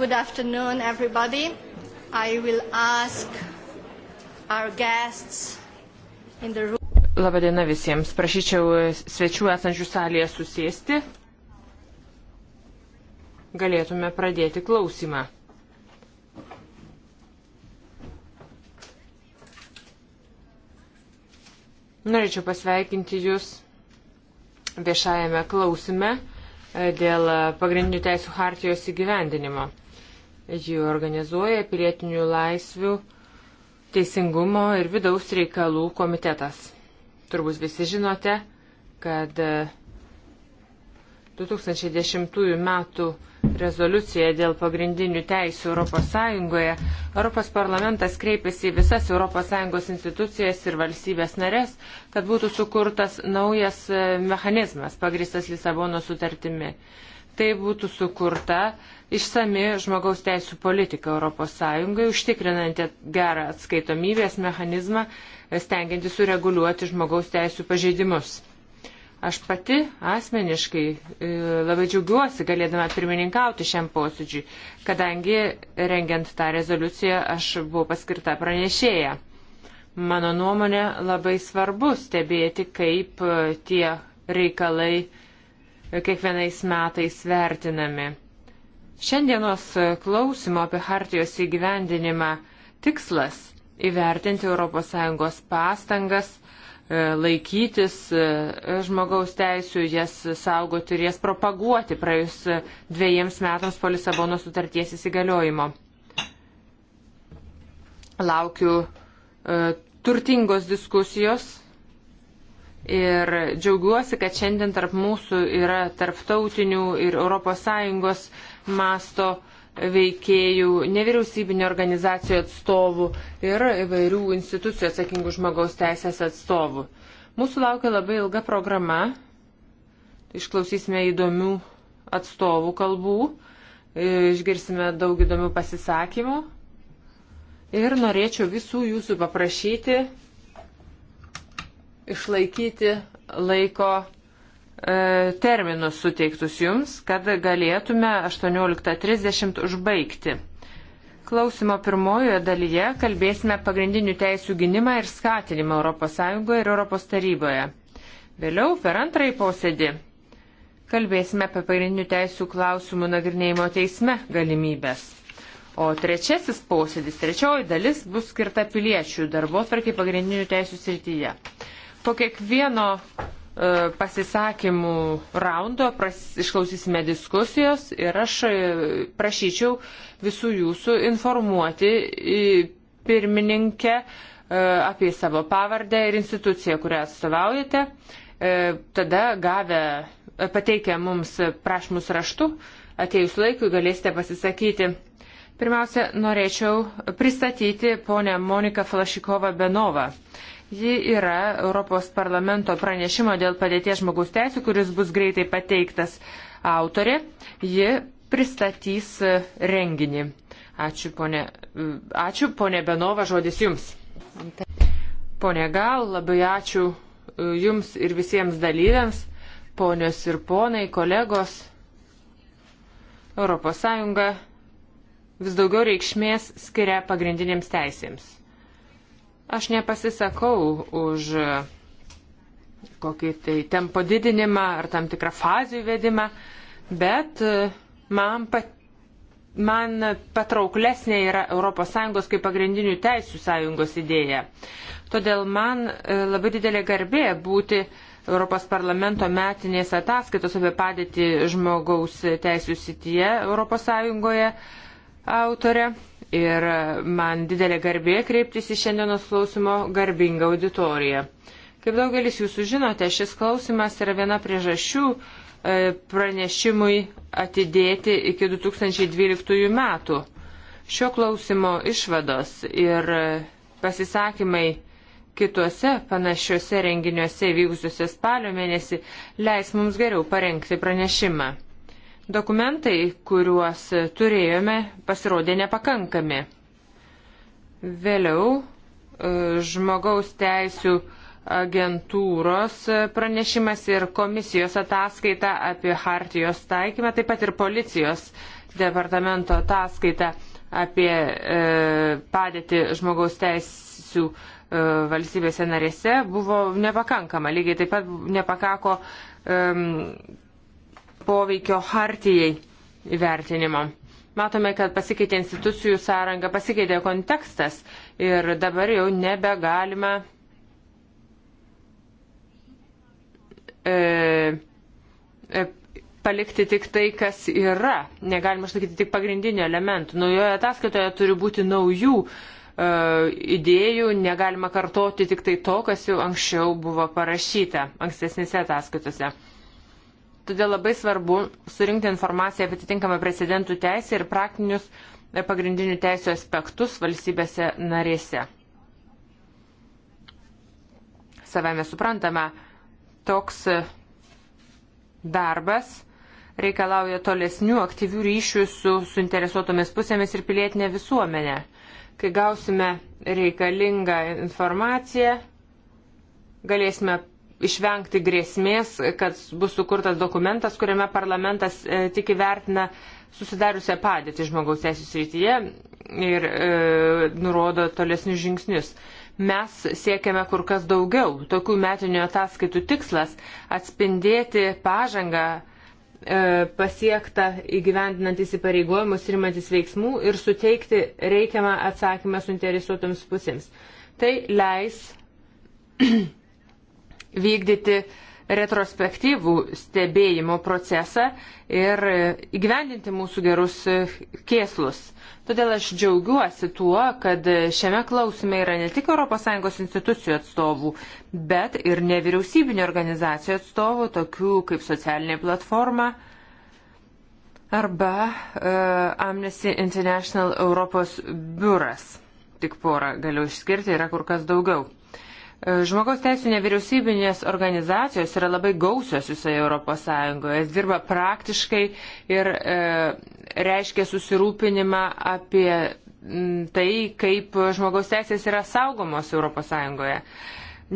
Good afternoon, everybody. I will ask our guests in the room. Labadiena visiems. Prašyčiau svečių esančių salėje susėsti. Galėtume pradėti klausimą. Norėčiau pasveikinti Jūs viešajame klausime dėl pagrindinių teisų hartijos įgyvendinimo. Ji organizuoja pilietinių laisvių, teisingumo ir vidaus reikalų komitetas. Turbūt visi žinote, kad 2010 e, m. rezoliucija dėl pagrindinių teisų ES, Europos parlamentas kreipėsi į visas ES institucijas ir valstybės narės, kad būtų sukurtas naujas e, mechanizmas pagristas Lisabono sutartimi. Tai būtų sukurta uh, išsami žmogaus teisų politika ES, užtikrinanti gerą atskaitomybės mechanizmą, stengianti sureguliuoti žmogaus teisų pažeidimus. Aš pati asmeniškai e, labai džiaugiuosi galėdama pirmininkauti šiam posėdžiui, kadangi rengiant tą rezoliuciją aš buvau paskirta pranešėja. Mano nuomonė labai svarbu stebėti, kaip e, tie reikalai e, kiekvienais metais vertinami Šiandienos klausimo apie Hartijos įgyvendinimą tikslas įvertinti ES pastangas e, laikytis e, žmogaus teisų, jas saugoti ir jas propaguoti praėjus dviejiems metams po Lisabono sutarties įsigaliojimo. Laukiu e, turtingos diskusijos ir džiaugiuosi, kad šiandien tarp mūsų yra tarptautinių ir ES masto veikėjų, nevyriausybinio organizacijų atstovų ir įvairių institucijų atsakingų žmogaus teisės atstovų. Mūsų laukia labai ilga programa. Išklausysime įdomių atstovų kalbų, išgirsime daug įdomių pasisakymų. Ir norėčiau visų jūsų paprašyti išlaikyti laiko E, terminus suteiktus jums, kad galėtume 18.30 užbaigti. Klausimo pirmojoje dalyje kalbėsime pagrindinių teisų gynimą ir skatinimą ES ir ES. Vėliau per antrąjį posėdį kalbėsime apie pagrindinių teisų klausimų nagrinėjimo teisme galimybės. O trečiasis posėdis, trečioji dalis bus skirta piliečių darbo tvarkai pagrindinių teisų srityje. Po kiekvieno E, pasisakymų raundo, pras, išklausysime diskusijos ir aš e, prašyčiau visų jūsų informuoti e, pirmininkę apie savo pavardę ir instituciją, kurią atstovaujate. Tada gavę, pateikę mums prašymus raštu, atėjus laikui galėsite pasisakyti. Pirmiausia, norėčiau pristatyti ponę Moniką Falašikovą Benovą. Ji yra Europos parlamento pranešimo dėl padėties žmogaus teisų, kuris bus greitai pateiktas autorė. Ji pristatys renginį. Ačiū, ponė, ačiū, ponė Benova, žodis jums. Pone Gal, labai ačiū e, jums ir visiems dalyviams, ponios ir ponai, kolegos. ES vis daugiau reikšmės skiria pagrindinėms teisėms. Aš nepasisakau už kokį tai tempo didinimą ar tam tikrą fazių įvedimą, bet e, man, pat, man patrauklesnė yra ES kaip pagrindinių teisų sąjungos idėja. Todėl man e, labai didelė garbė būti Europos parlamento metinės ataskaitos apie padėtį žmogaus teisų sityje ES autorė ir man didelė garbė kreiptis į šiandienos klausimo garbingą auditoriją. Kaip daugelis jūsų žinote, šis klausimas yra viena priežasčių e, pranešimui atidėti iki 2012 metų. Šio klausimo išvados ir e, pasisakymai kituose panašiuose renginiuose vykusiuose spalio mėnesį leis mums geriau parengti pranešimą. Dokumentai, kuriuos turėjome, pasirodė nepakankami. Vėliau e, žmogaus teisų agentūros pranešimas ir komisijos ataskaita apie hartijos taikymą, taip pat ir policijos departamento ataskaita apie e, padėtį žmogaus teisų e, valstybėse narėse buvo nepakankama. Lygiai taip pat nepakako e, poveikio hartijai įvertinimo. Matome, kad pasikeitė institucijų sąranga, pasikeitė kontekstas ir dabar jau nebegalima e, e, palikti tik tai, kas yra. Negalima išlaikyti tik pagrindinių elementų. Naujoje ataskaitoje turi būti naujų e, idėjų, negalima kartoti tik tai to, kas jau anksčiau buvo parašyta ankstesnėse ataskaitose. Todėl labai svarbu surinkti informaciją apie atitinkamą precedentų teisę ir praktinius e, pagrindinių teisų aspektus valstybėse narėse. Savame suprantame, toks e, darbas reikalauja tolesnių aktyvių ryšių su suinteresuotomis pusėmis ir pilietinė visuomenė. Kai gausime reikalingą informaciją, galėsime išvengti grėsmės, kad bus sukurtas dokumentas, kuriame parlamentas e, tik įvertina susidariusią padėtį žmogaus teisų srityje ir e, nurodo tolesnius žingsnius. Mes siekiame kur kas daugiau. Tokių metinių ataskaitų tikslas - atspindėti pažangą e, pasiektą įgyvendinant įsipareigojimus ir imantis veiksmų ir suteikti reikiamą atsakymą suinteresuotoms pusėms. Tai leis vykdyti retrospektyvų stebėjimo procesą ir įgyvendinti mūsų gerus kėslus. Todėl aš džiaugiuosi tuo, kad šiame klausime yra ne tik ES institucijų atstovų, bet ir nevyriausybinio organizacijų atstovų, tokių kaip socialinė platforma arba uh, Amnesty International Europos biuras. Tik porą galiu išskirti, yra kur kas daugiau. E, žmogaus teisų nevyriausybinės organizacijos yra labai gausios visoje Europos Sąjungoje. Jis dirba praktiškai ir e, reiškia susirūpinimą apie tai, kaip žmogaus teisės yra saugomos Europos Sąjungoje.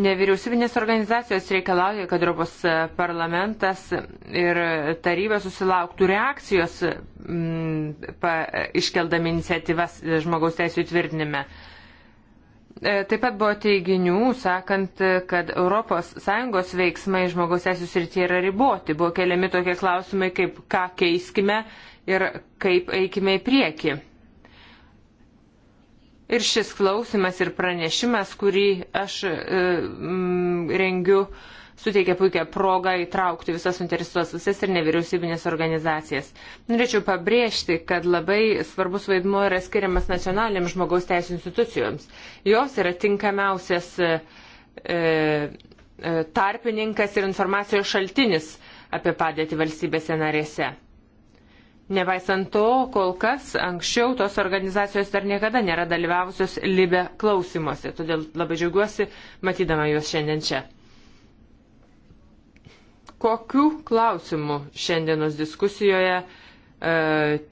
Nevyriausybinės organizacijos reikalauja, kad Europos parlamentas ir taryba susilauktų reakcijos m, pa, iškeldami iniciatyvas žmogaus teisų įtvirtinime. E, E, taip pat buvo teiginių, sakant, kad ES veiksmai žmogaus teisų srityje yra riboti. Buvo keliami tokie klausimai, kaip ką keiskime ir kaip eikime į priekį. Ir šis klausimas ir pranešimas, kurį aš e, m, rengiu, e, suteikia puikią progą įtraukti visas suinteresuotas visas ir nevyriausybinės organizacijas. Norėčiau pabrėžti, kad labai svarbus vaidmuo yra skiriamas nacionaliniams žmogaus teisų institucijoms. Jos yra tinkamiausias e, e, tarpininkas ir informacijos šaltinis apie padėtį valstybėse narėse. Nepaisant to, kol kas anksčiau tos organizacijos dar niekada nėra dalyvavusios Libe klausimuose, todėl labai džiaugiuosi matydama juos šiandien čia kokių klausimų šiandienos diskusijoje e,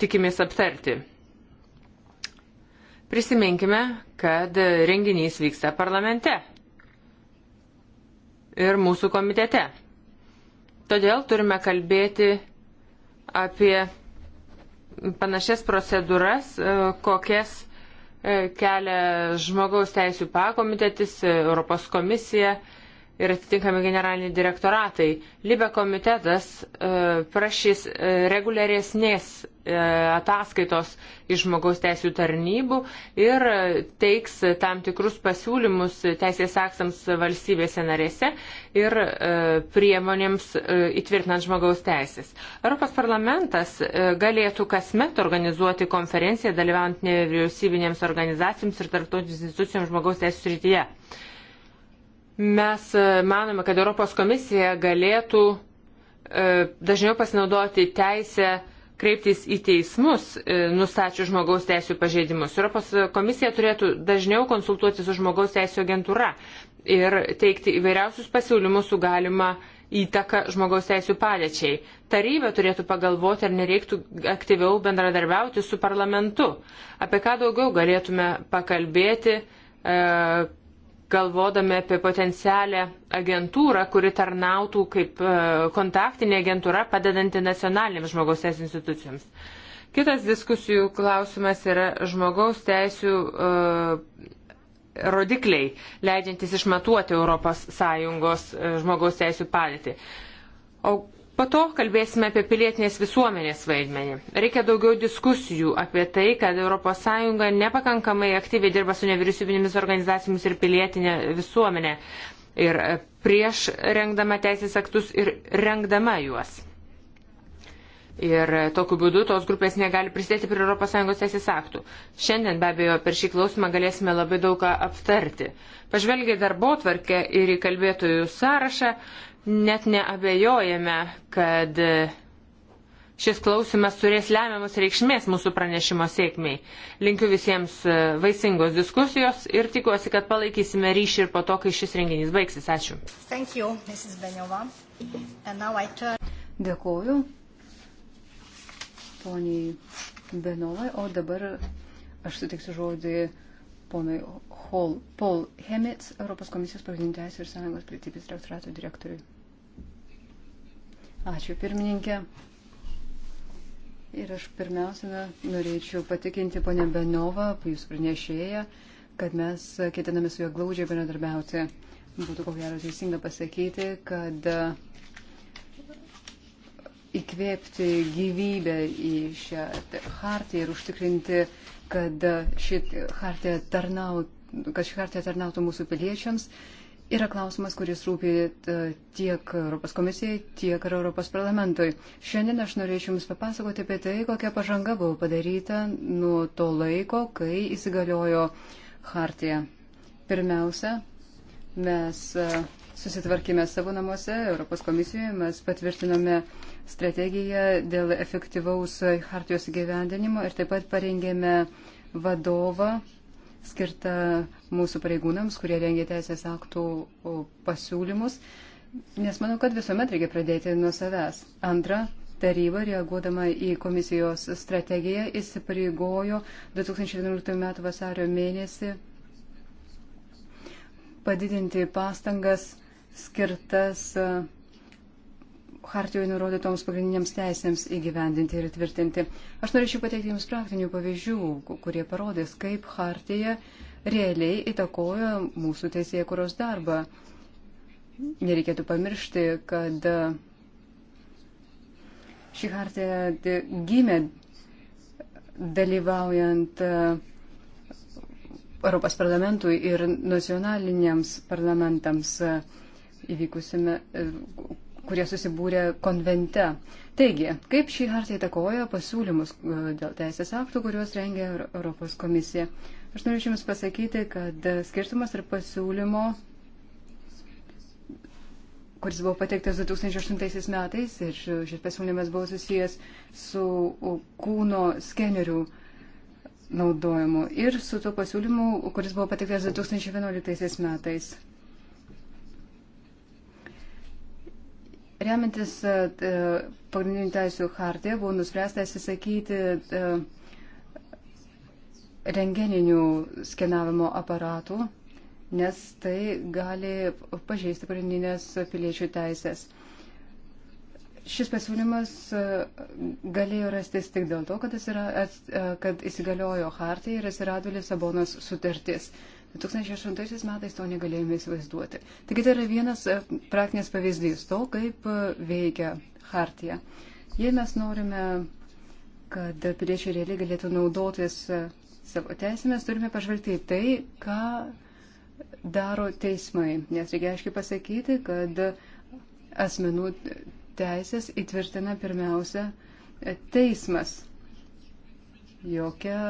tikimės aptarti. Prisiminkime, kad renginys vyksta parlamente ir mūsų komitete. Todėl turime kalbėti apie panašias procedūras, e, kokias e, kelia žmogaus teisų pakomitetis, Europos komisija, ir atitinkami generaliniai direktoratai. Libe komitetas e, prašys e, reguliaresnės e, ataskaitos iš žmogaus teisų tarnybų ir teiks tam tikrus pasiūlymus teisės aksams valstybėse narėse ir priemonėms įtvirtinant žmogaus teisės. Europos parlamentas galėtų kasmet organizuoti konferenciją dalyvaujant nevyriausybinėms organizacijoms ir tarptautinėms institucijoms žmogaus teisų srityje. Mes e, manome, kad Europos komisija galėtų e, dažniau pasinaudoti teisę kreiptis į teismus, e, nustačius žmogaus teisų pažeidimus. Europos komisija turėtų dažniau konsultuoti su žmogaus teisų agentūra ir teikti įvairiausius pasiūlymus su galima įtaka žmogaus teisų padėčiai. Taryba turėtų pagalvoti, ar nereiktų aktyviau bendradarbiauti su parlamentu. Apie ką daugiau galėtume pakalbėti, galvodami apie potencialę agentūrą, kuri tarnautų kaip e, kontaktinė agentūra padedanti nacionalinėms žmogaus teisų institucijoms. Kitas diskusijų klausimas yra žmogaus teisų e, rodikliai, leidžiantis išmatuoti ES e, žmogaus teisų padėtį. O Po to kalbėsime apie pilietinės visuomenės vaidmenį. Reikia daugiau diskusijų apie tai, kad ES nepakankamai aktyviai dirba su nevyriausybinėmis organizacijomis ir pilietinė visuomenė. Ir prieš rengdama teisės aktus ir rengdama juos. Ir tokiu būdu tos grupės negali prisidėti prie ES teisės aktų. Šiandien be abejo per šį klausimą galėsime labai daug ką aptarti. Pažvelgiai darbo tvarkę ir į kalbėtojų sąrašą, net neabejojame, kad šis klausimas turės lemiamus reikšmės mūsų pranešimo sėkmiai. Linkiu visiems vaisingos diskusijos ir tikiuosi, kad palaikysime ryšį ir po to, kai šis renginys baigsis. Ačiū. You, turn... Dėkuoju, poniai Benovai, o dabar aš sutiksiu žodį ponui Hall, Paul Hemets, Europos komisijos pagrindinių teisų ir sąjungos pilietybės rektorato direktoriui. Ačiū pirmininkė. Ir aš pirmiausia norėčiau patikinti ponę Benovą, jūs pranešėją, kad mes ketiname su juo glaudžiai bendradarbiauti. Būtų ko gero teisinga pasakyti, kad e, įkvėpti gyvybę į šią hartiją ir užtikrinti kad ši hartija tarnau, kad ši hartija tarnautų mūsų piliečiams, yra klausimas, kuris rūpi e, tiek Europos komisijai, tiek ir Europos parlamentui. Šiandien aš norėčiau Jums papasakoti apie tai, kokia pažanga buvo padaryta nuo to laiko, kai įsigaliojo hartija. Pirmiausia, mes. Uh, susitvarkėme savo namuose, Europos komisijoje mes patvirtinome strategiją dėl efektyvaus hartijos gyvendinimo ir taip pat parengėme vadovą skirtą mūsų pareigūnams, kurie rengia teisės aktų pasiūlymus, nes manau, kad visuomet reikia pradėti nuo savęs. Antra, taryba, reaguodama į komisijos strategiją, įsipareigojo 2011 m. vasario mėnesį padidinti pastangas skirtas e, hartijoje nurodytoms pagrindiniams teisėms įgyvendinti ir tvirtinti. Aš norėčiau pateikti Jums praktinių pavyzdžių, kurie parodys, kaip hartija realiai įtakoja mūsų teisėjų kuros darbą. Nereikėtų pamiršti, kad e, ši hartija e, gimė dalyvaujant Europos parlamentui ir nacionaliniams parlamentams įvykusime, e, kurie susibūrė konvente. Taigi, kaip šį hartą įtakoja pasiūlymus e, dėl teisės aktų, kuriuos rengia Europos komisija? Aš norėčiau Jums pasakyti, kad e, skirtumas ir pasiūlymo, kuris buvo pateiktas 2008 metais ir šis pasiūlymas buvo susijęs su kūno skeneriu naudojimu ir su tuo pasiūlymu, kuris buvo pateiktas 2011 metais. Remiantis e, e, pagrindinių teisų hartė buvo nuspręsta atsisakyti e, rengeninių skenavimo aparatų, nes tai gali pažeisti pagrindinės piliečių teisės. Šis pasiūlymas galėjo rastis tik dėl to, kad, yra, kad įsigaliojo hartė ir atsirado Lisabonos sutartis. 2008 metais to negalėjome įsivaizduoti. Taigi tai yra vienas e, praktinis pavyzdys to, kaip e, veikia hartija. Jei mes norime, kad piliečiai realiai galėtų naudotis e, savo teisėmis, turime pažvelgti į tai, ką daro teismai. Nes reikia aiškiai pasakyti, kad asmenų teisės įtvirtina pirmiausia teismas jokia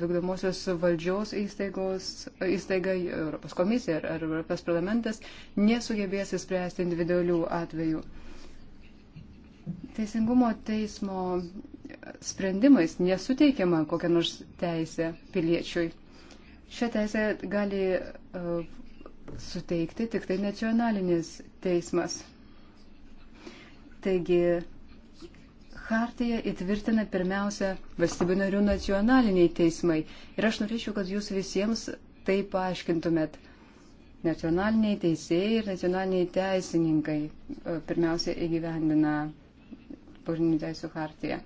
vykdomosios valdžios įstaigos, įstaiga, Europos komisija ar Europos parlamentas nesugebės įspręsti individualių atvejų. Teisingumo teismo sprendimais nesuteikiama kokia nors teisė piliečiui. Šią teisę gali uh, suteikti tik tai nacionalinis teismas. Taigi hartiją įtvirtina pirmiausia valstybių narių nacionaliniai teismai. Ir aš norėčiau, kad jūs visiems tai paaiškintumėt. Nacionaliniai teisėjai ir nacionaliniai teisininkai e, pirmiausia įgyvendina pagrindinių teisų hartiją.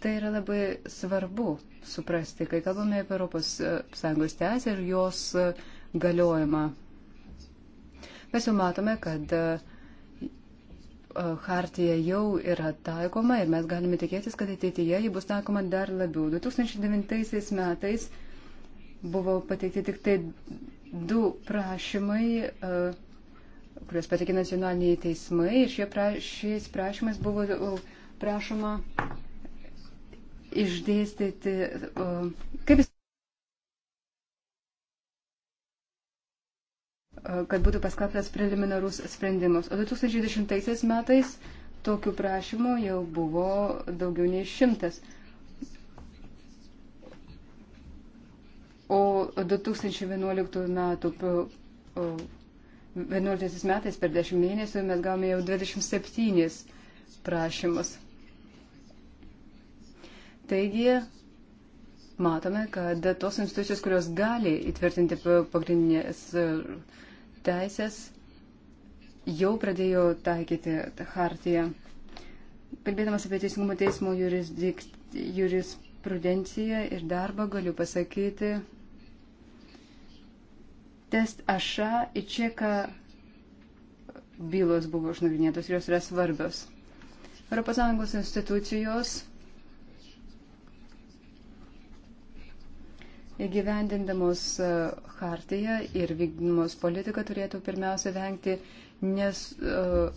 Tai yra labai svarbu suprasti, kai kalbame apie ES e, teisę ir jos e, galiojimą. Mes jau matome, kad uh, E, hartija jau yra taikoma ir mes galime tikėtis, kad ateityje ji bus taikoma dar labiau. 2009 metais buvo pateikti tik tai du prašymai, e, kuriuos pateikė nacionaliniai teismai ir pra, šiais prašymais buvo e, prašoma išdėstyti, kaip jis. E, kad būtų paskaptas preliminarus sprendimus. O 2010 metais tokių prašymų jau buvo daugiau nei šimtas. O 2011 metų, 11 metais per 10 mėnesių mes gavome jau 27 prašymus. Taigi, matome, kad tos institucijos, kurios gali įtvirtinti pagrindinės teisės jau pradėjo taikyti hartiją. Kalbėdamas apie Teisingumo teismo jurisprudenciją ir darbą, galiu pasakyti, test aša į čeką bylos buvo išnagrinėtos ir jos yra svarbios. ES institucijos įgyvendindamos e, hartiją ir vykdymos politiką turėtų pirmiausia vengti, nes, uh,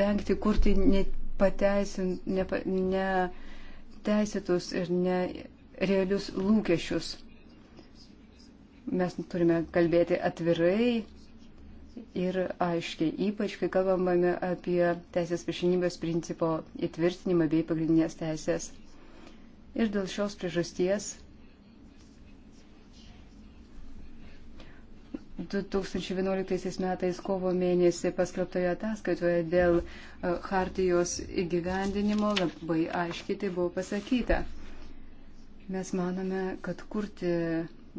vengti kurti nepateisint, nepa, neteisėtus ir nerealius lūkesčius. Mes turime kalbėti atvirai ir aiškiai, ypač kai kalbame apie teisės viršinybės principo įtvirtinimą bei pagrindinės teisės. Ir dėl šios priežasties 2011 metais kovo mėnesį paskelbtoje ataskaitoje dėl e, hartijos įgyvendinimo labai aiškiai tai buvo pasakyta. Mes manome, kad kurti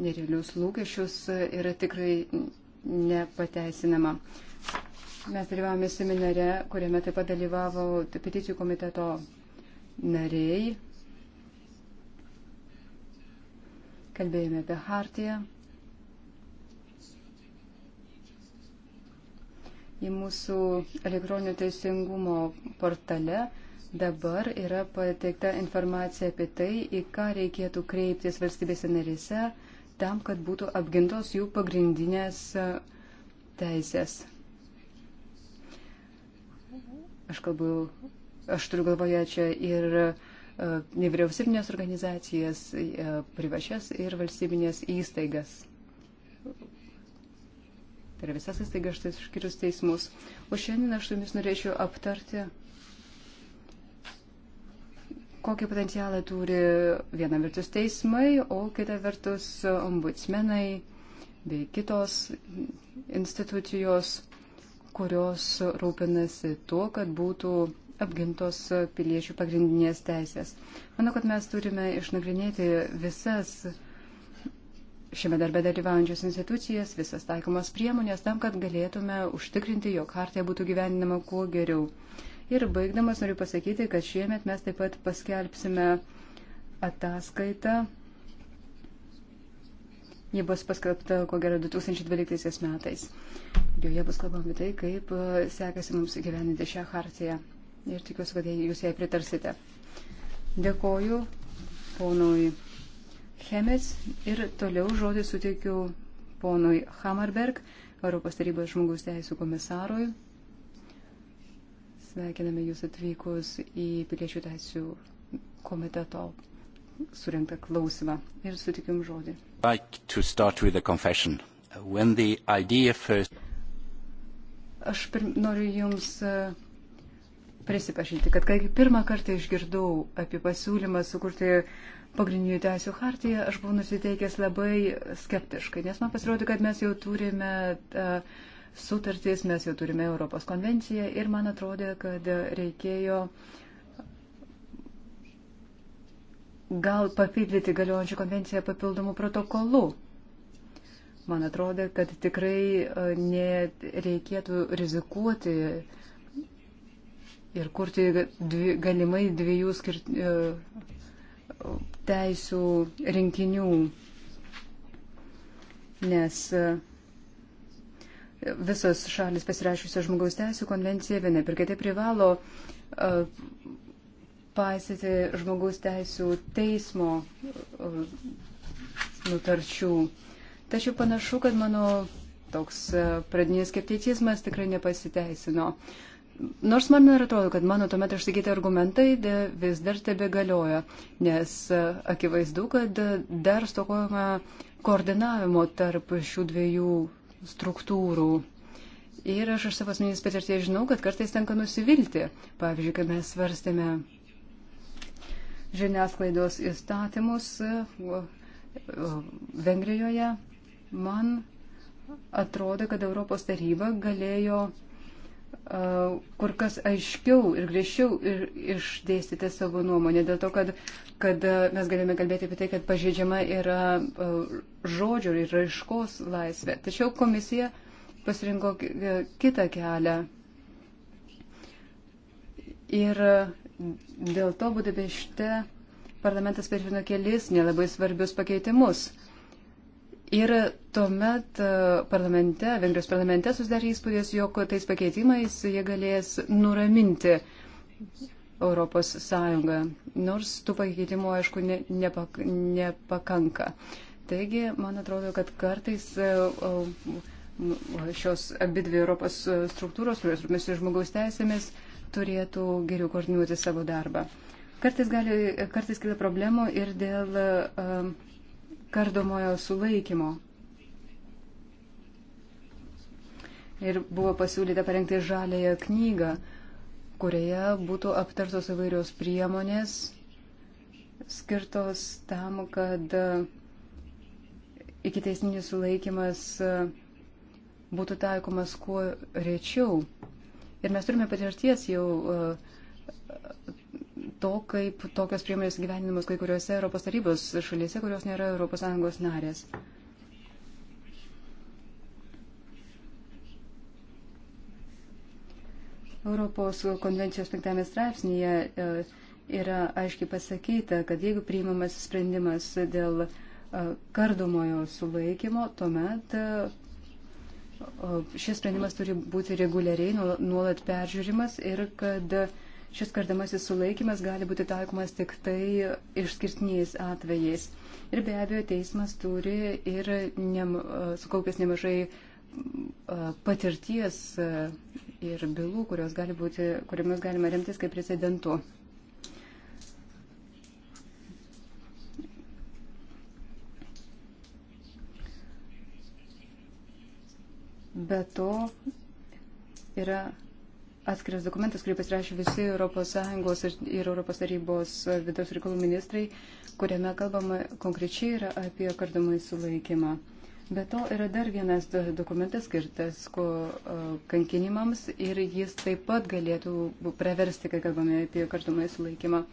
nerealius lūkesčius e, yra tikrai nepateisinama. Mes dalyvavome seminare, kuriame taip pat dalyvavo peticijų komiteto nariai. Kalbėjome apie hartiją, į mūsų elektroninio teisingumo portale dabar yra pateikta informacija apie tai, į ką reikėtų kreiptis valstybėse narise tam, kad būtų apgintos jų pagrindinės e, teisės. Aš kalbu, aš turiu galvoje čia ir e, nevyriausybinės organizacijas, e, privačias ir valstybinės įstaigas, tai yra visas įstaigas, štai išskirius teismus. O šiandien aš su jumis norėčiau aptarti, kokį potencialą turi viena vertus teismai, o kita vertus ombudsmenai bei kitos institucijos, kurios rūpinasi tuo, kad būtų apgintos piliečių pagrindinės teisės. Manau, kad mes turime išnagrinėti visas šiame darbe dalyvaujančias institucijas, visas taikomas priemonės tam, kad galėtume užtikrinti, jog hartija būtų gyveninama kuo geriau. Ir baigdamas noriu pasakyti, kad šiemet mes taip pat paskelbsime ataskaitą. Ji bus paskelbta, ko gero, 2012 metais. Joje bus kalbama apie tai, kaip e, sekasi mums gyveninti šią hartiją. Ir tikiuosi, kad jūs jai pritarsite. Dėkoju ponui Chemes ir toliau žodį suteikiu ponui Hammerberg, Europos tarybos žmogus teisų komisarui. Sveikiname jūs atvykus į piliečių teisų komiteto surinktą klausimą ir sutikim žodį. Like first... Aš pir... noriu Jums uh, prisipažinti, kad kai pirmą kartą išgirdau apie pasiūlymą sukurti pagrindinių teisų hartiją, aš buvau nusiteikęs labai skeptiškai, nes man pasirodė, kad mes jau turime uh, e, sutartys, mes jau turime Europos konvenciją ir man atrodė, kad reikėjo gal papildyti galiojančią konvenciją papildomų protokolų. Man atrodo, kad tikrai e, nereikėtų rizikuoti uh, ir kurti dvi, galimai dviejų skirt, e, teisų rinkinių, nes e, visos šalis pasirašiusios žmogaus teisų konvenciją viena ir kitai privalo e, paisyti žmogaus teisų teismo nutarčių. Tačiau panašu, kad mano toks pradinis skepticizmas tikrai nepasiteisino. Uh, Nors man ir atrodo, kad mano tuomet išsakyti argumentai vis dar tebe galioja, nes e, akivaizdu, kad dar stokojama koordinavimo tarp šių dviejų struktūrų. Ir aš iš savo asmeninės patirties žinau, kad kartais tenka nusivilti. Pavyzdžiui, kai mes svarstėme žiniasklaidos įstatymus e, Vengrijoje, man atrodo, kad Europos taryba galėjo uh, kur kas aiškiau ir griežčiau išdėstyti savo nuomonę, dėl to, kad, kad mes galime kalbėti apie tai, kad pažeidžiama yra žodžio ir raiškos laisvė. Tačiau komisija pasirinko kitą kelią. Ir dėl to Budapešte parlamentas patvirtino kelis nelabai svarbius pakeitimus. Ir tuomet e, parlamente, Vengrijos parlamente susidarė įspūdis, jog tais pakeitimais jie galės nuraminti Europos Sąjungą, nors tų pakeitimų, aišku, ne, nepak, nepakanka. Taigi, man atrodo, kad kartais e, šios abidvi Europos struktūros, kurios rūpėsi žmogaus teisėmis, turėtų geriau koordinuoti savo darbą. Kartais, gali, kartais kila problemų ir dėl uh, kardomojo sulaikymo. Ir buvo pasiūlyta parengti žalėją knygą, kurioje būtų aptartos įvairios priemonės skirtos tam, kad iki teisminis sulaikimas būtų taikomas kuo rečiau. Ir mes turime patirties jau to, kaip tokios priemonės gyvenimus kai kuriuose Europos tarybos šalyse, kurios nėra ES narės. Europos konvencijos penktame straipsnėje e, yra aiškiai pasakyta, kad jeigu priimamas sprendimas dėl e, kardomojo sulaikymo, tuomet e, šis sprendimas turi būti reguliariai nuolat peržiūrimas ir kad uh, Šis kardomasis sulaikimas gali būti taikomas tik tai išskirtiniais atvejais. Ir be abejo, teismas turi ir nem, sukaupęs nemažai patirties ir bylų, gali būti, kuriamis galima remtis kaip precedentu. Be to yra atskiras dokumentas, kurį pasirašė visi ES ir ES vidaus reikalų ministrai, kuriame kalbama konkrečiai yra apie kardomai sulaikymą. Be to yra dar vienas dokumentas skirtas ko, kankinimams ir jis taip pat galėtų praversti, kai kalbame apie kardomai sulaikymą.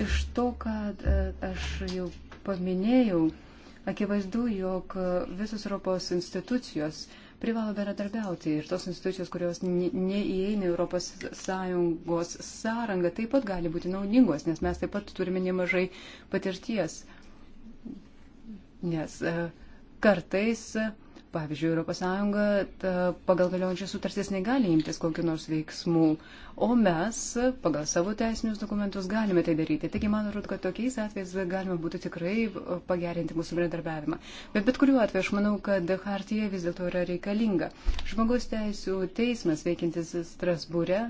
Iš to, kad aš jau paminėjau, Akivaizdu, jog visos Europos institucijos privalo bendradarbiauti ir tos institucijos, kurios neįeina Europos Sąjungos sąrangą, taip pat gali būti naudingos, nes mes taip pat turime nemažai patirties. Nes e, kartais uh, Pavyzdžiui, ES pagal galiojančias sutartis negali imtis kokiu nors veiksmų, o mes pagal savo teisinius dokumentus galime tai daryti. Taigi, man atrodo, kad tokiais atvejais galima būtų tikrai pagerinti mūsų bendradarbiavimą. Bet bet kuriuo atveju aš manau, kad hartija vis dėlto yra reikalinga. Žmogaus teisų teismas veikiantis Strasbūre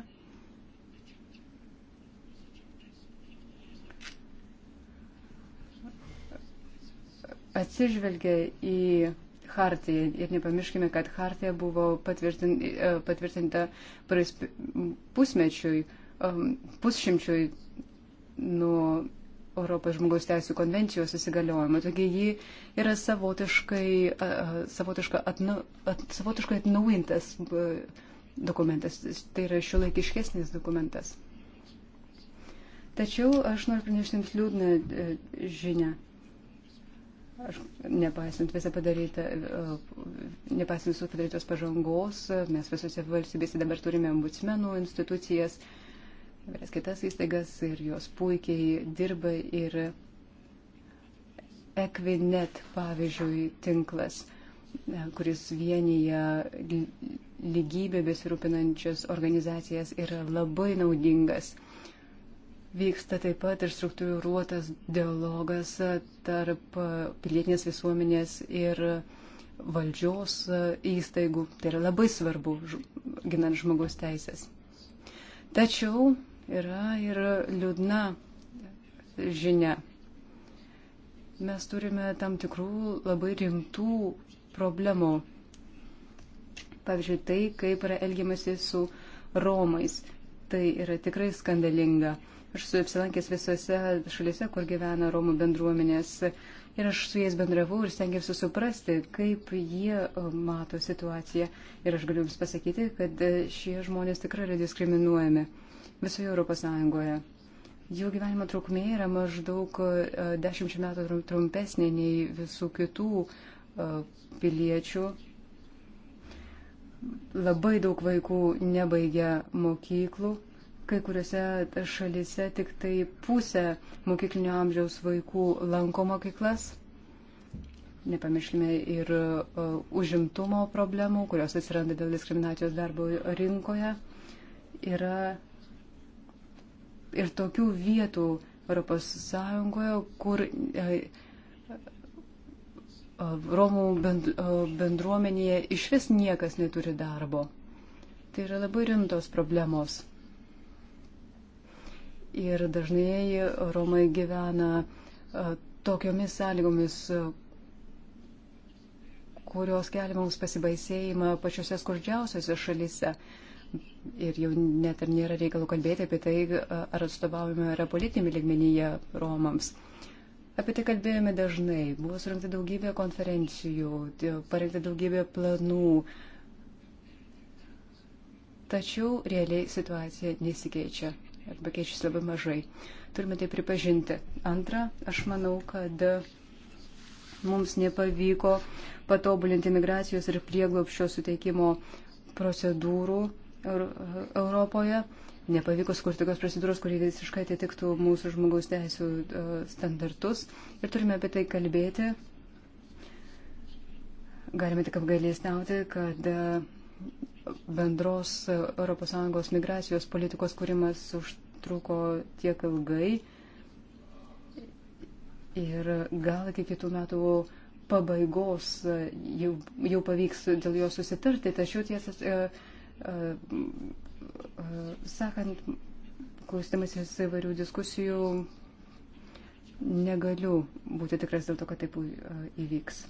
atsižvelgia į hartiją. Ir nepamirškime, kad hartija buvo e, patvirtinta, patvirtinta praeis pusmečiui, um, pusšimčiui nuo Europos žmogaus teisų konvencijos įsigaliojimo. Taigi ji yra savotiškai, savotiškai, atna, at, savotiškai atnaujintas e, dokumentas. Tai yra šiuolaikiškesnis dokumentas. Tačiau aš noriu pranešti jums liūdną e, žinią. Aš, nepaisant visą padarytą, e, nepaisant visų padarytos pažangos, mes visose valstybėse dabar turime ombudsmenų institucijas, vėlės kitas įstaigas ir jos puikiai dirba ir Equinet, pavyzdžiui, tinklas, e, kuris vienyje lygybė besirūpinančias organizacijas yra labai naudingas. Vyksta taip pat ir struktūruotas dialogas tarp pilietinės visuomenės ir valdžios įstaigų. Tai yra labai svarbu, ginant žmogaus teisės. Tačiau yra ir liūdna žinia. Mes turime tam tikrų labai rimtų problemų. Pavyzdžiui, tai, kaip yra elgiamasi su Romais. Tai yra tikrai skandalinga. Aš esu apsilankęs visose šalise, kur gyvena Romų bendruomenės. Ir aš su jais bendravau ir stengiausi suprasti, kaip jie e, mato situaciją. Ir aš galiu Jums pasakyti, kad e, šie žmonės tikrai yra diskriminuojami visoje Europos Sąjungoje. Jų gyvenimo trukmė yra maždaug e, dešimčia metų trumpesnė nei visų kitų piliečių. Labai daug vaikų nebaigia mokyklų Kai kuriuose šalise tik tai pusė mokyklinio amžiaus vaikų lanko mokyklas. Nepamirškime ir uh, užimtumo problemų, kurios atsiranda dėl diskriminacijos darbo rinkoje. Yra ir tokių vietų Europos Sąjungoje, kur uh, Romų bendruomenėje iš vis niekas neturi darbo. Tai yra labai rimtos problemos. Ir dažnai Romai gyvena e, tokiomis sąlygomis, e, kurios kelia mums pasibaisėjimą pačiose skurdžiausiose šalyse. Ir jau net ir nėra reikalų kalbėti apie tai, e, ar atstovaujame yra politinėme ligmenyje Romams. Apie tai kalbėjome dažnai. Buvo surinkta daugybė konferencijų, parengta daugybė planų. Tačiau realiai situacija nesikeičia arba keičiasi labai mažai. Turime tai pripažinti. Antra, aš manau, kad mums nepavyko patobulinti migracijos ir prieglopščio suteikimo procedūrų Europoje. Nepavyko skurti tokios procedūros, kurie visiškai atitiktų mūsų žmogaus teisų e, standartus. Ir turime apie tai kalbėti. Galime tik apgailėstauti, kad bendros ES migracijos politikos kūrimas užtruko tiek ilgai ir gal iki kitų metų pabaigos jau, jau pavyks dėl jo susitarti, tačiau tiesą e, e, e, sakant, klausydamasis įvairių diskusijų, negaliu būti tikras dėl to, kad taip e, įvyks.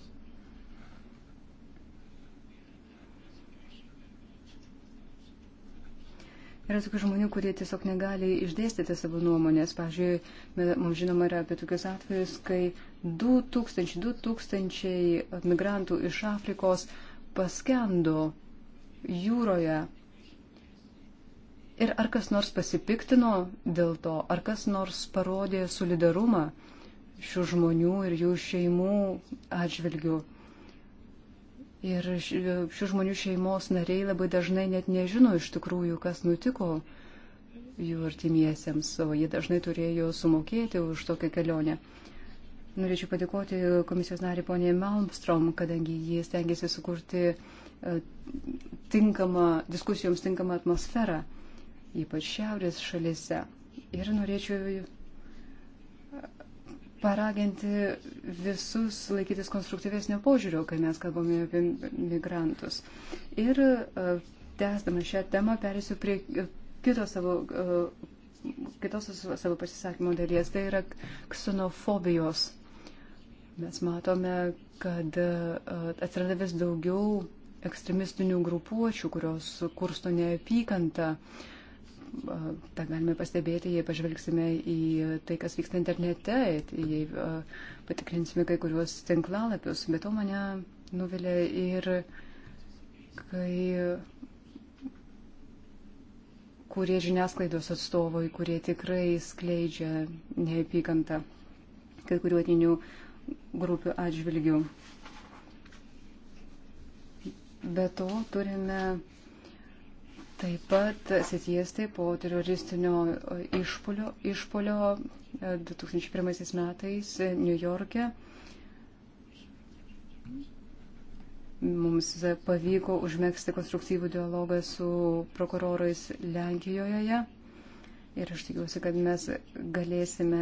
Yra tokių žmonių, kurie tiesiog negali išdėstyti savo nuomonės. Pavyzdžiui, mums žinoma yra apie tokius atvejus, kai 2000, 2000 migrantų iš Afrikos paskendo jūroje. Ir ar kas nors pasipiktino dėl to, ar kas nors parodė solidarumą šių žmonių ir jų šeimų atžvilgių. Ir šių žmonių šeimos nariai labai dažnai net nežino iš tikrųjų, kas nutiko jų artimiesiems, o jie dažnai turėjo sumokėti už tokią kelionę. Norėčiau padėkoti komisijos narį poniai Malmstrom, kadangi jie stengiasi sukurti e, tinkamą, diskusijoms tinkamą atmosferą, ypač šiaurės šalise. Ir norėčiau paraginti visus laikytis konstruktyvesnio požiūrio, kai mes kalbame apie migrantus. Ir e, tęsdama šią temą perėsiu prie e, kito savo, e, kitos savo pasisakymo dalies, tai yra ksenofobijos. Mes matome, kad atsiranda vis daugiau ekstremistinių grupuočių, kurios kursto neapykantą. Uh, tą galime pastebėti, jei pažvelgsime į tai, kas vyksta internete, jei patikrinsime kai kuriuos tinklalapius. Bet to mane nuvilė ir kai kurie žiniasklaidos atstovai, kurie tikrai skleidžia neapykantą kai kurių atinių grupių atžvilgių. Be to turime Taip pat sėtijesti po teroristinio e, išpolio, išpolio 2001 e, metais New York'e mums pavyko užmėgsti konstruktyvų dialogą su prokurorais Lenkijoje. Ir aš tikiuosi, kad mes galėsime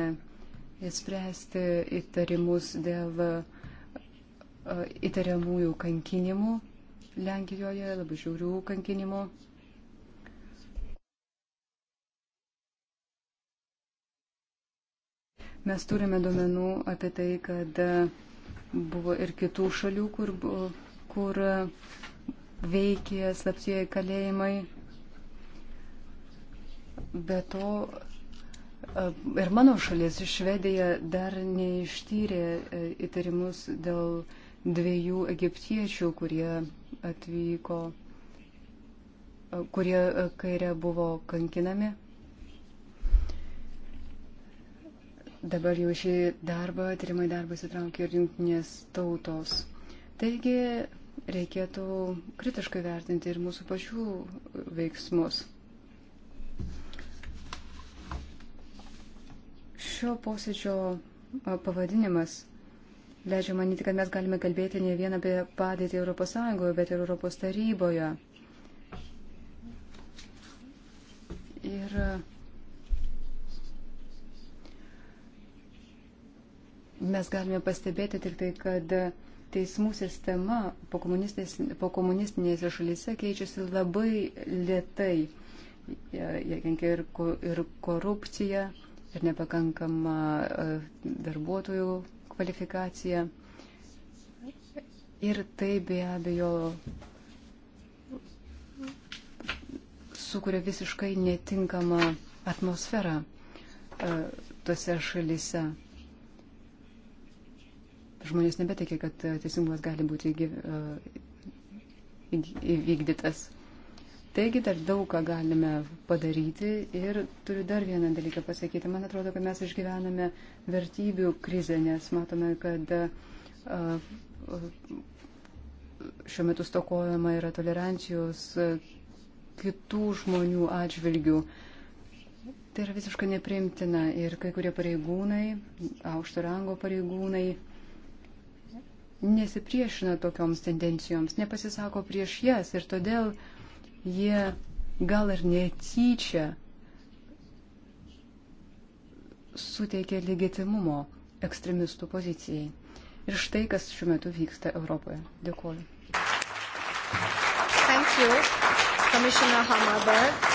spręsti įtarimus dėl e, įtariamųjų kankinimų Lenkijoje, labai žiaurių kankinimų. Mes turime duomenų apie tai, kad buvo ir kitų šalių, kur, kur veikė slaptieji kalėjimai. Be to, ir mano šalis, Švedija, dar neištyrė e, įtarimus dėl dviejų egiptiečių, kurie atvyko, kurie kairė buvo kankinami Dabar jau šį darbą, tyrimai darbą įsitraukia ir jungtinės tautos. Taigi reikėtų kritiškai vertinti ir mūsų pačių veiksmus. Šio posėdžio pavadinimas leidžia manyti, kad mes galime kalbėti ne vien apie padėtį ES, bet ir ES taryboje. Ir mes galime pastebėti tik tai, kad teismų sistema po, po komunistinėse šalyse keičiasi labai lietai. Jie kenkia ir, ir korupcija, ir nepakankama e, darbuotojų kvalifikacija. Ir tai be abejo sukuria visiškai netinkamą atmosferą e, tose šalyse žmonės nebetikė, kad e, teisingumas gali būti e, įvykdytas. Taigi dar daug ką galime padaryti ir turiu dar vieną dalyką pasakyti. Man atrodo, kad mes išgyvename vertybių krizę, nes matome, kad e, šiuo metu stokojama yra tolerancijos kitų žmonių atžvilgių. Tai yra visiškai neprimtina ir kai kurie pareigūnai, aukšto rango pareigūnai, nesipriešina tokioms tendencijoms, nepasisako prieš jas ir todėl jie gal ir netyčia suteikia legitimumo ekstremistų pozicijai. Ir štai kas šiuo metu vyksta Europoje. Dėkuoju. Thank you, Commissioner Hammerberg.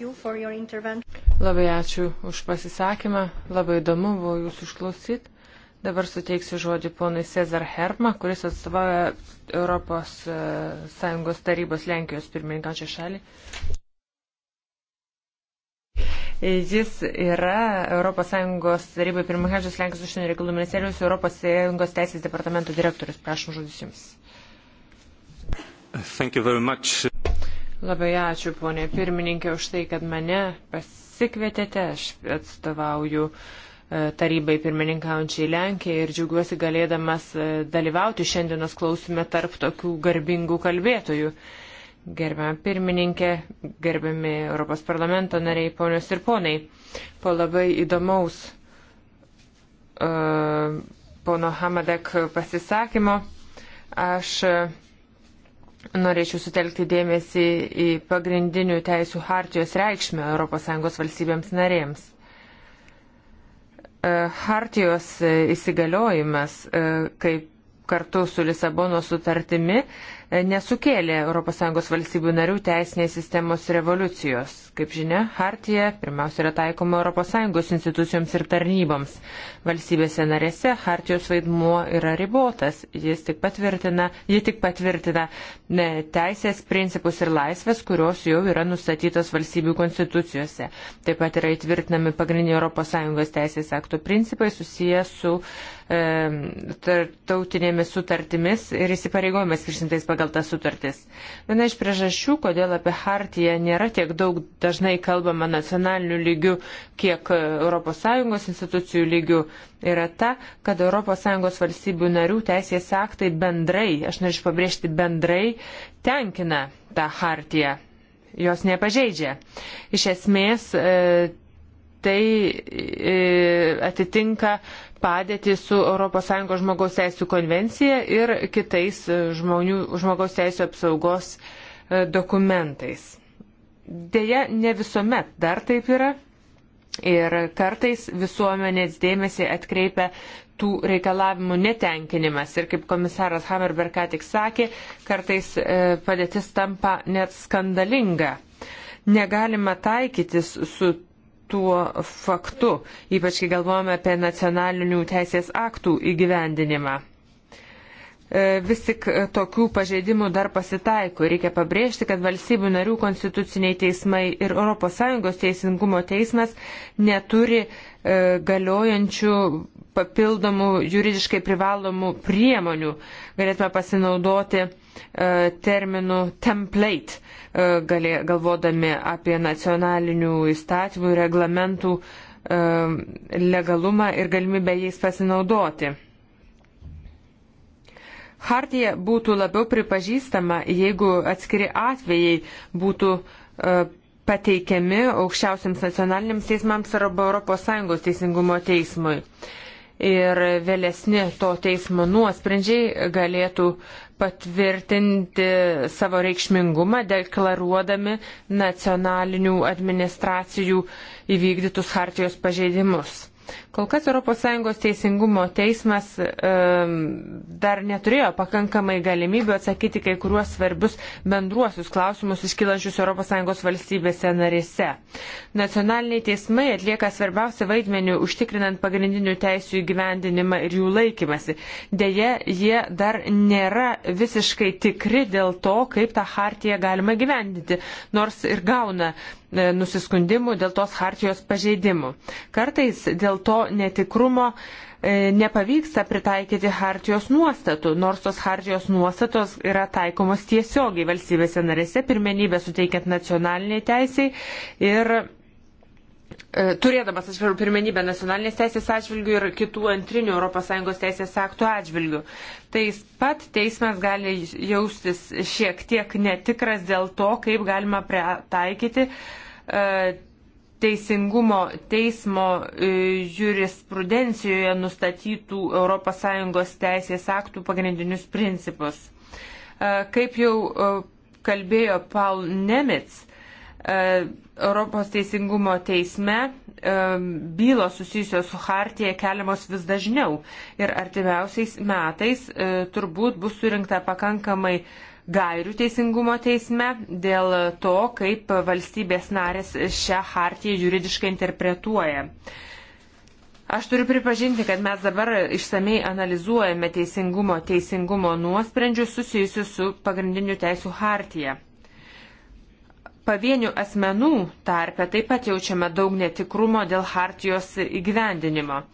You Labai ačiū už pasisakymą, labai įdomu buvo jūs išklausyti. Dabar suteiksiu žodį ponui Cezar Herma, kuris atstovauja Europos e, Sąjungos tarybos Lenkijos pirmininkančią šalį. Jis yra ES tarybai pirmininkančios Lenkijos užsienio reikalų ministerijos ES teisės departamento direktorius. Prašom žodis Jums. Labai ačiū, ponė pirmininkė, už tai, kad mane pasikvietėte. Aš atstovauju uh, tarybai pirmininkaujančiai Lenkijai ir džiaugiuosi galėdamas e, dalyvauti šiandienos klausime tarp tokių garbingų kalbėtojų. Gerbiam pirmininkė, gerbiami Europos parlamento nariai, ponios ir ponai. Po labai įdomaus uh, pono Hamadek pasisakymo aš e, norėčiau sutelkti dėmesį į pagrindinių teisų hartijos reikšmę ES valstybėms narėms. E, Hartijos e, įsigaliojimas, e, kaip kartu su Lisabono sutartimi, nesukėlė ES valstybių narių teisinės sistemos revoliucijos. Kaip žinia, Hartija pirmiausia yra taikoma ES institucijoms ir tarnyboms. Valstybėse narėse Hartijos vaidmuo yra ribotas, jis tik patvirtina, ji tik patvirtina ne, teisės, principus ir laisvės, kurios jau yra nustatytos valstybių konstitucijose. Taip pat yra įtvirtinami pagrindiniai ES teisės aktų principai susiję su uh, E, tarptautinėmis sutartimis ir įsipareigojimais viršintais pagal tas sutartis. Viena iš priežasčių, kodėl apie Hartiją nėra tiek daug dažnai kalbama nacionaliniu lygiu, kiek ES institucijų lygiu, yra ta, kad ES valstybių narių teisės aktai bendrai, aš norėčiau pabrėžti bendrai, tenkina tą Hartiją. Jos nepažeidžia. Iš esmės, e, tai e, atitinka padėtį su ES žmogaus teisų konvencija ir kitais e, žmonių, žmogaus teisų apsaugos e, dokumentais. Deja, ne visuomet dar taip yra. Ir kartais visuomenės dėmesį atkreipia tų reikalavimų netenkinimas. Ir kaip komisaras Hammerberg ką tik sakė, kartais e, padėtis tampa net skandalinga. Negalima taikytis su tuo faktu, ypač kai galvojame apie nacionalinių teisės aktų įgyvendinimą. E, vis tik tokių pažeidimų dar pasitaiko. Reikia pabrėžti, kad valstybių narių konstituciniai teismai ir ES teisingumo teismas neturi e, galiojančių papildomų juridiškai privalomų priemonių. Galėtume pasinaudoti e, terminų template E, galė, galvodami apie nacionalinių įstatymų ir reglamentų e, legalumą ir galimybę jais pasinaudoti. Hartija būtų labiau pripažįstama, jeigu atskiri atvejai būtų e, pateikiami aukščiausiams nacionaliniams teismams arba ES teisingumo teismui. Ir vėlesni to teismo nuosprendžiai galėtų uh, patvirtinti savo reikšmingumą, deklaruodami nacionalinių administracijų įvykdytus hartijos pažeidimus. Kol kas ES teisingumo teismas um, dar neturėjo pakankamai galimybių atsakyti kai kuriuos svarbius bendruosius klausimus iškilančius ES valstybėse narėse. Nacionaliniai teismai atlieka svarbiausią vaidmenį užtikrinant pagrindinių teisų įgyvendinimą ir jų laikymasi. Deja, jie dar nėra visiškai tikri dėl to, kaip tą hartiją galima gyvendinti, nors ir gauna E, nusiskundimų dėl tos hartijos pažeidimų. Kartais dėl to netikrumo e, nepavyksta pritaikyti hartijos nuostatų, nors tos hartijos nuostatos yra taikomos tiesiogiai valstybėse narėse, pirmenybę suteikiant nacionaliniai teisiai ir e, turėdamas, aš pirmiau, pirmenybę nacionalinės teisės atžvilgių ir kitų antrinių ES teisės aktų atžvilgių. Taip pat teismas gali jaustis šiek tiek netikras dėl to, kaip galima pritaikyti uh, E, teisingumo teismo e, jurisprudencijoje nustatytų ES teisės aktų pagrindinius principus. E, kaip jau kalbėjo Paul Nemitz, Europos teisingumo teisme bylos susijusios su Hartija keliamos vis dažniau ir artimiausiais metais turbūt bus surinkta pakankamai gairių teisingumo teisme dėl to, kaip valstybės narės šią hartiją juridiškai interpretuoja. Aš turiu pripažinti, kad mes dabar išsamei analizuojame teisingumo, teisingumo nuosprendžius susijusius su pagrindiniu teisų hartija. Pavienių asmenų tarpe taip pat jaučiame daug netikrumo dėl hartijos įgyvendinimo.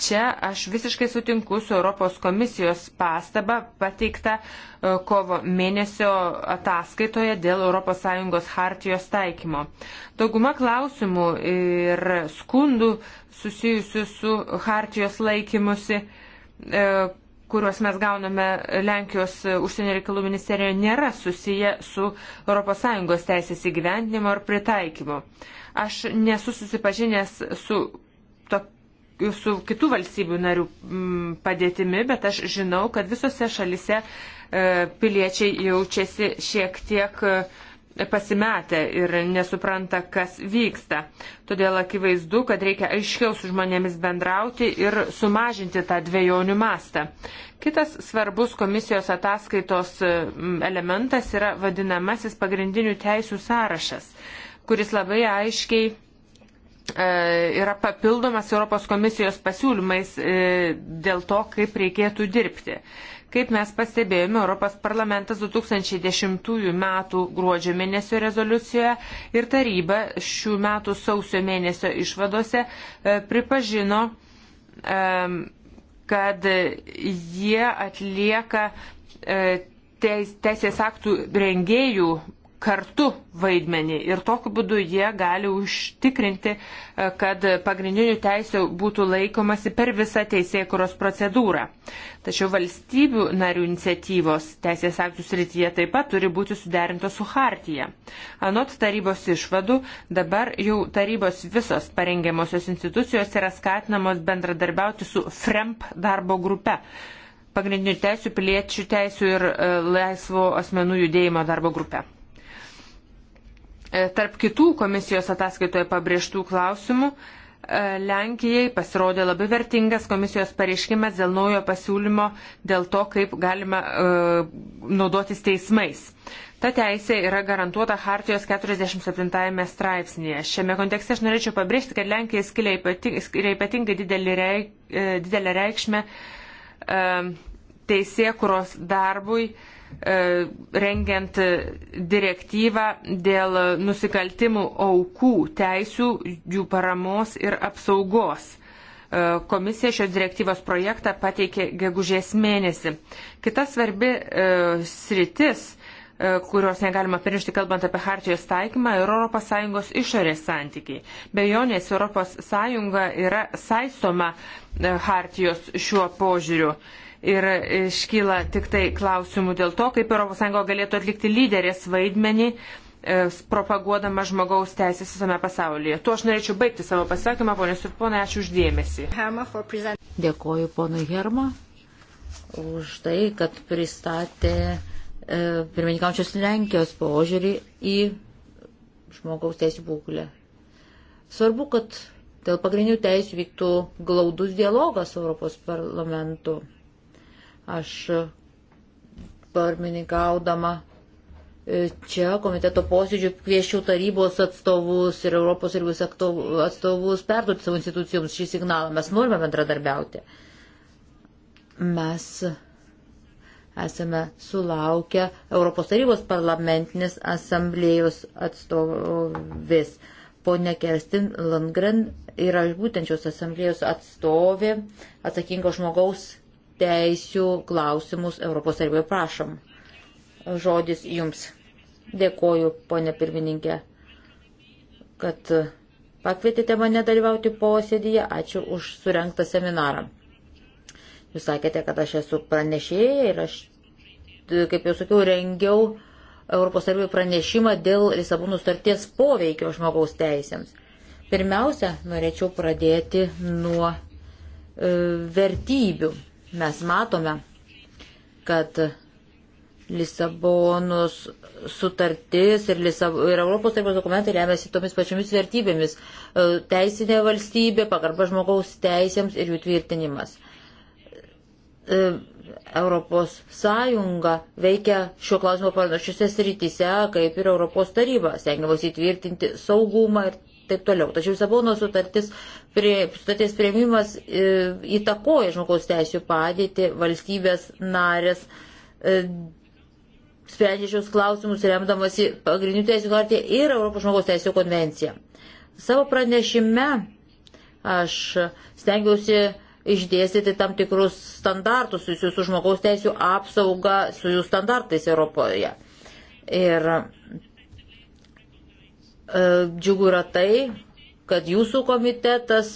Čia aš visiškai sutinku su Europos komisijos pastaba pateikta e, kovo mėnesio ataskaitoje dėl ES hartijos taikymo. Dauguma klausimų ir skundų susijusių su hartijos laikymusi e, kuriuos mes gauname Lenkijos užsienio reikalų ministerijoje, nėra susiję su ES teisės įgyvendinimo ar pritaikymu. Aš nesu susipažinęs su su kitų valstybių narių mm, padėtimi, bet aš žinau, kad visose šalise e, piliečiai jaučiasi šiek tiek e, pasimetę ir nesupranta, kas vyksta. Todėl akivaizdu, kad reikia aiškiau su žmonėmis bendrauti ir sumažinti tą dviejonių mastą. Kitas svarbus komisijos ataskaitos e, elementas yra vadinamasis pagrindinių teisų sąrašas, kuris labai aiškiai E, yra papildomas Europos komisijos pasiūlymais e, dėl to, kaip reikėtų dirbti. Kaip mes pastebėjome, Europos parlamentas 2010 m. gruodžio mėnesio rezoliucijoje ir taryba šių metų sausio mėnesio išvadose e, pripažino, kad jie atlieka teisės aktų rengėjų kartu vaidmenį ir tokiu būdu jie gali užtikrinti, e, kad pagrindinių teisų būtų laikomasi per visą teisėkuros procedūrą. Tačiau valstybių narių iniciatyvos teisės aktų srityje taip pat turi būti suderintos su hartyje. Anot tarybos išvadų, dabar jau tarybos visos parengiamosios institucijos yra skatinamos bendradarbiauti su FREMP darbo grupe pagrindinių teisų, piliečių teisų ir e, laisvo asmenų judėjimo darbo grupę. E, tarp kitų komisijos ataskaitoje pabrėžtų klausimų e, Lenkijai pasirodė labai vertingas komisijos pareiškimas dėl naujo pasiūlymo, dėl to, kaip galima uh, naudotis teismais. Ta teisė yra garantuota Hartijos 47 straipsnėje. Šiame kontekste aš norėčiau pabrėžti, kad Lenkija skiria ypatingai didelį reik, didelę reikšmę uh, teisėkuros darbui uh, E, rengiant direktyvą dėl nusikaltimų aukų teisių, jų paramos ir apsaugos. E, komisija šios direktyvos projektą pateikė gegužės mėnesį. Kita svarbi e, sritis, e, kurios negalima pamiršti kalbant apie Hartijos taikymą, yra ES išorės santykiai. Be jo, nes ES yra saistoma e, Hartijos šiuo požiūriu. E, ir iškyla tik tai klausimų dėl to, kaip ES galėtų atlikti lyderės vaidmenį e, propaguodama žmogaus teisės visame pasaulyje. Tuo aš norėčiau baigti savo pasakymą, ponės ir ponai, ačiū uždėmesi. Dėkoju ponui Herma už tai, kad pristatė e, pirmininkaučios Lenkijos požiūrį į žmogaus teisų būklę. Svarbu, kad dėl pagrindinių teisų vyktų glaudus dialogas Europos parlamentu Aš parmininkaudama e, čia komiteto posėdžių kvieščiau tarybos atstovus ir Europos ir vis atstovus perduoti savo institucijoms šį signalą. Mes norime bendradarbiauti. Mes esame sulaukę Europos tarybos parlamentinės asamblėjos atstovės. Pone Kerstin Landgren yra būtent šios asamblėjos atstovė atsakingo žmogaus teisių klausimus Europos taryboje. Prašom. Žodis jums. Dėkoju, ponė pirmininkė, kad pakvietėte mane dalyvauti posėdėje. Ačiū už surenktą seminarą. Jūs sakėte, kad aš esu pranešėja ir aš, kaip jau sakiau, rengiau Europos taryboje pranešimą dėl Lisabonų starties poveikio žmogaus teisėms. Pirmiausia, norėčiau pradėti nuo e, vertybių mes matome, kad Lisabonos sutartis ir, Lisab ir Europos tarybos dokumentai remiasi tomis pačiomis vertybėmis e, - teisinė valstybė, pagarba žmogaus teisėms ir jų tvirtinimas. E, Europos Sąjunga veikia šiuo klausimu panašiuose srityse, kaip ir Europos taryba, stengiamas įtvirtinti saugumą ir taip toliau. Tačiau Lisabonos sutartis prie, sutarties prieimimas e, įtakoja žmogaus teisų padėti valstybės narės e, sprendžia šios klausimus remdamasi pagrindinių teisų hartiją ir Europos žmogaus teisų konvenciją. Savo pranešime aš stengiausi išdėstyti tam tikrus standartus susijusius su žmogaus teisų apsauga, su jų standartais Europoje. Ir E, džiugu yra tai, kad jūsų komitetas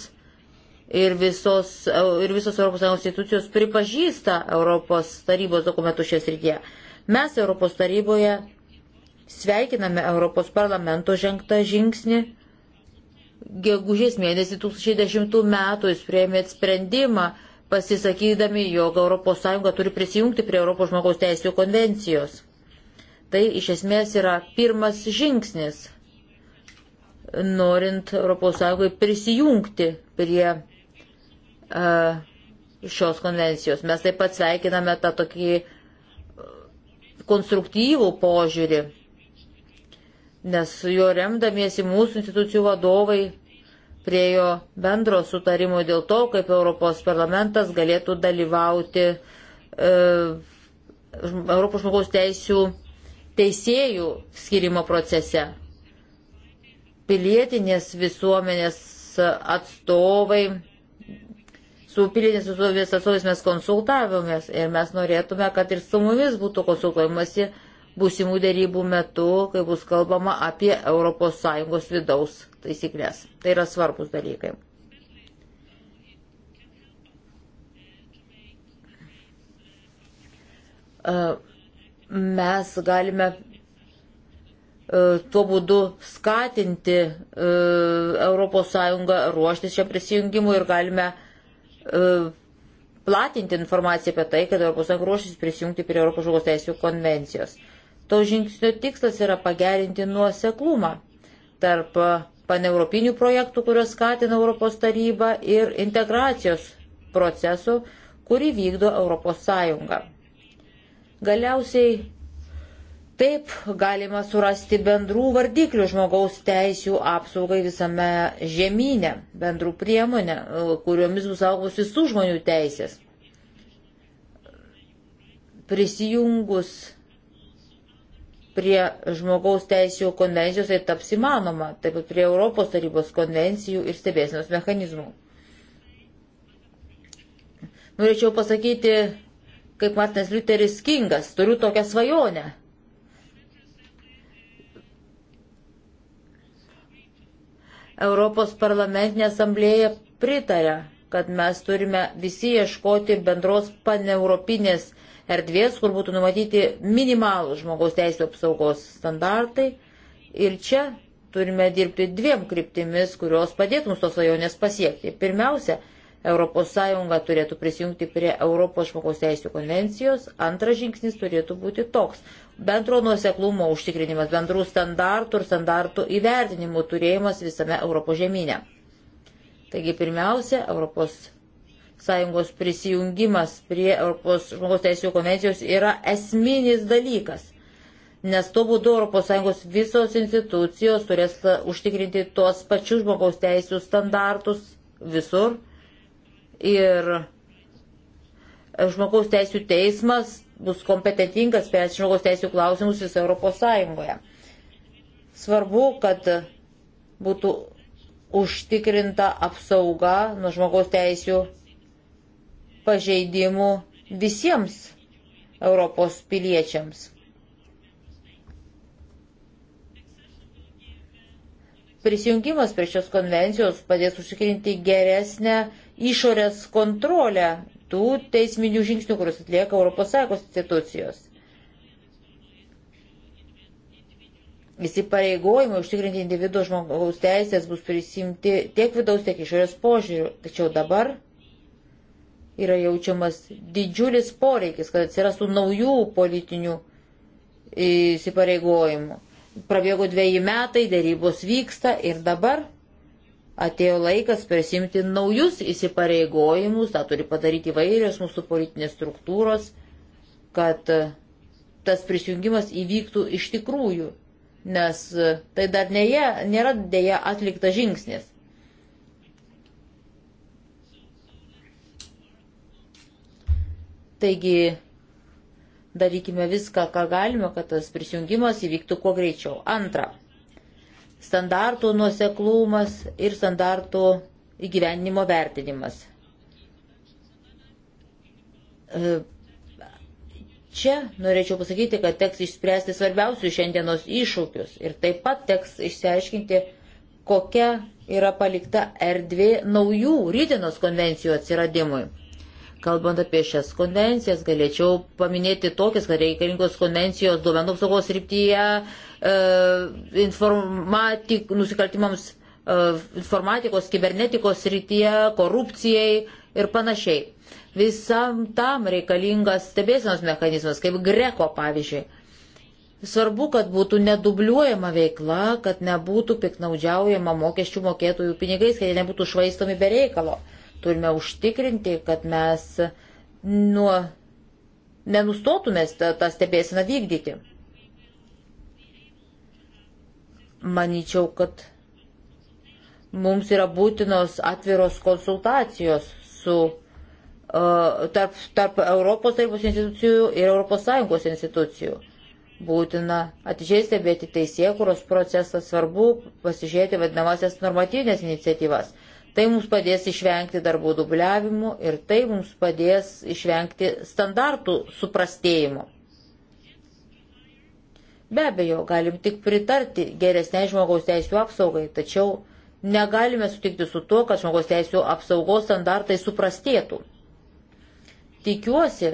ir visos, e, ir visos ES institucijos pripažįsta Europos tarybos dokumentų šią srityje. Mes Europos taryboje sveikiname Europos parlamento žengtą žingsnį. Gegužės mėnesį 2010 metų jis prieimė sprendimą pasisakydami, jog ES turi prisijungti prie Europos žmogaus teisų konvencijos. Tai iš esmės yra pirmas žingsnis norint ES prisijungti prie uh, šios konvencijos. Mes taip pat sveikiname tą tokį konstruktyvų požiūrį, nes jo remdamiesi mūsų institucijų vadovai priejo bendro sutarimo dėl to, kaip Europos parlamentas galėtų dalyvauti e, Europos žmogaus teisų teisėjų skirimo procese pilietinės visuomenės atstovai, su pilietinės visuomenės atstovais mes konsultavomės ir mes norėtume, kad ir su mumis būtų konsultuojamasi būsimų dėrybų metu, kai bus kalbama apie ES vidaus taisyklės. Tai yra svarbus dalykai. Mes galime E, tuo būdu skatinti ES ruoštis šiam prisijungimui ir galime e, platinti informaciją apie tai, kad ES ruošis prisijungti prie ES teisų konvencijos. To žingsnio tikslas yra pagerinti nuoseklumą tarp paneuropinių projektų, kuriuos skatina Europos taryba ir integracijos procesų, kurį vykdo Europos Sąjunga. Galiausiai taip galima surasti bendrų vardiklių žmogaus teisų apsaugai visame žemynė, bendrų priemonę, kuriomis bus saugos visų žmonių teisės. Prisijungus prie žmogaus teisų konvencijos tai taps įmanoma, taip pat prie Europos tarybos konvencijų ir stebėsinos mechanizmų. Norėčiau pasakyti, kaip Martinas Liuteris Kingas, turiu tokią svajonę Europos parlamentinė asamblėja pritarė, kad mes turime visi ieškoti bendros paneuropinės erdvės, kur būtų numatyti minimalų žmogaus teisų apsaugos standartai. Ir čia turime dirbti dviem kryptimis, kurios padėtų mums tos svajonės pasiekti. Pirmiausia, ES turėtų prisijungti prie Europos žmogaus teisų konvencijos. Antras žingsnis turėtų būti toks. Bendro nuoseklumo užtikrinimas, bendrų standartų ir standartų įvertinimų turėjimas visame Europos žemynė. Taigi pirmiausia, ES prisijungimas prie Europos žmogaus teisų konvencijos yra esminis dalykas nes tuo būdu ES visos institucijos turės užtikrinti tuos pačius žmogaus teisų standartus visur ir žmogaus teisų teismas bus kompetentingas spręsti žmogaus teisų klausimus visoje Europos Sąjungoje. Svarbu, kad būtų užtikrinta apsauga nuo žmogaus teisų pažeidimų visiems Europos piliečiams. Prisijungimas prie šios konvencijos padės užtikrinti geresnę išorės kontrolę tų teisminių žingsnių, kuriuos atlieka ES institucijos. Įsipareigojimai užtikrinti individuo žmogaus teisės bus prisimti tiek vidaus, tiek išorės požiūrių. Tačiau dabar yra jaučiamas didžiulis poreikis, kad atsirastų naujų politinių įsipareigojimų. Prabėgo dviejai metai, dėrybos vyksta ir dabar atėjo laikas prisimti naujus įsipareigojimus, tą turi padaryti vairios mūsų politinės struktūros, kad e, tas prisijungimas įvyktų iš tikrųjų, nes e, tai dar neje, nėra dėja atliktas žingsnis. Taigi darykime viską, ką galime, kad tas prisijungimas įvyktų kuo greičiau. Antra standartų nuoseklumas ir standartų įgyvenimo vertinimas. E, čia norėčiau pasakyti, kad teks išspręsti svarbiausius šiandienos iššūkius ir taip pat teks išsiaiškinti, kokia yra palikta erdvė naujų rytinos konvencijų atsiradimui. Kalbant apie šias konvencijas, galėčiau paminėti tokias, kad reikalingos konvencijos duomenų apsaugos ryptyje, e, nusikaltimams e, informatikos, kibernetikos rytyje, korupcijai ir panašiai. Visam tam reikalingas stebėsenos mechanizmas, kaip greko pavyzdžiui. Svarbu, kad būtų nedubliuojama veikla, kad nebūtų piknaudžiaujama mokesčių mokėtojų pinigais, kad jie nebūtų švaistomi be reikalo. Turime užtikrinti, kad mes nuo, nenustotume tą, tą stebėsiną vykdyti. Maničiau, kad mums yra būtinos atviros konsultacijos su e, tarp, tarp Europos tarybos institucijų ir ES institucijų. Būtina atidžiai stebėti teisėkuros procesą, svarbu pasižiūrėti vadinamasias normatyvinės iniciatyvas. Tai mums padės išvengti darbo dubliavimų ir tai mums padės išvengti standartų suprastėjimo. Be abejo, galim tik pritarti geresnei žmogaus teisų apsaugai, tačiau negalime sutikti su to, kad žmogaus teisų apsaugos standartai suprastėtų. Tikiuosi,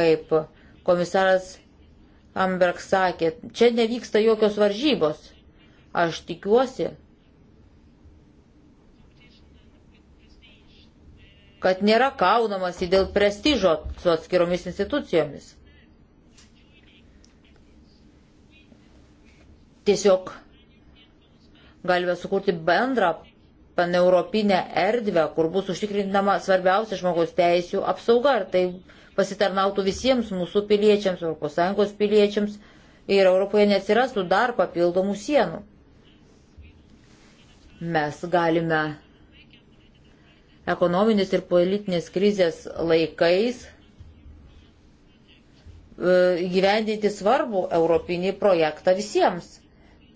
kaip komisaras Amberg sakė, čia nevyksta jokios varžybos. Aš tikiuosi, kad nėra kaunamasi dėl prestižo su atskiromis institucijomis. Tiesiog galime sukurti bendrą paneuropinę erdvę, kur bus užtikrinama svarbiausia žmogaus teisų apsauga. Ir tai pasitarnautų visiems mūsų piliečiams, ES piliečiams ir Europoje neatsirastų dar papildomų sienų. Mes galime ekonominės ir politinės krizės laikais e, gyvendinti svarbų europinį projektą visiems,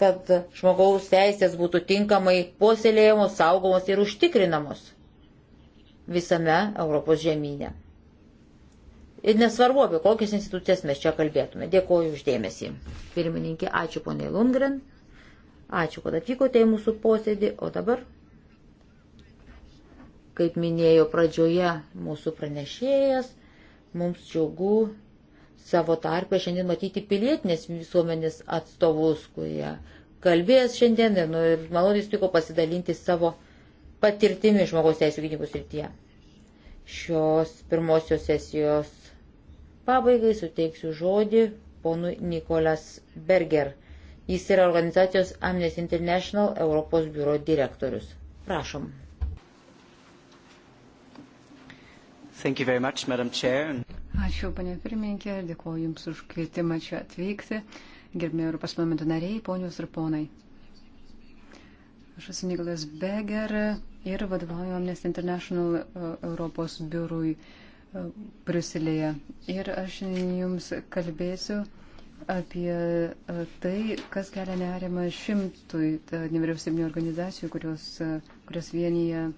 kad žmogaus teisės būtų tinkamai puoselėjamos, saugomos ir užtikrinamos visame Europos žemynė. Ir nesvarbu, apie kokias institucijas mes čia kalbėtume. Dėkuoju uždėmesį. Pirmininkė, ačiū poniai Lundgren. Ačiū, kad atvykote į mūsų posėdį. O dabar Kaip minėjo pradžioje mūsų pranešėjas, mums džiugu savo tarpę šiandien matyti pilietinės visuomenės atstovus, kurie kalbės šiandien ir, nu, ir maloniai sutiko pasidalinti savo patirtimi žmogaus teisų gynybos rytyje. Šios pirmosios sesijos pabaigai suteiksiu žodį ponui Nikolas Berger. Jis yra organizacijos Amnesty International Europos biuro direktorius. Prašom. Much, Ačiū, panė pirmininkė, dėkuoju Jums už kvietimą čia atvykti. Gerbėjai Europos parlamento nariai, ponios ir ponai. Aš esu Nikolas Beger ir vadovauju Amnesty International e, Europos biurui e, Bruselėje. Ir aš Jums kalbėsiu apie e, tai, kas kelia nerimą šimtui nevyriausybinio organizacijų, kurios, kurios vienyje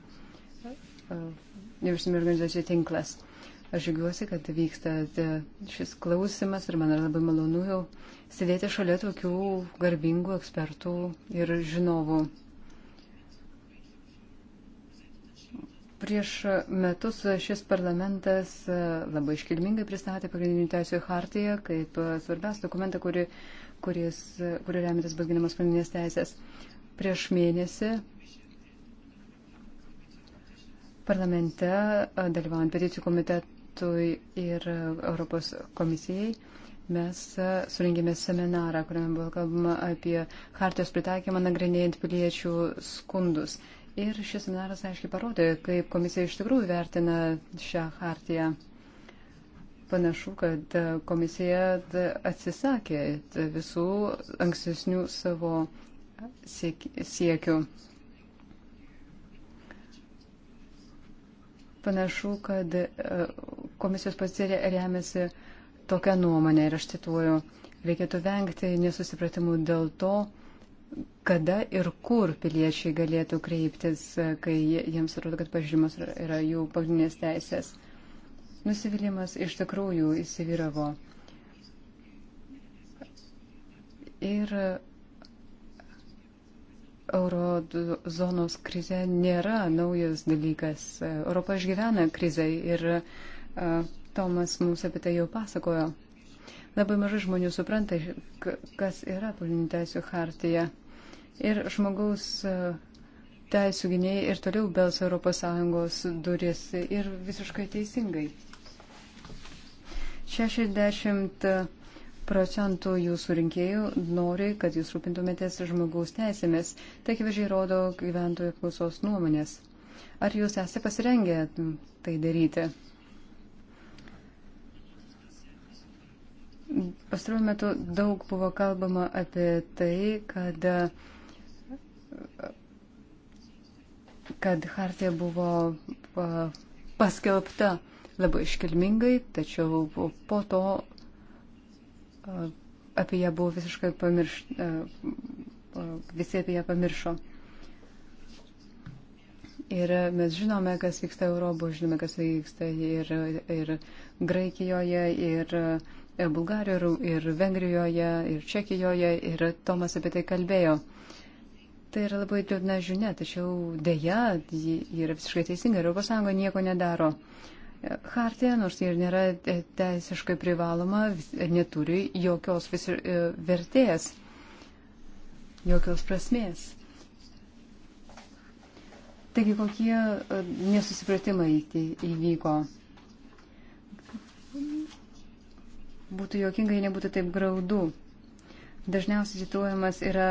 nevyriausybinio organizacijų tinklas. Aš žiūriuosi, kad vyksta e, šis klausimas ir man yra labai malonu jau sėdėti šalia tokių garbingų ekspertų ir žinovų. Prieš metus šis parlamentas e, labai iškilmingai pristatė pagrindinių teisų hartiją kaip e, svarbiausią dokumentą, kuri, kuris, kuri remintis bus ginamos pagrindinės teisės. Prieš mėnesį parlamente, dalyvaujant peticijų komitetui ir Europos komisijai, mes suringėme seminarą, kuriame buvo kalbama apie hartijos pritaikymą nagrinėjant piliečių skundus. Ir šis seminaras aiškiai parodė, kaip komisija iš tikrųjų vertina šią hartiją. Panašu, kad komisija atsisakė visų ankstesnių savo siekių. Panašu, kad e, komisijos pozicija remiasi tokią nuomonę ir aš cituoju, reikėtų vengti nesusipratimų dėl to, kada ir kur piliečiai galėtų kreiptis, e, kai jiems atrodo, kad pažymas yra jų pagrindinės teisės. Nusivylimas iš tikrųjų įsivyravo. Ir euro zonos krize nėra naujas dalykas. Europa išgyvena krizę ir e, Tomas mums apie tai jau pasakojo. Labai mažai žmonių supranta, kas yra pagrindinių teisų hartija. Ir žmogaus e, teisų gynėjai ir toliau bels ES duris ir visiškai teisingai. 60 procentų jūsų rinkėjų nori, kad jūs rūpintumėtės žmogaus teisėmis. Tai akivaizdžiai rodo gyventojų apklausos nuomonės. Ar jūs esate pasirengę tai daryti? Pastaruoju metu daug buvo kalbama apie tai, kad, kad Hartija buvo paskelbta labai iškilmingai, tačiau po to apie ją buvo visiškai pamiršta, visi apie ją pamiršo. Ir mes žinome, kas vyksta Europoje, žinome, kas vyksta ir, ir Graikijoje, ir, ir e, Bulgarijoje, ir, ir Vengrijoje, ir Čekijoje, ir Tomas apie tai kalbėjo. Tai yra labai liūdna žinia, tačiau dėja, ji yra visiškai teisinga, Europos Sąjunga nieko nedaro. Uh, Hartija, nors ir nėra e, teisiškai privaloma, e, neturi jokios e, vertės, jokios prasmės. Taigi kokie nesusipratimai įvyko? Būtų jokingai, nebūtų taip graudu. Dažniausiai cituojamas yra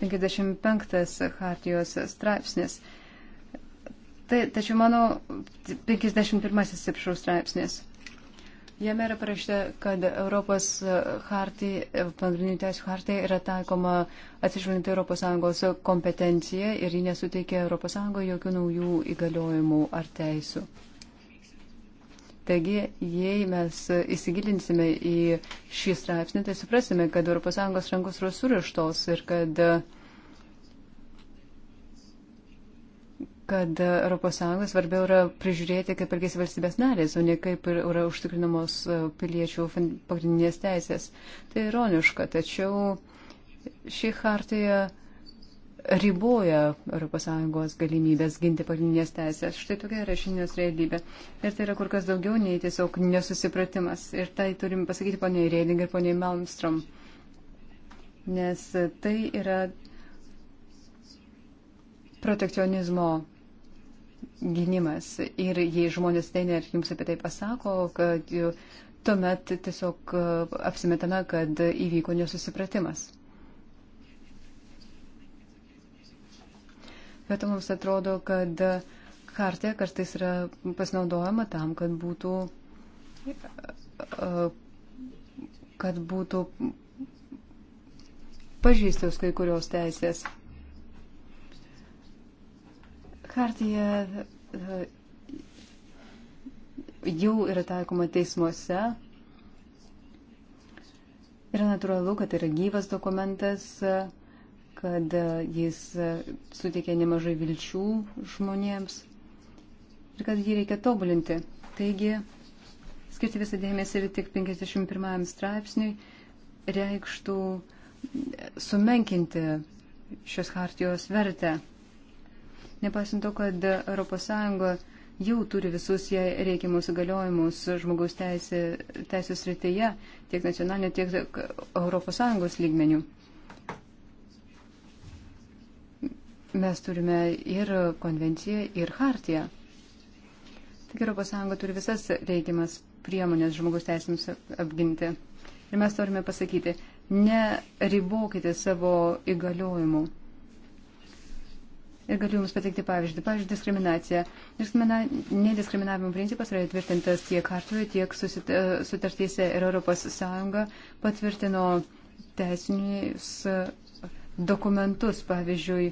55 Hartijos straipsnis. Tai, tačiau mano 51 atsiprašau straipsnis. Jame yra parašyta, kad Europos e, hartai, e, pagrindinių teisų hartai yra taikoma atsižvelgiant ES kompetenciją ir ji nesuteikia ES jokių naujų įgaliojimų ar teisų. Taigi, jei mes įsigilinsime į šį straipsnį, tai suprasime, kad ES rankos yra surištos ir kad uh, kad ES svarbiau yra prižiūrėti, kaip elgesi valstybės narės, o ne kaip yra užtikrinamos e, piliečių pagrindinės teisės. Tai ironiška, tačiau ši hartija riboja ES galimybės ginti pagrindinės teisės. Štai tokia yra šiandienos realybė. Ir tai yra kur kas daugiau nei tiesiog nesusipratimas. Ir tai turim pasakyti poniai Reding ir poniai Malmstrom. Nes tai yra protekcionizmo gynimas. Ir jei žmonės tai net jums apie tai pasako, kad tuomet tiesiog e, apsimetame, kad įvyko nesusipratimas. Bet mums atrodo, kad kartė kartais yra pasinaudojama tam, kad būtų, e, e, kad būtų pažįstos kai kurios teisės. Hartija e, jau yra taikoma teismuose. Yra natūralu, kad yra gyvas dokumentas, kad jis suteikia nemažai vilčių žmonėms ir kad jį reikia tobulinti. Taigi, skirti visą dėmesį ir tik 51 straipsniui reikštų sumenkinti šios hartijos vertę. Nepaisant to, kad ES jau turi visus jai reikiamus įgaliojimus žmogaus teisė, teisės rytyje, tiek nacionalinio, tiek ES lygmenių. Mes turime ir konvenciją, ir hartiją. Taigi ES turi visas reikiamas priemonės žmogus teisėms apginti. Ir mes turime pasakyti, neribokite savo įgaliojimų. Ir galiu Jums pateikti pavyzdį. Pavyzdžiui, diskriminacija. Diskrimina, nediskriminavimo principas yra įtvirtintas tiek kartuoju, tiek susit, sutartyse ir ES patvirtino teisinius dokumentus, pavyzdžiui,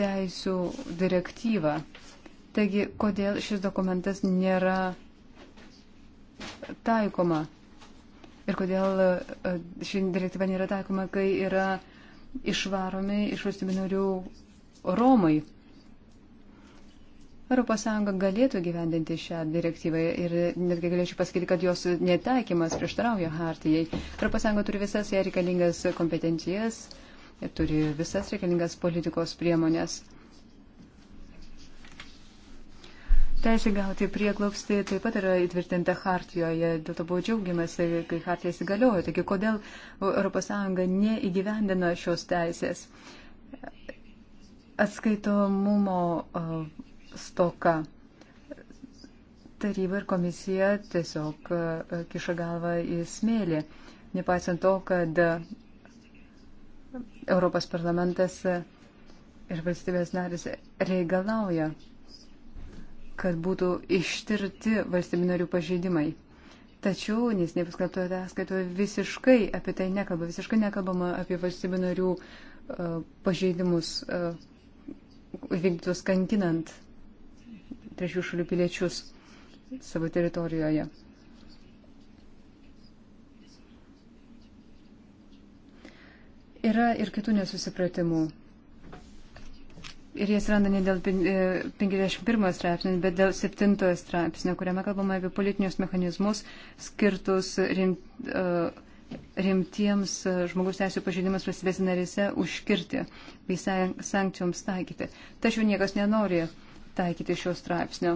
teisų direktyvą. Taigi, kodėl šis dokumentas nėra taikoma ir kodėl ši direktyva nėra taikoma, kai yra išvaromi iš valstybių narių Romai. ES galėtų gyvendinti šią direktyvą ir netgi galėčiau pasakyti, kad jos netaikymas prieštarauja hartijai. ES turi visas ją reikalingas kompetencijas ir turi visas reikalingas politikos priemonės. Teisė gauti prieglobstį taip pat yra įtvirtinta Hartijoje, dėl to buvo džiaugiamasi, kai Hartija įsigaliojo. Taigi, kodėl ES neįgyvendina šios teisės? atskaitomumo stoka. Taryba ir komisija tiesiog kiša galvą į smėlį, nepaisant to, kad Europos parlamentas ir valstybės narys reikalauja, kad būtų ištirti valstybių narių pažeidimai. Tačiau, nes nepaskelbtoje ataskaitoje visiškai apie tai nekalba, visiškai nekalbama apie valstybių narių uh, pažeidimus uh, vykdytos kankinant trečių šalių piliečius savo teritorijoje. Yra ir kitų nesusipratimų. Ir jie atsiranda ne dėl 51 e, straipsnio, bet dėl 7 straipsnio, kuriame kalbama apie politinius mechanizmus skirtus rimt, uh, e, rimtiems e, žmogus teisų pažeidimas valstybės narėse užkirti bei sankcijoms taikyti. Tačiau niekas nenori taikyti šio straipsnio.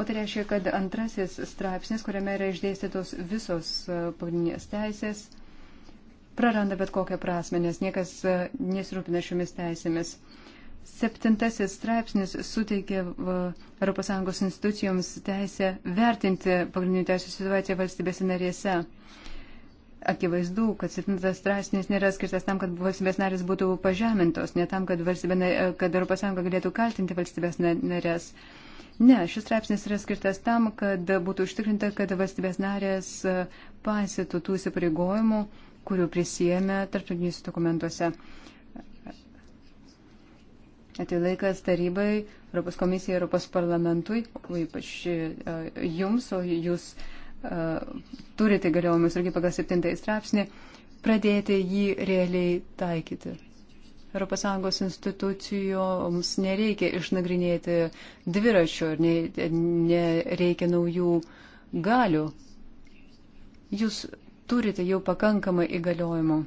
O tai reiškia, kad antrasis straipsnis, kuriame yra išdėstytos visos e, pagrindinės teisės, praranda bet kokią prasme, nes niekas e, nesirūpina šiomis teisėmis. Septintasis straipsnis suteikia ES institucijoms teisę vertinti pagrindinių teisų situaciją valstybėse narėse. Akivaizdu, kad 7 straipsnis nėra skirtas tam, kad valstybės narės būtų pažemintos, ne tam, kad, kad ES galėtų kaltinti valstybės narės. Ne, šis straipsnis yra skirtas tam, kad būtų užtikrinta, kad valstybės narės e, pasitų tų įsipareigojimų, kurių prisijėmė tarptautiniuose dokumentuose. Atėjo laikas tarybai, Europos komisijai, Europos parlamentui, o ypač e, jums, o jūs. Uh, E, turite tai įgaliojimus irgi pagal 7 straipsnį, pradėti jį realiai taikyti. ES institucijoms nereikia išnagrinėti dviračio ir ne, nereikia naujų galių. Jūs turite jau pakankamai įgaliojimų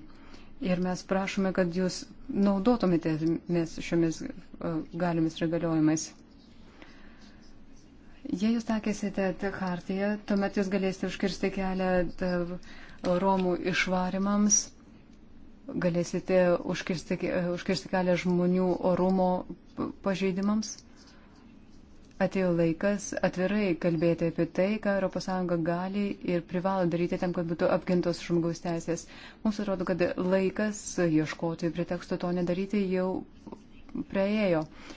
ir mes prašome, kad jūs naudotumėte šiomis e, galiomis ir įgaliojimais. Jei jūs takėsite hartiją, tuomet jūs galėsite užkirsti kelią Romų išvarimams, galėsite užkirsti, užkirsti kelią žmonių orumo pažeidimams. Atėjo laikas atvirai kalbėti apie tai, ką ES gali ir privalo daryti tam, kad būtų apgintos žmogaus teisės. Mums atrodo, kad laikas ieškoti preteksto to nedaryti jau praėjo. Uh,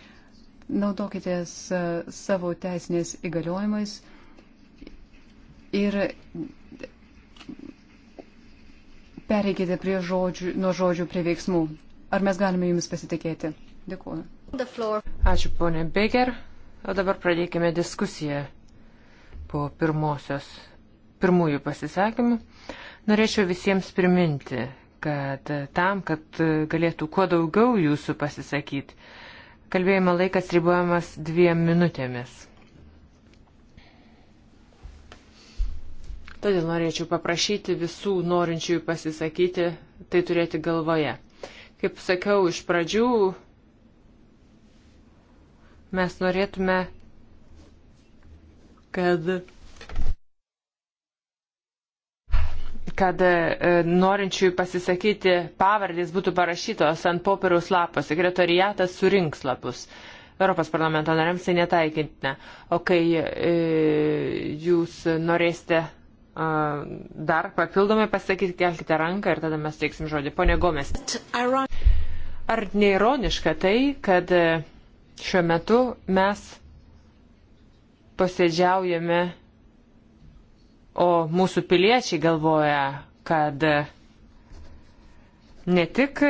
naudokitės e, savo teisinės įgaliojimais ir pereikite prie žodžių, nuo žodžių prie veiksmų. Ar mes galime jumis pasitikėti? Dėkuoju. Ačiū, ponė Beger. O dabar pradėkime diskusiją po pirmosios, pirmųjų pasisakymų. Norėčiau visiems priminti, kad tam, kad galėtų kuo daugiau jūsų pasisakyti, Kalbėjimo laikas ribojamas dviem minutėmis. Todėl norėčiau paprašyti visų norinčiųjų pasisakyti, tai turėti galvoje. Kaip sakiau iš pradžių, mes norėtume, kad kad e, norinčiųjų pasisakyti pavardės būtų parašytos ant popieriaus lapo. Sekretariatas surinks lapus. Europos parlamento nariams tai netaikintina. O kai e, jūs norėsite e, dar papildomai pasakyti, kelkite ranką ir tada mes teiksim žodį. Pone Gomes. Ar neironiška tai, kad e, šiuo metu mes posėdžiaujame O mūsų piliečiai galvoja, kad ne tik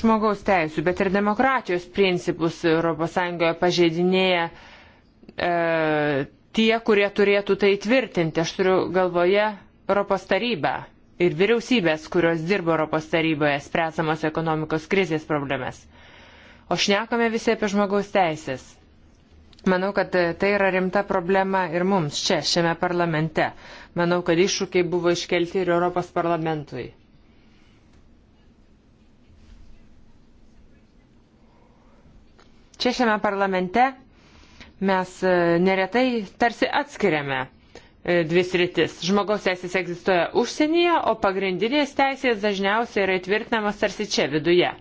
žmogaus teisų, bet ir demokratijos principus ES pažeidinėja e, tie, kurie turėtų tai tvirtinti. Aš turiu galvoje Europos tarybą ir vyriausybės, kurios dirba Europos taryboje, spręsamos ekonomikos krizės problemas. O šnekame visi apie žmogaus teisės. Manau, kad tai yra rimta problema ir mums čia, šiame parlamente. Manau, kad iššūkiai buvo iškelti ir Europos parlamentui. Čia šiame parlamente mes e, neretai tarsi atskiriame e, dvi sritis. Žmogaus teisės egzistuoja užsienyje, o pagrindinės teisės dažniausiai yra įtvirtinamos tarsi čia viduje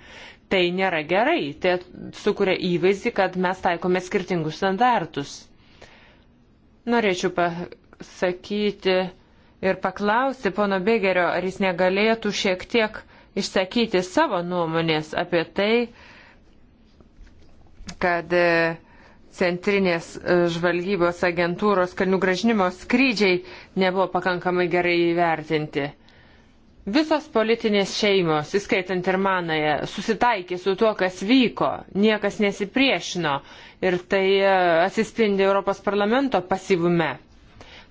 tai nėra gerai. Tai sukuria įvaizdį, kad mes taikome skirtingus standartus. Norėčiau pasakyti ir paklausti pono Begerio, ar jis negalėtų šiek tiek išsakyti savo nuomonės apie tai, kad e, centrinės e, žvalgybos agentūros kalnių gražinimo skrydžiai nebuvo pakankamai gerai įvertinti. Visos politinės šeimos, įskaitant ir manąją, susitaikė su tuo, kas vyko, niekas nesipriešino ir tai e, atsispindi Europos parlamento pasivume.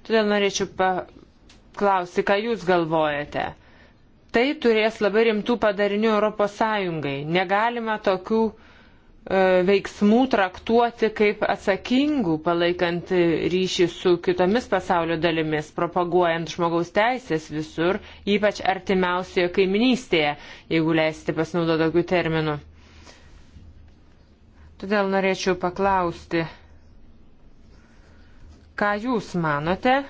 Todėl norėčiau paklausti, ką Jūs galvojate. Tai turės labai rimtų padarinių Europos Sąjungai. Negalima tokių uh, E, veiksmų traktuoti kaip atsakingų, palaikant ryšį su kitomis pasaulio dalimis, propaguojant žmogaus teisės visur, ypač artimiausioje kaiminystėje, jeigu leisite pasinaudoti tokių terminų. Todėl norėčiau paklausti, ką Jūs manote,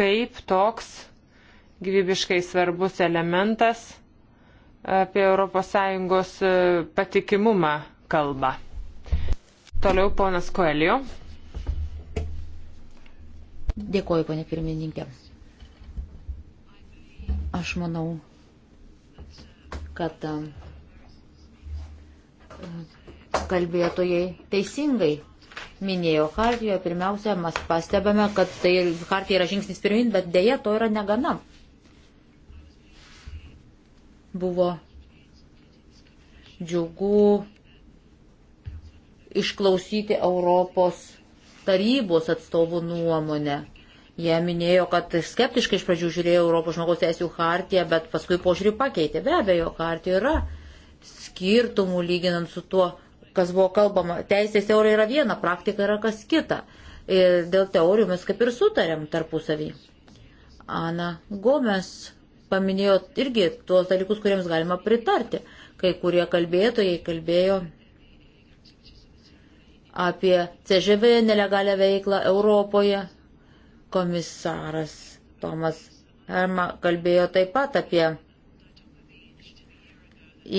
kaip toks gyvybiškai svarbus elementas apie ES e, patikimumą kalbą. Toliau ponas Koelio. Dėkuoju, ponė pirmininkė. Aš manau, kad kalbėtojai teisingai minėjo Hartijoje. Pirmiausia, mes pastebame, kad tai Hartija yra žingsnis pirmin, bet dėja to yra negana. Buvo džiugu išklausyti Europos tarybos atstovų nuomonę. Jie minėjo, kad skeptiškai iš pradžių žiūrėjo Europos žmogaus teisų hartiją, bet paskui požiūrį pakeitė. Be abejo, hartijoje yra skirtumų lyginant su tuo, kas buvo kalbama. Teisės teorija yra viena, praktika yra kas kita. Ir dėl teorijų mes kaip ir sutarėm tarpusavį. Ana Gomes paminėjo irgi tuos dalykus, kuriems galima pritarti. Kai kurie kalbėtojai kalbėjo apie CŽV nelegalią veiklą Europoje. Komisaras Tomas Herma kalbėjo taip pat apie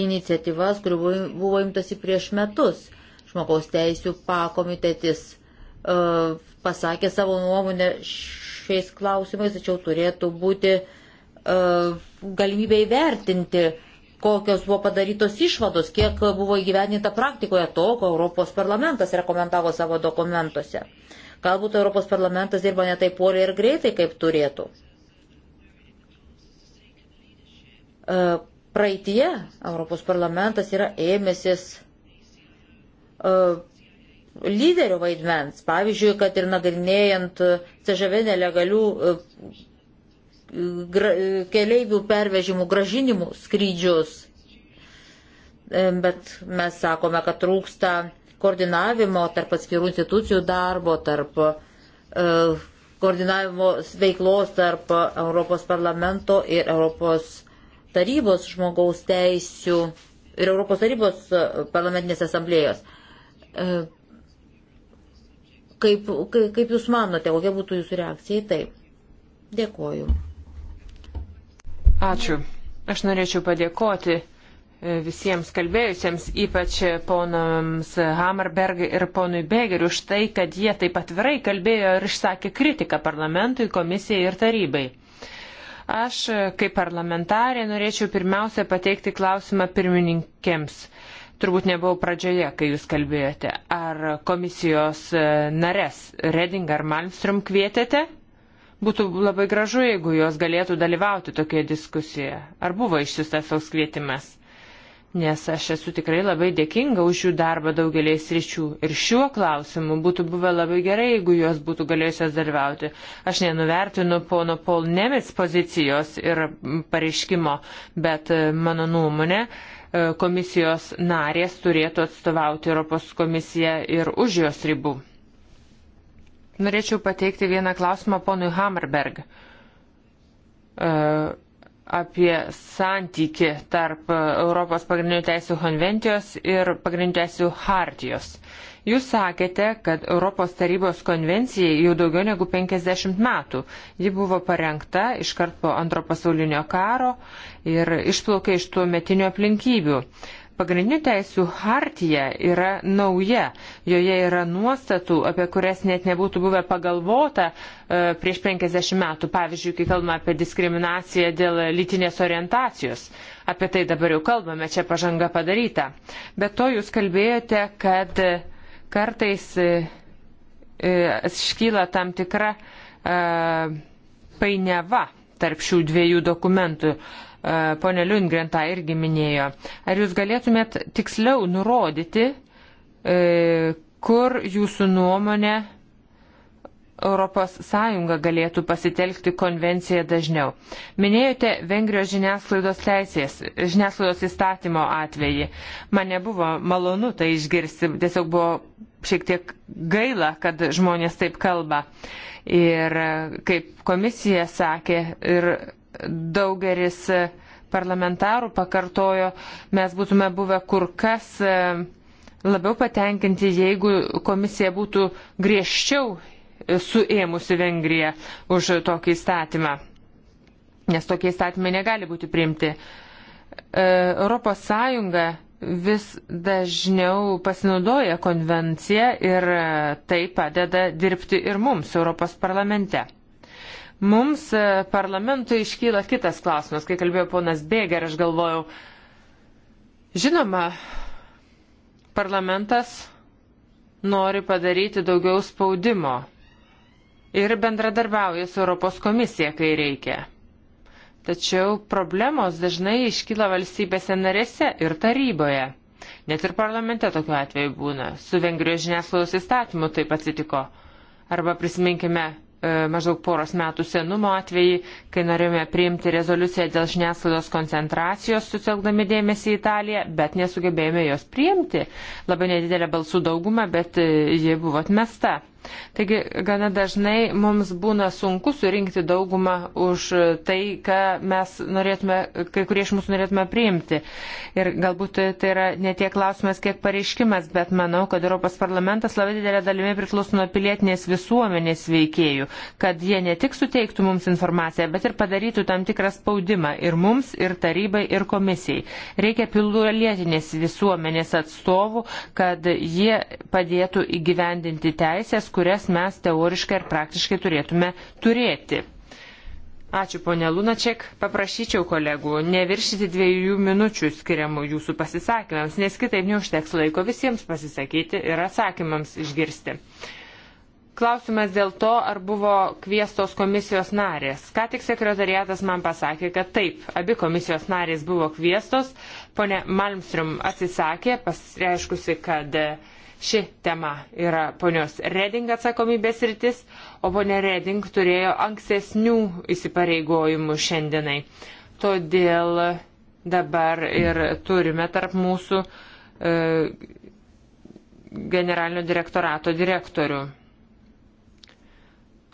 iniciatyvas, kurių buvo imtasi prieš metus. Žmogaus teisų pakomitetis uh, pasakė savo nuomonę šiais klausimais, tačiau turėtų būti uh, galimybė įvertinti uh, kokios buvo padarytos išvados, kiek buvo įgyveninta praktikoje to, ko Europos parlamentas rekomendavo savo dokumentuose. Galbūt Europos parlamentas dirba ne taip puoliai ir greitai, kaip turėtų. E, praeitie Europos parlamentas yra ėmėsis e, lyderio vaidmens. Pavyzdžiui, kad ir nagrinėjant CŽV nelegalių e, keleivių pervežimų gražinimų skrydžius. E, bet mes sakome, kad trūksta koordinavimo tarp atskirų institucijų darbo, tarp e, koordinavimo veiklos tarp Europos parlamento ir Europos tarybos žmogaus teisių ir Europos tarybos e, parlamentinės asamblėjos. Kaip, kaip, kaip Jūs manote, kokia būtų Jūsų reakcija į tai? Dėkoju. Ačiū. Aš norėčiau padėkoti e, visiems kalbėjusiems, ypač ponams Hammerberg ir ponui Begeriu, už tai, kad jie taip atvirai kalbėjo ir išsakė kritiką parlamentui, komisijai ir tarybai. Aš, e, kaip parlamentarė, norėčiau pirmiausia pateikti klausimą pirmininkėms. Turbūt nebuvau pradžioje, kai jūs kalbėjote. Ar komisijos e, nares Reding ar Malmström kvietėte? Būtų labai gražu, jeigu jos galėtų dalyvauti tokioje diskusijoje. Ar buvo išsiustas toks kvietimas? Nes aš esu tikrai labai dėkinga už jų darbą daugeliais ryčių. Ir šiuo klausimu būtų buvę labai gerai, jeigu jos būtų galėjusios dalyvauti. Aš nenuvertinu pono Paul Nemets pozicijos ir pareiškimo, bet e, mano nuomonė, e, komisijos narės turėtų atstovauti Europos komisiją ir už jos ribų. Norėčiau pateikti vieną klausimą ponui Hammerberg e, apie santyki tarp Europos pagrindinių teisų konvencijos ir pagrindinių teisų hartijos. Jūs sakėte, kad Europos tarybos konvencijai jau daugiau negu 50 metų. Ji buvo parengta iškart po antro pasaulinio karo ir išplaukė iš tuo metinių aplinkybių. Pagrindinių teisų hartija yra nauja, joje yra nuostatų, apie kurias net nebūtų buvę pagalvota e, prieš 50 metų, pavyzdžiui, kai kalbame apie diskriminaciją dėl lytinės orientacijos. Apie tai dabar jau kalbame, čia pažanga padaryta. Bet to jūs kalbėjote, kad kartais e, e, iškyla tam tikra e, painiava tarp šių dviejų dokumentų. E, E, ponė Liungren tą irgi minėjo. Ar jūs galėtumėt tiksliau nurodyti, e, kur jūsų nuomonė ES galėtų pasitelkti konvenciją dažniau. Minėjote Vengrijos žiniasklaidos teisės, žiniasklaidos įstatymo atvejį. Man nebuvo malonu tai išgirsti, tiesiog buvo šiek tiek gaila, kad žmonės taip kalba. Ir kaip komisija sakė, ir daugelis parlamentarų pakartojo, mes būtume buvę kur kas e, labiau patenkinti, jeigu komisija būtų griežčiau e, suėmusi Vengriją už tokį įstatymą, nes tokie įstatymai negali būti priimti. E, Europos Sąjunga vis dažniau pasinaudoja konvenciją ir tai padeda dirbti ir mums Europos parlamente. Mums e, parlamentui iškyla kitas klausimas. Kai kalbėjo ponas Bėger, aš galvojau, žinoma, parlamentas nori padaryti daugiau spaudimo ir bendradarbiauja su Europos komisija, kai reikia. Tačiau problemos dažnai iškyla valstybėse narėse ir taryboje. Net ir parlamente tokiu atveju būna. Su Vengrijos žiniasklaidos įstatymu taip atsitiko. Arba prisiminkime E, maždaug poros metų senumo atvejį, kai norėjome priimti rezoliuciją dėl žiniasklaidos koncentracijos, sutelkdami dėmesį į Italiją, bet nesugebėjome jos priimti. Labai nedidelė balsų dauguma, bet e, ji buvo atmesta. Taigi gana dažnai mums būna sunku surinkti daugumą už tai, ką mes norėtume, kai kurie iš mūsų norėtume priimti. Ir galbūt tai yra ne tiek klausimas, kiek pareiškimas, bet manau, kad Europos parlamentas labai didelė dalimi priklauso nuo pilietinės visuomenės veikėjų, kad jie ne tik suteiktų mums informaciją, bet ir padarytų tam tikrą spaudimą ir mums, ir tarybai, ir komisijai. Reikia pilietinės visuomenės atstovų, kad jie padėtų įgyvendinti teisės galimybės, kurias mes teoriškai ir praktiškai turėtume turėti. Ačiū, ponė Lunačiek. Paprašyčiau kolegų neviršyti dviejų minučių skiriamų jūsų pasisakymams, nes kitaip neužteks laiko visiems pasisakyti ir atsakymams išgirsti. Klausimas dėl to, ar buvo kviestos komisijos narės. Ką tik sekretariatas man pasakė, kad taip, abi komisijos narės buvo kviestos. Pone Malmström atsisakė, pasireiškusi, kad uh, Ši tema yra ponios Reding atsakomybės rytis, o ponė Reding turėjo ankstesnių įsipareigojimų šiandienai. Todėl dabar ir turime tarp mūsų e, generalinio direktorato direktorių.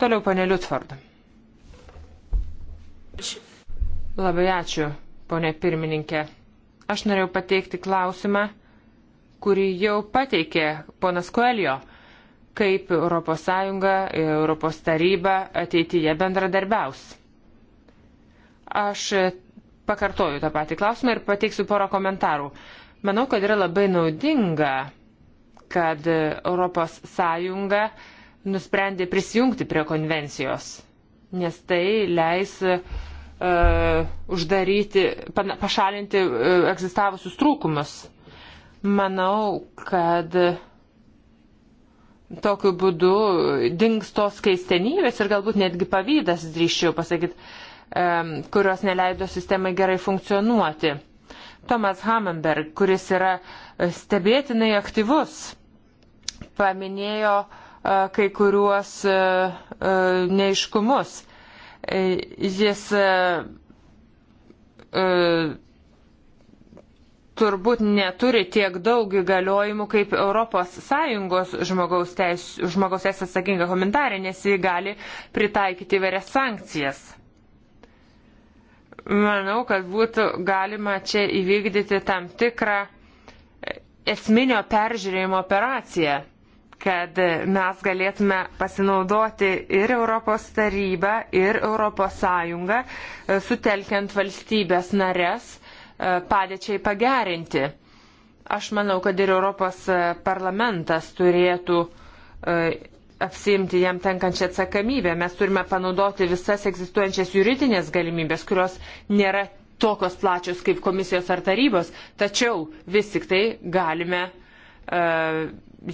Toliau ponė Liutford. Labai ačiū, ponė pirmininkė. Aš norėjau pateikti klausimą kurį jau pateikė ponas Koelio, kaip ES, ES taryba ateityje bendradarbiaus. Aš pakartoju tą patį klausimą ir pateiksiu porą komentarų. Manau, kad yra labai naudinga, kad ES nusprendė prisijungti prie konvencijos, nes tai leis uh, uždaryti, pašalinti uh, egzistavusius trūkumus Manau, kad tokiu būdu dings tos keistenybės ir galbūt netgi pavydas, drįščiau pasakyti, kurios neleido sistemai gerai funkcionuoti. Tomas Hamenberg, kuris yra e, stebėtinai aktyvus, paminėjo e, kai kuriuos e, neiškumus. Jis turbūt neturi tiek daug įgaliojimų kaip ES žmogaus teisės atsakinga komentarė, nes jį gali pritaikyti įvairias sankcijas. Manau, kad būtų galima čia įvykdyti tam tikrą esminio peržiūrėjimo operaciją, kad mes galėtume pasinaudoti ir Europos tarybą, ir Europos sąjungą, sutelkiant valstybės nares E, padėčiai pagerinti. Aš manau, kad ir Europos e, parlamentas turėtų e, apsimti jam tenkančią atsakomybę. Mes turime panaudoti visas egzistuojančias juridinės galimybės, kurios nėra tokios plačios kaip komisijos ar tarybos, tačiau vis tik tai galime uh,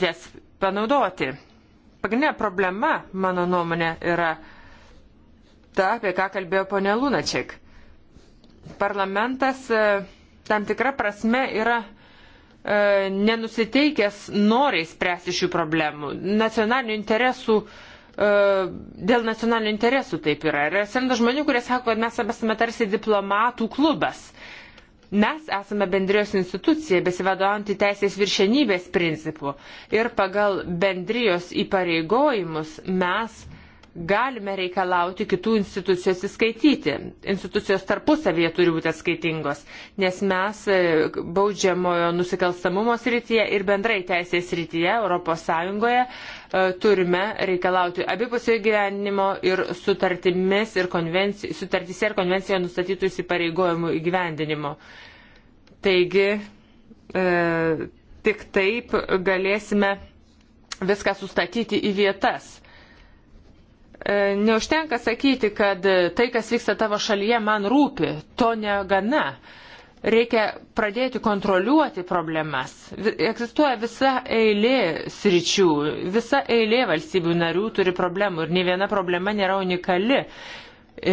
jas panaudoti. Pagrindinė problema, mano nuomonė, yra ta, apie ką kalbėjo ponė Lunačiak. Uh, parlamentas e, tam tikra prasme yra e, nenusiteikęs noriai spręsti šių problemų. Nacionalinių interesų, e, dėl nacionalinių interesų taip yra. Ir atsiranda žmonių, kurie sako, kad mes esame tarsi diplomatų klubas. Mes esame bendrijos institucija, besivadovaujantį teisės viršenybės principų. Ir pagal bendrijos įpareigojimus mes galime reikalauti kitų institucijų atsiskaityti. Institucijos tarpusavėje turi būti atskaitingos, nes mes e, baudžiamojo nusikalstamumo srityje ir bendrai teisės srityje ES e, turime reikalauti abipusio gyvenimo ir sutartimis ir konvenci... sutartise ir konvencijoje nustatytų įsipareigojimų įgyvendinimo. Taigi, e, tik taip galėsime viską sustatyti į vietas. E, neužtenka sakyti, kad tai, kas vyksta tavo šalyje, man rūpi. To negana. Reikia pradėti kontroliuoti problemas. Egzistuoja visa eilė sričių, visa eilė valstybių narių turi problemų ir ne viena problema nėra unikali.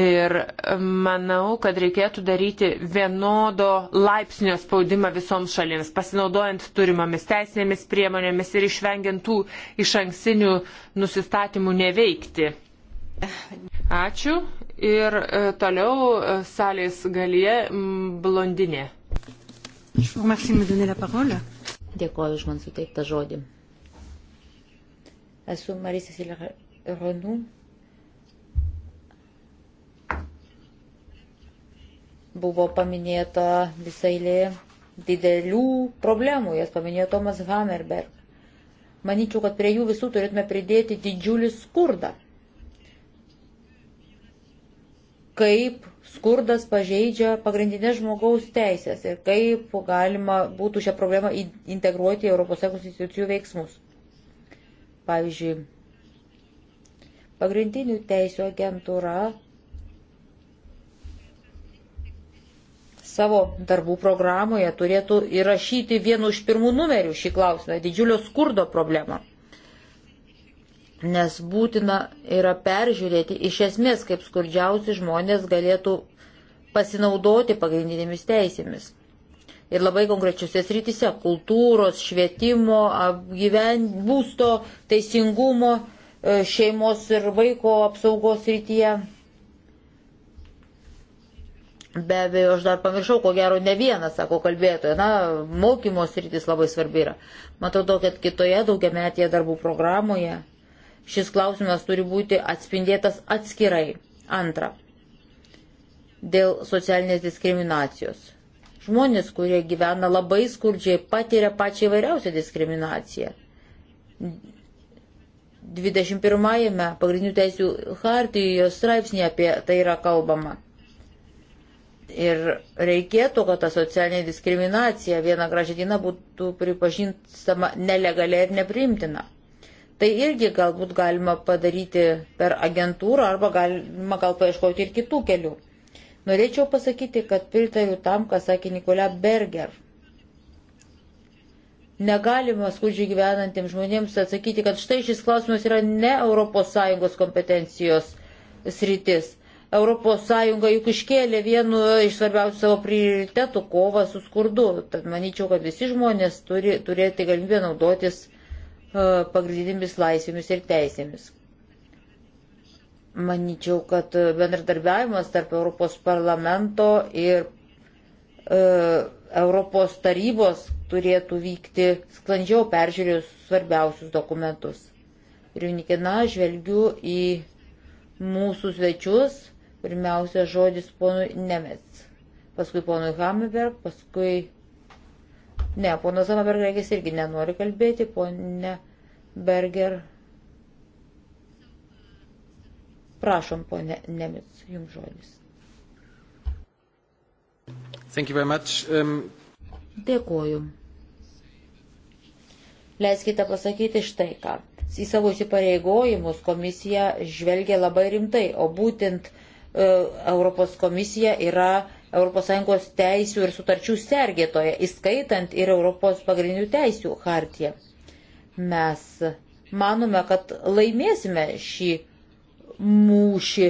Ir manau, kad reikėtų daryti vienodo laipsnio spaudimą visoms šalims, pasinaudojant turimomis teisinėmis priemonėmis ir išvengiant tų iš anksinių nusistatymų neveikti. Ačiū. Ir e, toliau e, salės galie blondinė. Dėkuoju už man suteiktą žodį. Esu Marisa Sileronu. Buvo paminėta visai lė didelių problemų, jas paminėjo Tomas Hammerberg. Manyčiau, kad prie jų visų turėtume pridėti didžiulį skurdą. kaip skurdas pažeidžia pagrindinės žmogaus teisės ir kaip galima būtų šią problemą integruoti į ES institucijų veiksmus. Pavyzdžiui, pagrindinių teisų agentūra savo darbų programoje turėtų įrašyti vienu iš pirmų numerių šį klausimą - didžiulio skurdo problemą nes būtina yra peržiūrėti iš esmės, kaip skurdžiausi žmonės galėtų pasinaudoti pagrindinėmis teisėmis. Ir labai konkrečiuose srityse - kultūros, švietimo, apgyven, būsto, teisingumo, e, šeimos ir vaiko apsaugos srityje. Be abejo, aš dar pamiršau, ko gero ne vienas, sako kalbėtoja, na, mokymos rytis labai svarbi yra. Matau, kad kitoje daugiametėje darbų programoje Šis klausimas turi būti atspindėtas atskirai. Antra. Dėl socialinės diskriminacijos. Žmonės, kurie gyvena labai skurdžiai, patiria pačią įvairiausią diskriminaciją. 21-ame pagrindinių teisių hartijoje straipsnėje apie tai yra kalbama. Ir reikėtų, kad ta socialinė diskriminacija vieną gražią dieną būtų pripažinstama nelegalia ir nepriimtina. Tai irgi galbūt galima padaryti per agentūrą arba galima gal paieškoti ir kitų kelių. Norėčiau pasakyti, kad pritariu tam, ką sakė Nikola Berger. Negalima skurdžiai gyvenantiems žmonėms atsakyti, kad štai šis klausimas yra ne ES kompetencijos sritis. ES juk iškėlė vienu iš svarbiausių savo prioritetų kovą su skurdu. Tad manyčiau, kad visi žmonės turi turėti galimybę naudotis E, pagrindinėmis laisvėmis ir teisėmis. Maničiau, kad bendradarbiavimas tarp Europos parlamento ir e, Europos tarybos turėtų vykti sklandžiau peržiūrėjus svarbiausius dokumentus. Ir unikina žvelgiu į mūsų svečius, pirmiausia žodis ponui Nemets, paskui ponui Hameberg, paskui Ne, pono Zamaberg regis irgi nenori kalbėti, ponė Berger. Prašom, ponė Nemits, jums žodis. Thank you very much. Um... Dėkuoju. Leiskite pasakyti štai ką. Į savo įsipareigojimus komisija žvelgia labai rimtai, o būtent uh, Europos komisija yra uh, ES teisių ir sutarčių sergėtoje, įskaitant ir Europos pagrindinių teisių hartiją. Mes manome, kad laimėsime šį mūšį,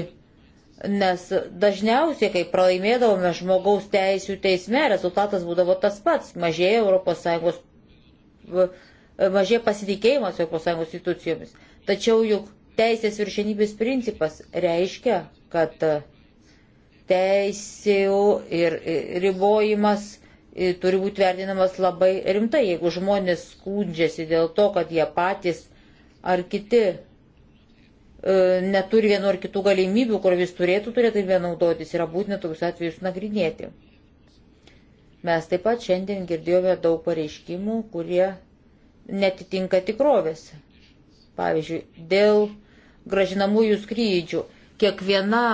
nes dažniausiai, kai pralaimėdavome žmogaus teisių teisme, rezultatas būdavo tas pats - mažėja ES, mažėja pasitikėjimas ES institucijomis. Tačiau juk teisės viršenybės principas reiškia, kad uh, teisėjų ir ribojimas turi būti vertinamas labai rimtai, jeigu žmonės skundžiasi dėl to, kad jie patys ar kiti e, neturi vienu ar kitų galimybių, kur vis turėtų turėti vienaudotis, yra būtina tokius atvejus nagrinėti. Mes taip pat šiandien girdėjome daug pareiškimų, kurie netitinka tikrovės. Pavyzdžiui, dėl gražinamųjų skrydžių kiekviena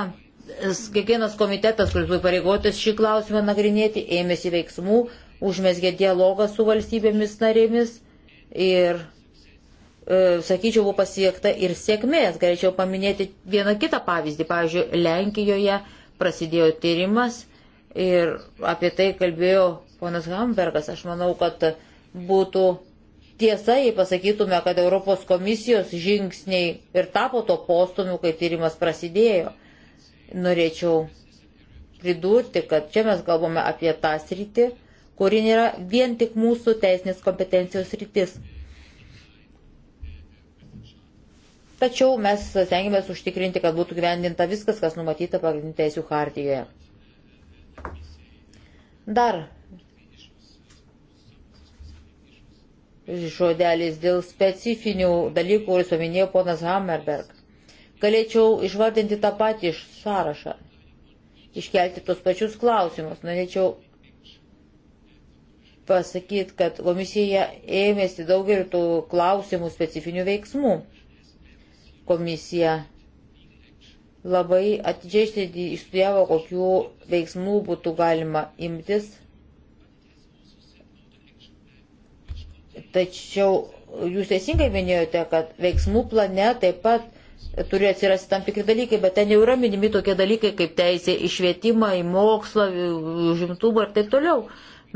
kiekvienas komitetas, kuris buvo pareigotas šį klausimą nagrinėti, ėmėsi veiksmų, užmesgė dialogą su valstybėmis narėmis ir, e, sakyčiau, buvo pasiekta ir sėkmės. Galėčiau paminėti vieną kitą pavyzdį. Pavyzdžiui, Lenkijoje prasidėjo tyrimas ir apie tai kalbėjo ponas Hambergas. Aš manau, kad būtų tiesa, jei pasakytume, kad Europos komisijos žingsniai ir tapo to postumiu, kai tyrimas prasidėjo norėčiau pridurti, kad čia mes kalbame apie tą sritį, kuri nėra vien tik mūsų teisinės kompetencijos rytis. Tačiau mes stengiamės užtikrinti, kad būtų gyvendinta viskas, kas numatyta pagrindinių teisų hartijoje. Dar žodelis dėl specifinių dalykų, kuris paminėjo ponas Hammerberg. Galėčiau išvardinti tą patį iš sąrašą, iškelti tos pačius klausimus. Norėčiau pasakyti, kad komisija ėmėsi daugelį tų klausimų specifinių veiksmų. Komisija labai atidžiai išstudijavo, kokių veiksmų būtų galima imtis. Tačiau jūs teisingai minėjote, kad veiksmų plane taip pat turi atsirasti tam tikri dalykai, bet ten jau yra minimi tokie dalykai kaip teisė į švietimą, į mokslą, žimtumą ir taip toliau.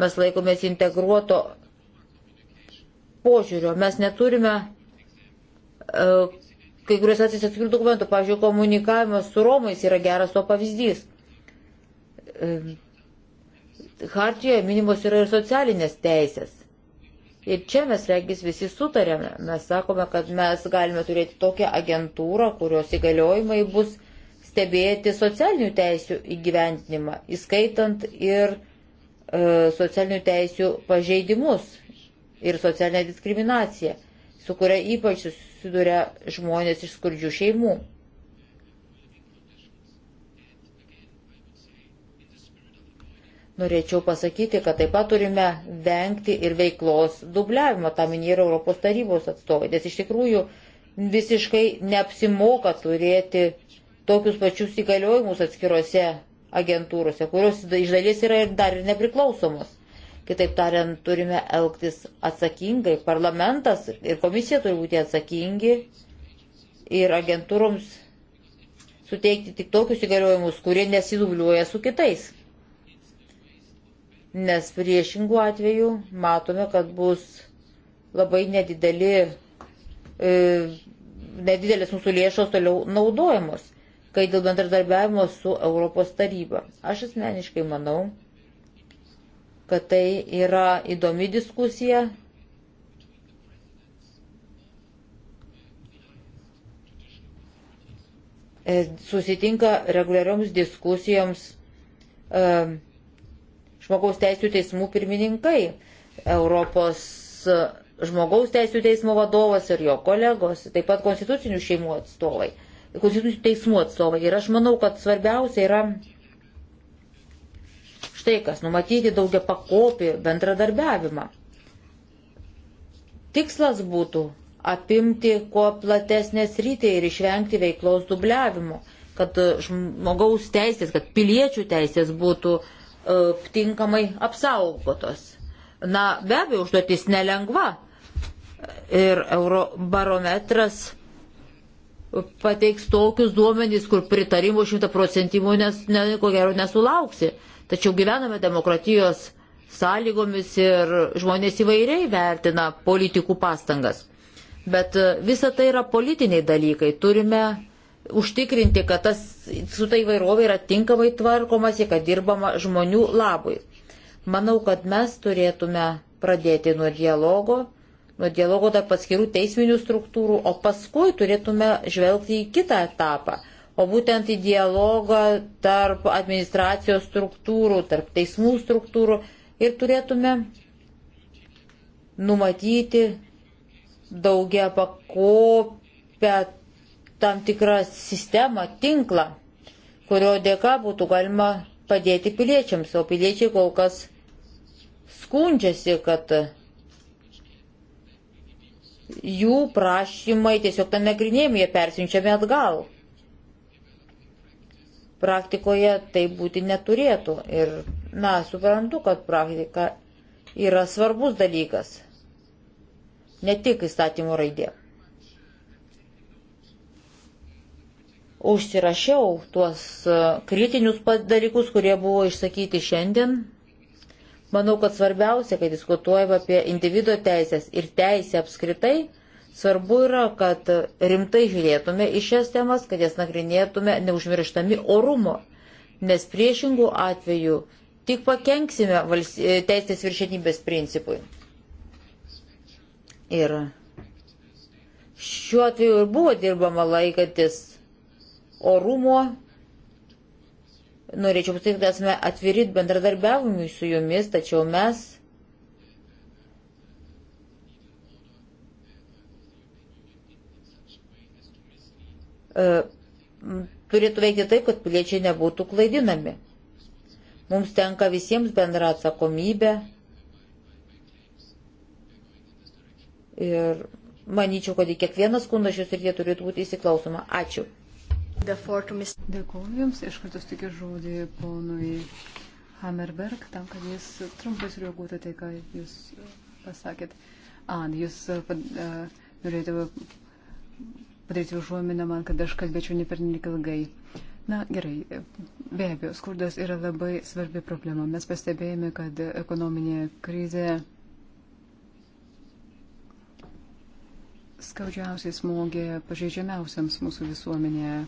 Mes laikomės integruoto požiūrio. Mes neturime uh, kai kuriuos atsės atskirų dokumentų. Pavyzdžiui, komunikavimas su Romais yra geras to pavyzdys. Uh, Hartijoje minimos yra ir socialinės teisės. Ir čia mes regis visi sutarėme. Mes sakome, kad mes galime turėti tokią agentūrą, kurios įgaliojimai bus stebėti socialinių teisių įgyventinimą, įskaitant ir e, socialinių teisių pažeidimus ir socialinę diskriminaciją, su kuria ypač susiduria žmonės iš skurdžių šeimų. Norėčiau pasakyti, kad taip pat turime vengti ir veiklos dubliavimo, tam yra Europos tarybos atstovai, nes iš tikrųjų visiškai neapsimoka turėti tokius pačius įgaliojimus atskirose agentūrose, kurios iš dalies yra ir dar ir nepriklausomos. Kitaip tariant, turime elgtis atsakingai, parlamentas ir komisija turi būti atsakingi ir agentūroms suteikti tik tokius įgaliojimus, kurie nesidubliuoja su kitais nes priešingų atveju matome, kad bus labai nedideli, e, nedidelės mūsų lėšos toliau naudojamos, kai dėl bendradarbiavimo su Europos taryba. Aš asmeniškai manau, kad tai yra įdomi diskusija. E, susitinka reguliarioms diskusijoms e, žmogaus teisų teismų pirmininkai, Europos žmogaus teisų teismo vadovas ir jo kolegos, taip pat konstitucinių šeimų atstovai, konstitucinių teismų atstovai. Ir aš manau, kad svarbiausia yra štai kas, numatyti daugia pakopį bendradarbiavimą. Tikslas būtų apimti kuo platesnės rytį ir išvengti veiklos dubliavimo, kad žmogaus teisės, kad piliečių teisės būtų uh, E, tinkamai apsaugotos. Na, be abejo, užduotis nelengva. Ir eurobarometras pateiks tokius duomenys, kur pritarimų šimtaprocentimų nes, ne, ko gero nesulauksi. Tačiau gyvename demokratijos sąlygomis ir žmonės įvairiai vertina politikų pastangas. Bet e, visa tai yra politiniai dalykai. Turime užtikrinti, kad tas, su tai vairovė yra tinkamai tvarkomasi, kad dirbama žmonių labui. Manau, kad mes turėtume pradėti nuo dialogo, nuo dialogo tarp atskirų teisminių struktūrų, o paskui turėtume žvelgti į kitą etapą, o būtent į dialogą tarp administracijos struktūrų, tarp teismų struktūrų ir turėtume numatyti daugia pakopę tam tikrą sistemą, tinklą, kurio dėka būtų galima padėti piliečiams, o piliečiai kol kas skundžiasi, kad jų prašymai tiesiog tame grinėjimai persiunčiami atgal. Praktikoje tai būti neturėtų ir, na, suprantu, kad praktika yra svarbus dalykas, ne tik įstatymų raidė. užsirašiau tuos e, kritinius dalykus, kurie buvo išsakyti šiandien. Manau, kad svarbiausia, kai diskutuojame apie individuo teisės ir teisę apskritai, svarbu yra, kad rimtai žiūrėtume į šias temas, kad jas nagrinėtume neužmirštami orumo, nes priešingų atveju tik pakenksime e, teisės viršenybės principui. Ir šiuo atveju ir buvo dirbama laikantis orumo. Norėčiau pasakyti, kad esame atviri bendradarbiavimui su jumis, tačiau mes e, turėtų veikti taip, kad piliečiai nebūtų klaidinami. Mums tenka visiems bendra atsakomybė. Ir manyčiau, kad į kiekvieną skundą šios ir jie turėtų būti įsiklausoma. Ačiū. Dėkuoju Jums, iš karto tikiu žodį ponui Hammerberg, tam, kad jis trumpai sureaguotų tai, ką Jūs pasakėt. An, Jūs pad, uh, norėjote padaryti užuominą man, kad aš kalbėčiau ne per nelik ilgai. Na gerai, be abejo, skurdas yra labai svarbi problema. Mes pastebėjome, kad ekonominė krizė skaudžiausiai smogė pažeidžiamiausiams mūsų visuomenėje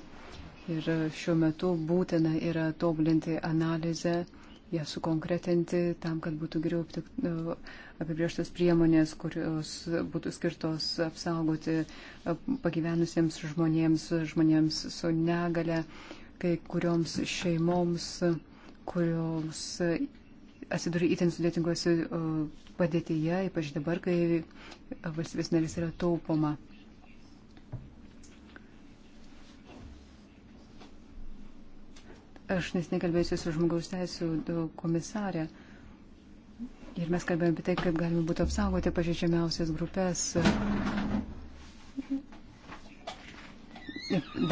Ir e, šiuo metu būtina yra tobulinti analizę, ją sukonkretinti tam, kad būtų geriau e, apibrieštas priemonės, kurios būtų skirtos apsaugoti e, pagyvenusiems žmonėms, žmonėms su negale, kai kurioms šeimoms, kurios atsiduria įtin sudėtingose padėtyje, ypač dabar, kai valstybės narys yra taupoma. Aš nes nekalbėsiu su žmogaus teisų komisarė. Ir mes kalbėjome apie tai, kaip galima būtų apsaugoti pažeidžiamiausias grupės.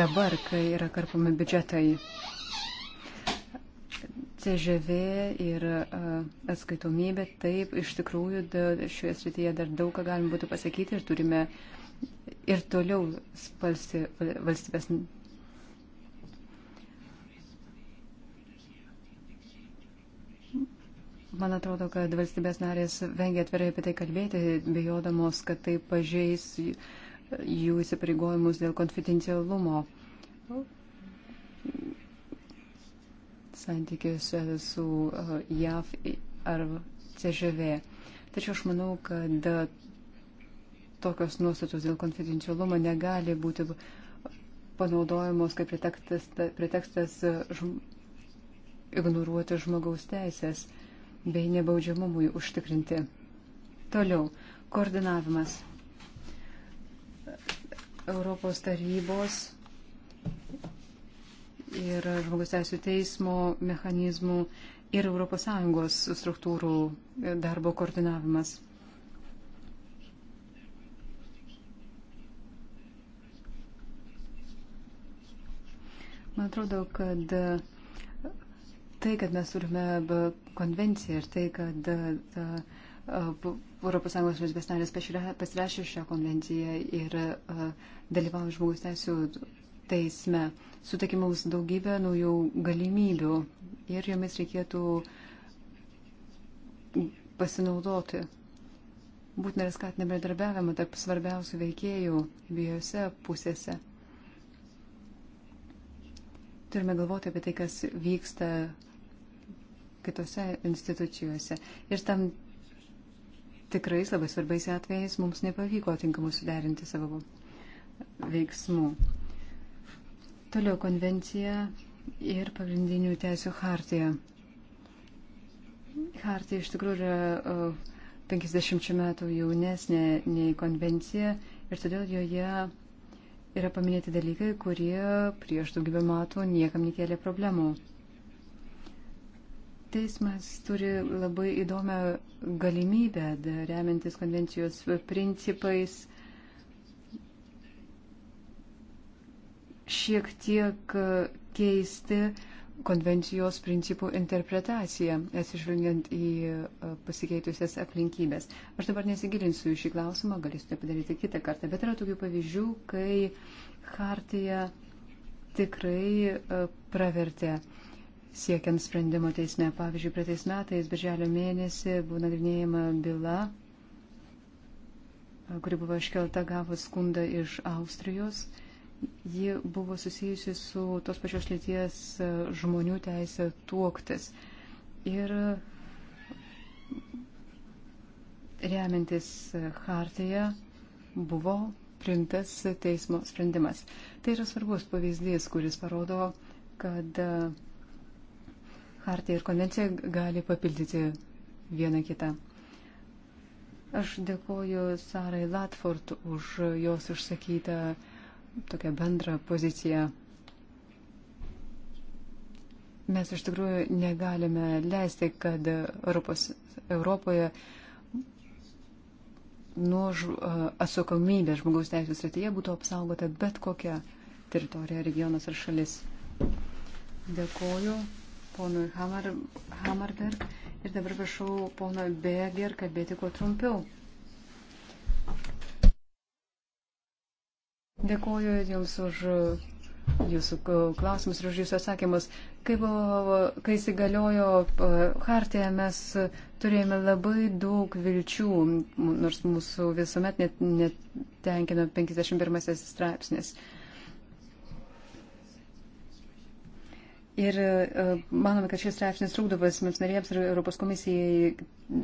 Dabar, kai yra karpami biudžetai, CŽV ir atskaitomybė, taip, iš tikrųjų šioje srityje dar daug ką galima būtų pasakyti ir turime ir toliau spalsti valstybės Man atrodo, kad valstybės narės vengia atvirai apie tai kalbėti, bijodamos, kad tai pažeis jų įsipareigojimus dėl konfidencialumo santykiuose su uh, JAV ar CŽV. Tačiau aš manau, kad tokios nuostatos dėl konfidencialumo negali būti panaudojamos kaip pretekstas, pretekstas uh, žm ignoruoti žmogaus teisės bei nebaudžiamumui užtikrinti. Toliau, koordinavimas. Europos tarybos ir žmogus teisų teismo mechanizmų ir ES struktūrų darbo koordinavimas. Man atrodo, kad Tai, kad mes turime konvenciją ir tai, kad Europos Sąjungos valstybės narės pasirašė šią konvenciją ir dalyvavo žmogus teisų teisme, suteikė mums daugybę naujų galimybių ir jomis reikėtų pasinaudoti. Būtina yra skatinti bendradarbiavimą tarp svarbiausių veikėjų abiejose pusėse. Turime galvoti apie tai, kas vyksta kitose institucijose. Ir tam tikrais labai svarbiais atvejais mums nepavyko tinkamai suderinti savo veiksmų. Toliau konvencija ir pagrindinių teisų hartija. Hartija iš tikrųjų yra 50 metų jaunesnė nei konvencija ir todėl joje yra paminėti dalykai, kurie prieš daugybę metų niekam nekėlė problemų. Teismas turi labai įdomią galimybę, remiantis konvencijos principais, šiek tiek e, keisti konvencijos principų interpretaciją, atsižvelgiant į e, pasikeitusias aplinkybės. Aš dabar nesigilinsiu į šį klausimą, galėsiu tai padaryti kitą kartą, bet yra tokių pavyzdžių, kai Hartija tikrai e, pravertė uh, siekiant sprendimo teisme. Pavyzdžiui, praeitais metais, birželio mėnesį, buvo nagrinėjama byla, kuri buvo iškelta gavus skundą iš Austrijos. Ji buvo susijusi su tos pačios lyties e, žmonių teisė tuoktis. Ir remiantis e, hartyje buvo primtas teismo sprendimas. Tai yra svarbus pavyzdys, kuris parodo, kad uh, Hartija ir konvencija gali papildyti vieną kitą. Aš dėkoju Sarai Latford už jos išsakytą tokią bendrą poziciją. Mes iš tikrųjų negalime leisti, kad Europos, Europoje nuo atsakomybės žmogaus teisų srityje būtų apsaugota bet kokia teritorija, regionas ar šalis. Dėkoju ponui Hamar, Hamarberg ir dabar prašau pono Beger kalbėti kuo trumpiau. Dėkuoju Jums už Jūsų klausimus ir už Jūsų atsakymus. Kai, buvo, kai įsigaliojo e, Hartija, mes turėjome labai daug vilčių, nors mūsų visuomet net, net tenkino 51 straipsnis. Uh, Ir e, manome, kad šis straipsnis trukdo valstybėms narėms ir Europos komisijai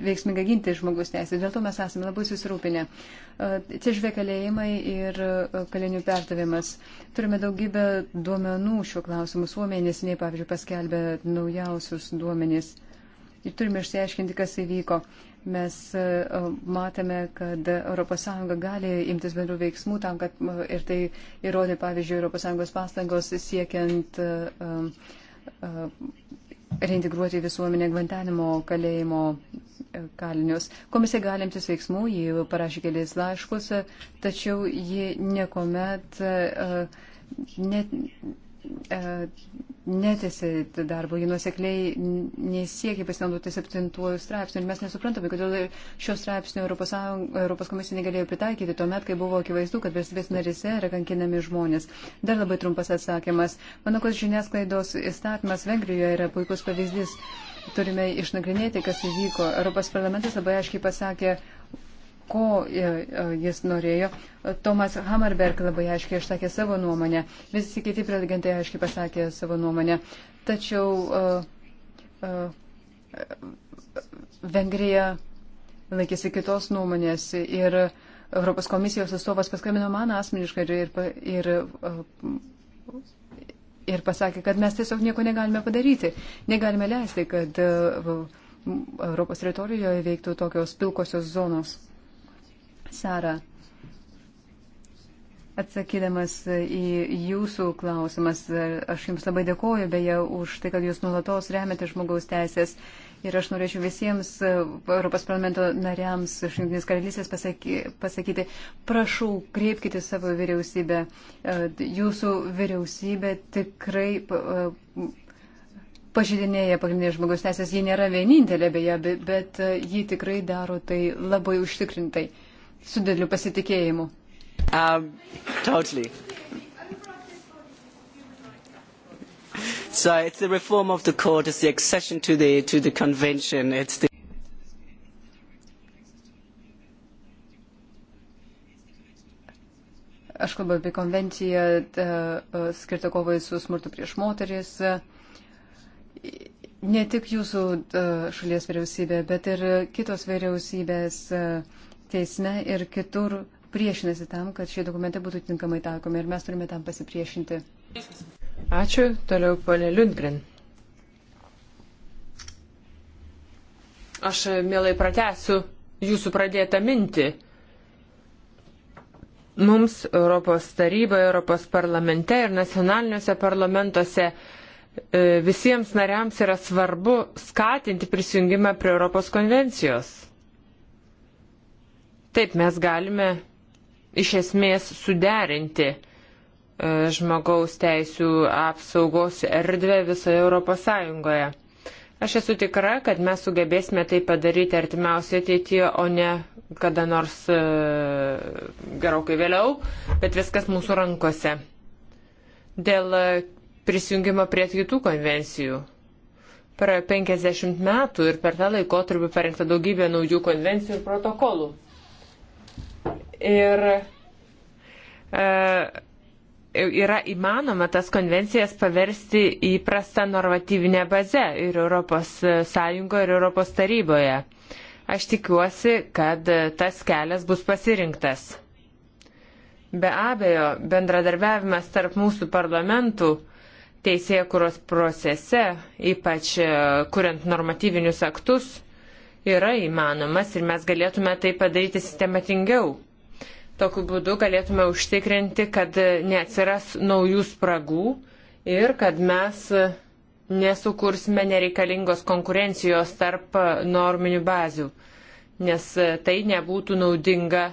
veiksmingai ginti žmogus teisės. Dėl to mes esame labai susirūpinę. E, čia žvė kalėjimai ir e, kalinių perdavimas. Turime daugybę duomenų šiuo klausimu. Suomija nesiniai, pavyzdžiui, paskelbė naujausius duomenys. Ir turime išsiaiškinti, kas įvyko. Mes matėme, kad ES gali imtis bendrų veiksmų tam, kad ir tai įrodė, pavyzdžiui, ES pastangos siekiant uh, E, reintegruoti visuomenę Gvantanimo kalėjimo e, kalinius. Komisija galimtis veiksmų, ji parašė keliais laiškus, tačiau ji niekuomet e, net E, netėsi darbo, ji nuosekliai nesiekia pasinaudoti septintuoju straipsniu. Ir mes nesuprantame, kodėl šio straipsnio Europos, Europos komisija negalėjo pritaikyti tuo met, kai buvo akivaizdu, kad valstybės narise yra kankinami žmonės. Dar labai trumpas atsakymas. Manau, kad žiniasklaidos įstatymas Vengrijoje yra puikus pavyzdys. Turime išnagrinėti, kas įvyko. Europos parlamentas labai aiškiai pasakė, ko e, e, jis norėjo. Tomas Hammerberg labai aiškiai išsakė savo nuomonę, visi kiti prelegentai aiškiai pasakė savo nuomonę. Tačiau e, Vengrija laikėsi kitos nuomonės ir Europos komisijos atstovas paskambino man asmeniškai ir, ir, ir, ir pasakė, kad mes tiesiog nieko negalime padaryti. Negalime leisti, kad Europos teritorijoje veiktų tokios pilkosios zonos. Sara, atsakydamas į jūsų klausimas, aš jums labai dėkoju beje už tai, kad jūs nulatos remiate žmogaus teisės. Ir aš norėčiau visiems Europos parlamento nariams iš Junktinės karalystės pasaky, pasakyti, prašau, kreipkite savo vyriausybę. E, jūsų vyriausybė tikrai e, pažydinėja pagrindinės žmogaus teisės. Ji nėra vienintelė beje, bet e, ji tikrai daro tai labai užtikrintai su dideliu pasitikėjimu. Um, totally. So it's the reform of the court, it's the accession to the, to the convention, it's the Aš kalbu apie konvenciją e, skirtą kovai su smurtu prieš moteris. Ne tik jūsų e, šalies vyriausybė, bet ir kitos vyriausybės uh, teisme ir kitur priešinasi tam, kad šie dokumentai būtų tinkamai taikomi ir mes turime tam pasipriešinti. Ačiū. Toliau ponė Lundgren. Aš e, mielai pratęsiu jūsų pradėtą mintį. Mums Europos taryboje, Europos parlamente ir nacionaliniuose parlamentuose e, visiems nariams yra svarbu skatinti prisijungimą prie Europos konvencijos. Taip mes galime iš esmės suderinti e, žmogaus teisų apsaugos erdvę visoje Europos Sąjungoje. Aš esu tikra, kad mes sugebėsime tai padaryti artimiausioje ateityje, o ne kada nors e, gerokai vėliau, bet viskas mūsų rankose. Dėl e, prisijungimo prie kitų konvencijų. Praėjo 50 metų ir per tą laikotarpį parengta daugybė naujų konvencijų ir protokolų. Ir e, yra įmanoma tas konvencijas paversti įprastą normatyvinę bazę ir Europos Sąjungoje, ir Europos taryboje. Aš tikiuosi, kad tas kelias bus pasirinktas. Be abejo, bendradarbiavimas tarp mūsų parlamentų teisėkuros procese, ypač e, kuriant normatyvinius aktus, yra įmanomas ir mes galėtume tai padaryti sistematingiau. Tokiu būdu galėtume užtikrinti, kad neatsiras naujų spragų ir kad mes nesukursime nereikalingos konkurencijos tarp norminių bazių, nes tai nebūtų naudinga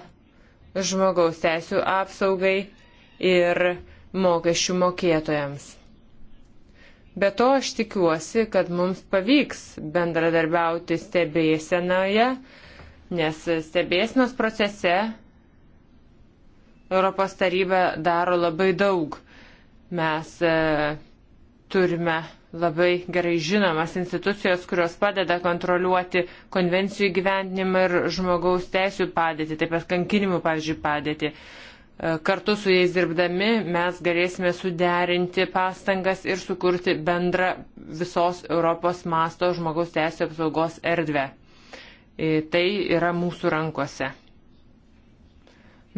žmogaus teisų apsaugai ir mokesčių mokėtojams. Be to aš tikiuosi, kad mums pavyks bendradarbiauti stebėsenoje, nes stebėsenos procese Europos taryba daro labai daug. Mes e, turime labai gerai žinomas institucijos, kurios padeda kontroliuoti konvencijų gyventinimą ir žmogaus teisų padėtį, taip pat kankinimų, pavyzdžiui, padėtį. E, kartu su jais dirbdami mes galėsime suderinti pastangas ir sukurti bendrą visos Europos masto žmogaus teisų apsaugos erdvę. E, tai yra mūsų rankose.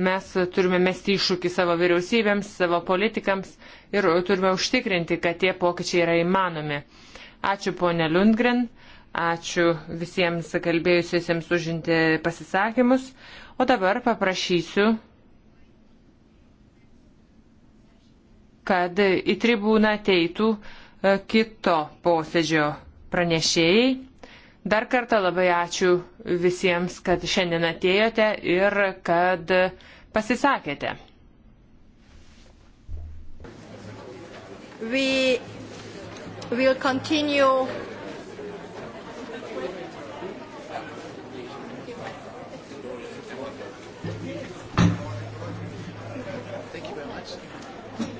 Mes turime mesti iššūkį savo vyriausybėms, savo politikams ir turime užtikrinti, kad tie pokyčiai yra įmanomi. Ačiū ponė Lundgren, ačiū visiems kalbėjusiesiems užinti pasisakymus, o dabar paprašysiu, kad į tribūną ateitų e, kito posėdžio pranešėjai. Dar kartą labai ačiū visiems, kad šiandien atėjote ir kad pasisakėte. We will continue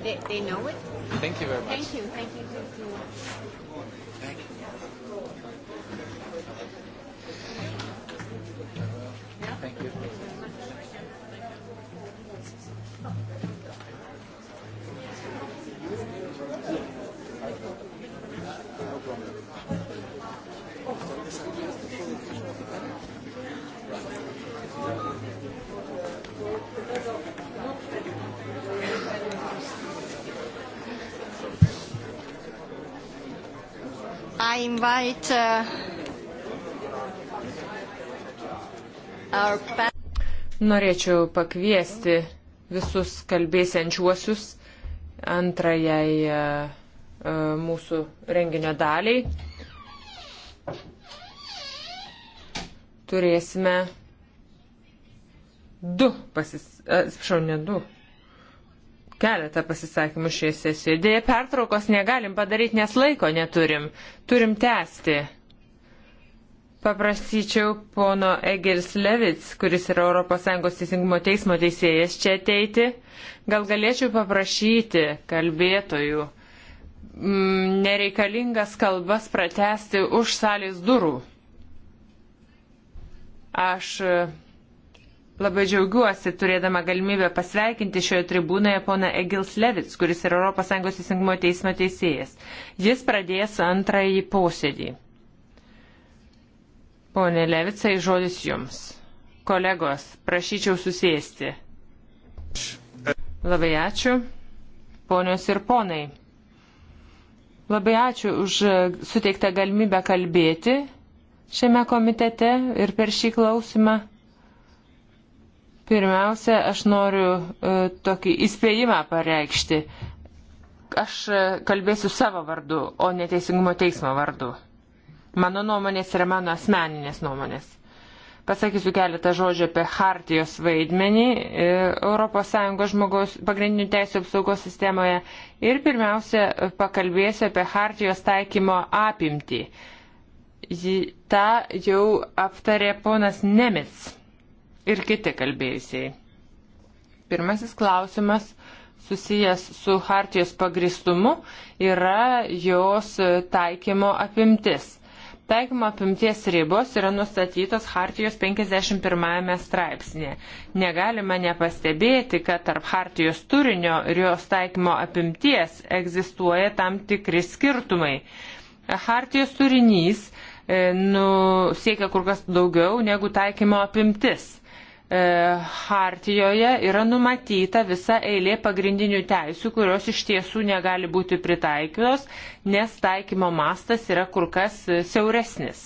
They, they know it? Thank you very much. Thank you. Thank you. invite, uh, our... Norėčiau pakviesti visus kalbėsiančiuosius antrajai uh, mūsų renginio daliai. Turėsime du pasis... Atsiprašau, ne du, keletą pasisakymų šioje sesijoje. Dėja, pertraukos negalim padaryti, nes laiko neturim. Turim tęsti. Paprasyčiau pono Egils Levits, kuris yra ES teisingumo teismo teisėjas, čia ateiti. Gal galėčiau paprašyti kalbėtojų m, mm, nereikalingas kalbas pratesti už salės durų. Aš Labai džiaugiuosi turėdama galimybę pasveikinti šioje tribūnoje poną Egils Levits, kuris yra ES įsingumo teismo teisėjas. Jis pradės antrąjį posėdį. Pone Levicai, žodis jums. Kolegos, prašyčiau susėsti. Labai ačiū. Ponios ir ponai. Labai ačiū už suteiktą galimybę kalbėti šiame komitete ir per šį klausimą. Pirmiausia, aš noriu uh, tokį įspėjimą pareikšti. Aš uh, kalbėsiu savo vardu, o ne Teisingumo teismo vardu. Mano nuomonės yra mano asmeninės nuomonės. Pasakysiu keletą žodžių apie Hartijos vaidmenį ES žmogaus pagrindinių teisų apsaugos sistemoje ir pirmiausia pakalbėsiu apie Hartijos taikymo apimtį. Ji tą jau aptarė ponas Nemits ir kiti kalbėjusiai. Pirmasis klausimas susijęs su Hartijos pagristumu yra jos taikymo apimtis. Taikymo apimties ribos yra nustatytos Hartijos 51 straipsnė. Negalima nepastebėti, kad tarp Hartijos turinio ir jos taikymo apimties egzistuoja tam tikri skirtumai. Hartijos turinys e, nu, siekia kur kas daugiau negu taikymo apimtis. E, Hartijoje yra numatyta visa eilė pagrindinių teisių, kurios iš tiesų negali būti pritaikytos, nes taikymo mastas yra kur kas siauresnis.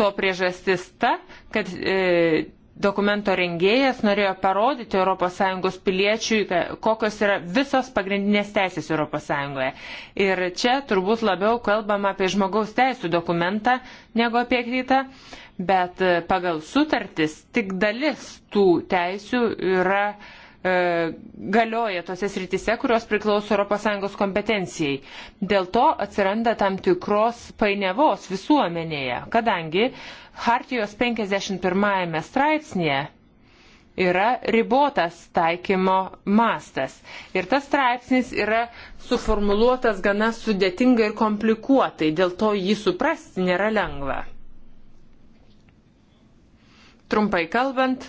To priežastis ta, kad e, dokumento rengėjas norėjo parodyti ES piliečiui, kokios yra visos pagrindinės teisės ES. Ir čia turbūt labiau kalbama apie žmogaus teisų dokumentą negu apie kitą. E, bet e, pagal sutartis tik dalis tų teisių yra e, galioja tose sritise, kurios priklauso ES kompetencijai. Dėl to atsiranda tam tikros painiavos visuomenėje, kadangi Hartijos 51 straipsnėje yra ribotas taikymo mastas. Ir tas straipsnis yra suformuluotas gana sudėtingai ir komplikuotai, dėl to jį suprasti nėra lengva. Trumpai kalbant,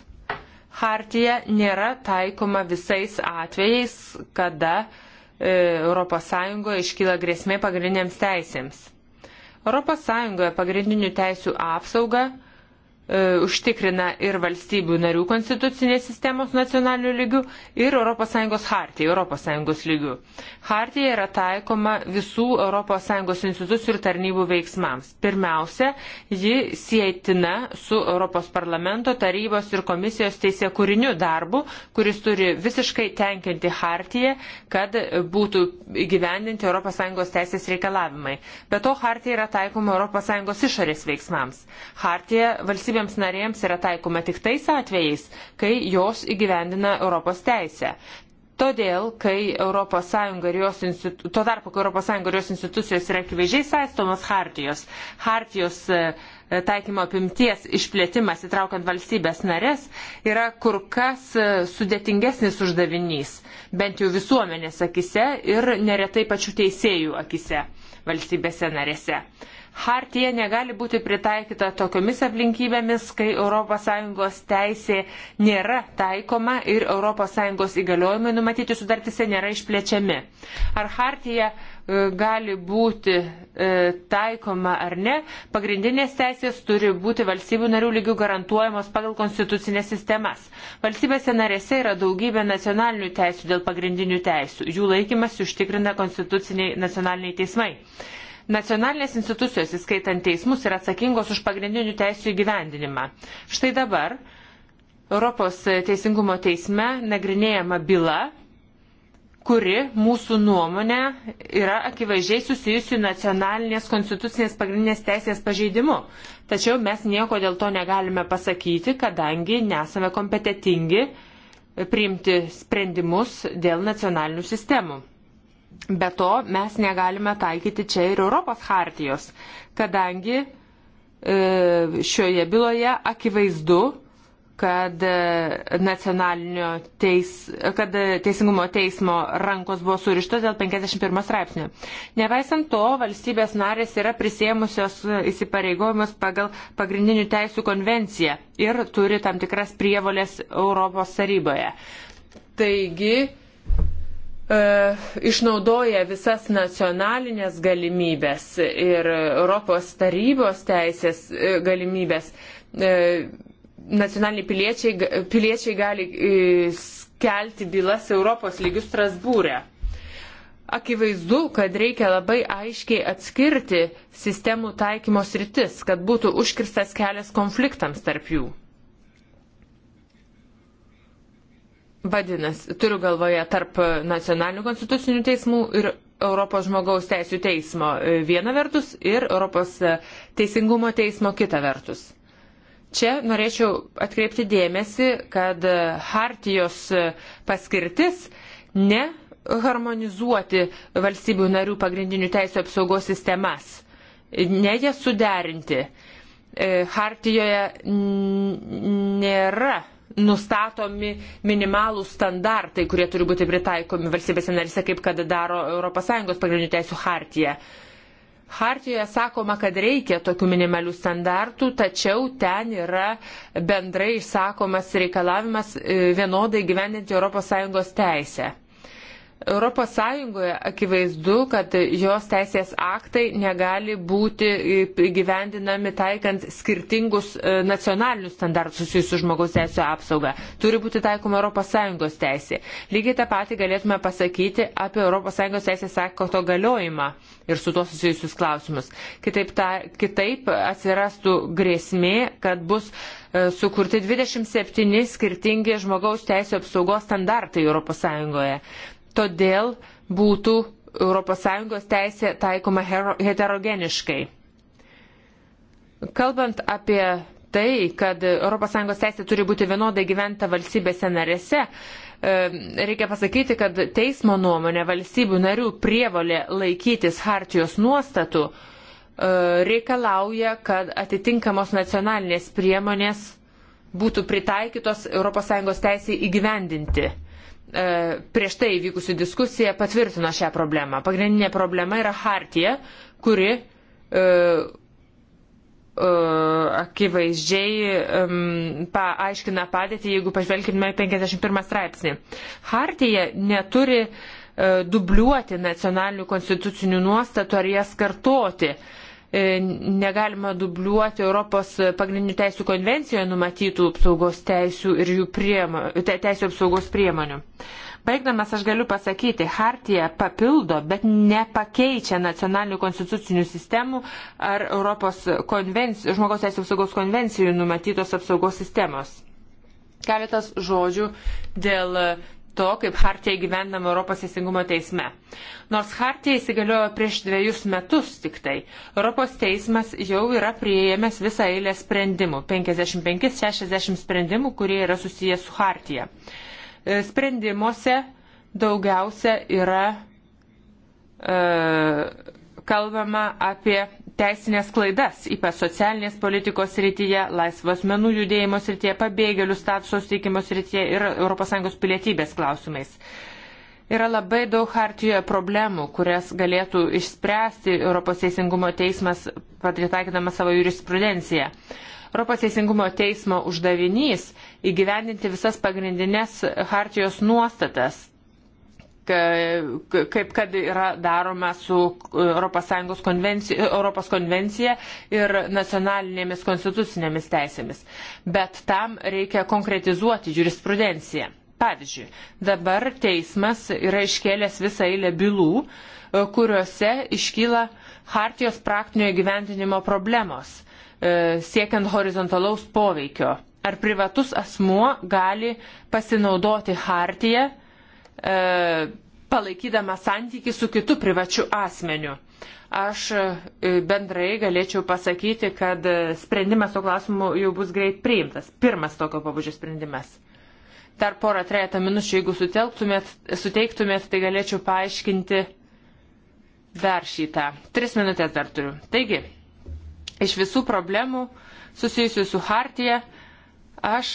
Hartija nėra taikoma visais atvejais, kada ES iškyla grėsmė pagrindiniams teisėms. ES pagrindinių teisių apsauga E, užtikrina ir valstybių narių konstitucinės sistemos nacionalinių lygių ir ES hartija, ES lygių. Hartija yra taikoma visų ES institucijų ir tarnybų veiksmams. Pirmiausia, ji sėtina su ES parlamento tarybos ir komisijos teisė kūriniu darbu, kuris turi visiškai tenkinti hartiją, kad būtų įgyvendinti ES teisės reikalavimai. Be to, hartija yra taikoma ES išorės veiksmams. Hartija valstybė valstybėms narėms yra taikoma tik tais atvejais, kai jos įgyvendina Europos teisę. Todėl, kai ES ir jos, institu... tuo tarpu, kai ES ir jos institucijos yra akivaizdžiai saistomos hartijos, hartijos e, taikymo apimties išplėtimas įtraukiant valstybės narės yra kur kas e, sudėtingesnis uždavinys, bent jau visuomenės akise ir neretai pačių teisėjų akise valstybėse narėse. Hartija negali būti pritaikyta tokiomis aplinkybėmis, kai ES teisė nėra taikoma ir ES įgaliojimai numatyti sudartise nėra išplėčiami. Ar Hartija e, gali būti e, taikoma ar ne, pagrindinės teisės turi būti valstybių narių lygių garantuojamos pagal konstitucinės sistemas. Valstybėse narėse yra daugybė nacionalinių teisų dėl pagrindinių teisų. Jų laikymas užtikrina konstituciniai nacionaliniai teismai. Nacionalinės institucijos, įskaitant teismus, yra atsakingos už pagrindinių teisų įgyvendinimą. Štai dabar Europos teisingumo teisme nagrinėjama byla, kuri mūsų nuomonė yra akivaizdžiai susijusi nacionalinės konstitucinės pagrindinės teisės pažeidimu. Tačiau mes nieko dėl to negalime pasakyti, kadangi nesame kompetitingi priimti sprendimus dėl nacionalinių sistemų. Be to, mes negalime taikyti čia ir Europos hartijos, kadangi e, šioje byloje akivaizdu, kad, e, teis, kad e, Teisingumo teismo rankos buvo surištos dėl 51 straipsnio. Nepaisant to, valstybės narės yra prisėmusios įsipareigojimus pagal pagrindinių teisų konvenciją ir turi tam tikras prievolės Europos taryboje. Taigi, E, išnaudoja visas nacionalinės galimybės ir Europos tarybos teisės e, galimybės. E, nacionaliniai piliečiai, piliečiai gali kelti bylas Europos lygių Strasbūrė. Akivaizdu, kad reikia labai aiškiai atskirti sistemų taikymos rytis, kad būtų užkirstas kelias konfliktams tarp jų. Vadinasi, turiu galvoje tarp nacionalinių konstitucinių teismų ir Europos žmogaus teisų teismo e, viena vertus ir Europos e, teisingumo teismo kita vertus. Čia norėčiau atkreipti dėmesį, kad e, hartijos paskirtis ne harmonizuoti valstybių narių pagrindinių teisų apsaugos sistemas, ne jas suderinti. Hartijoje nėra nustatomi minimalų standartai, kurie turi būti pritaikomi valstybėse narise, kaip kad daro ES pagrindinių teisų hartija. Hartijoje sakoma, kad reikia tokių minimalių standartų, tačiau ten yra bendrai išsakomas reikalavimas e, vienodai gyvendinti ES teisę. Europos Sąjungoje akivaizdu, kad jos teisės aktai negali būti gyvendinami taikant skirtingus e, nacionalinius standartus susijusius žmogaus teisų apsaugą. Turi būti taikoma Europos Sąjungos teisė. Lygiai tą patį galėtume pasakyti apie Europos Sąjungos teisės akto galiojimą ir su tuo susijusius klausimus. Kitaip, ta, kitaip atsirastų grėsmė, kad bus e, sukurti 27 skirtingi žmogaus teisų apsaugos standartai Europos Sąjungoje todėl būtų ES teisė taikoma heterogeniškai. Kalbant apie tai, kad ES teisė turi būti vienodai gyventa valstybėse narėse, reikia pasakyti, kad teismo nuomonė valstybių narių prievalė laikytis hartijos nuostatų e, reikalauja, kad atitinkamos nacionalinės priemonės būtų pritaikytos ES teisėje įgyvendinti. E, prieš tai vykusi diskusija patvirtino šią problemą. Pagrindinė problema yra hartija, kuri e, e, akivaizdžiai um, paaiškina padėtį, jeigu pažvelgime 51 straipsnį. Hartija neturi uh, dubliuoti nacionalinių konstitucinių nuostatų ar jas kartoti. Uh, E, negalima dubliuoti Europos pagrindinių teisų konvencijoje numatytų apsaugos teisų ir jų priemo, te, teisų apsaugos priemonių. Baigdamas aš galiu pasakyti, Hartija papildo, bet nepakeičia nacionalinių konstitucinių sistemų ar Europos žmogaus teisų apsaugos konvencijų numatytos apsaugos sistemos. Keletas žodžių dėl to, kaip Hartija gyvendama Europos teisingumo teisme. Nors Hartija įsigaliojo prieš dviejus metus tik tai, Europos teismas jau yra prieėmęs visą eilę sprendimų - 55-60 sprendimų, kurie yra susiję su Hartija. E, sprendimuose daugiausia yra e, kalbama apie teisinės klaidas, ypač socialinės politikos srityje, laisvos menų judėjimo srityje, pabėgėlių statuso steikimo srityje ir ES pilietybės klausimais. Yra labai daug hartijoje problemų, kurias galėtų išspręsti Europos teisingumo teismas patritaikydamas savo jurisprudenciją. Europos teisingumo teismo uždavinys įgyvendinti visas pagrindinės hartijos nuostatas, kaip kad yra daroma su ES konvencija, Europos konvencija ir nacionalinėmis konstitucinėmis teisėmis. Bet tam reikia konkretizuoti jurisprudenciją. Pavyzdžiui, dabar teismas yra iškėlęs visą eilę bylų, kuriuose iškyla hartijos praktinio įgyvendinimo problemos, e, siekiant horizontalaus poveikio. Ar privatus asmuo gali pasinaudoti hartiją E, palaikydama santyki su kitu privačiu asmeniu. Aš e, bendrai galėčiau pasakyti, kad e, sprendimas to klausimu jau bus greit priimtas. Pirmas tokio pabudžio sprendimas. Dar porą trejata minučių, jeigu suteiktumėt, tai galėčiau paaiškinti dar šitą. Tris minutės dar turiu. Taigi, iš visų problemų susijusių su Hartija, aš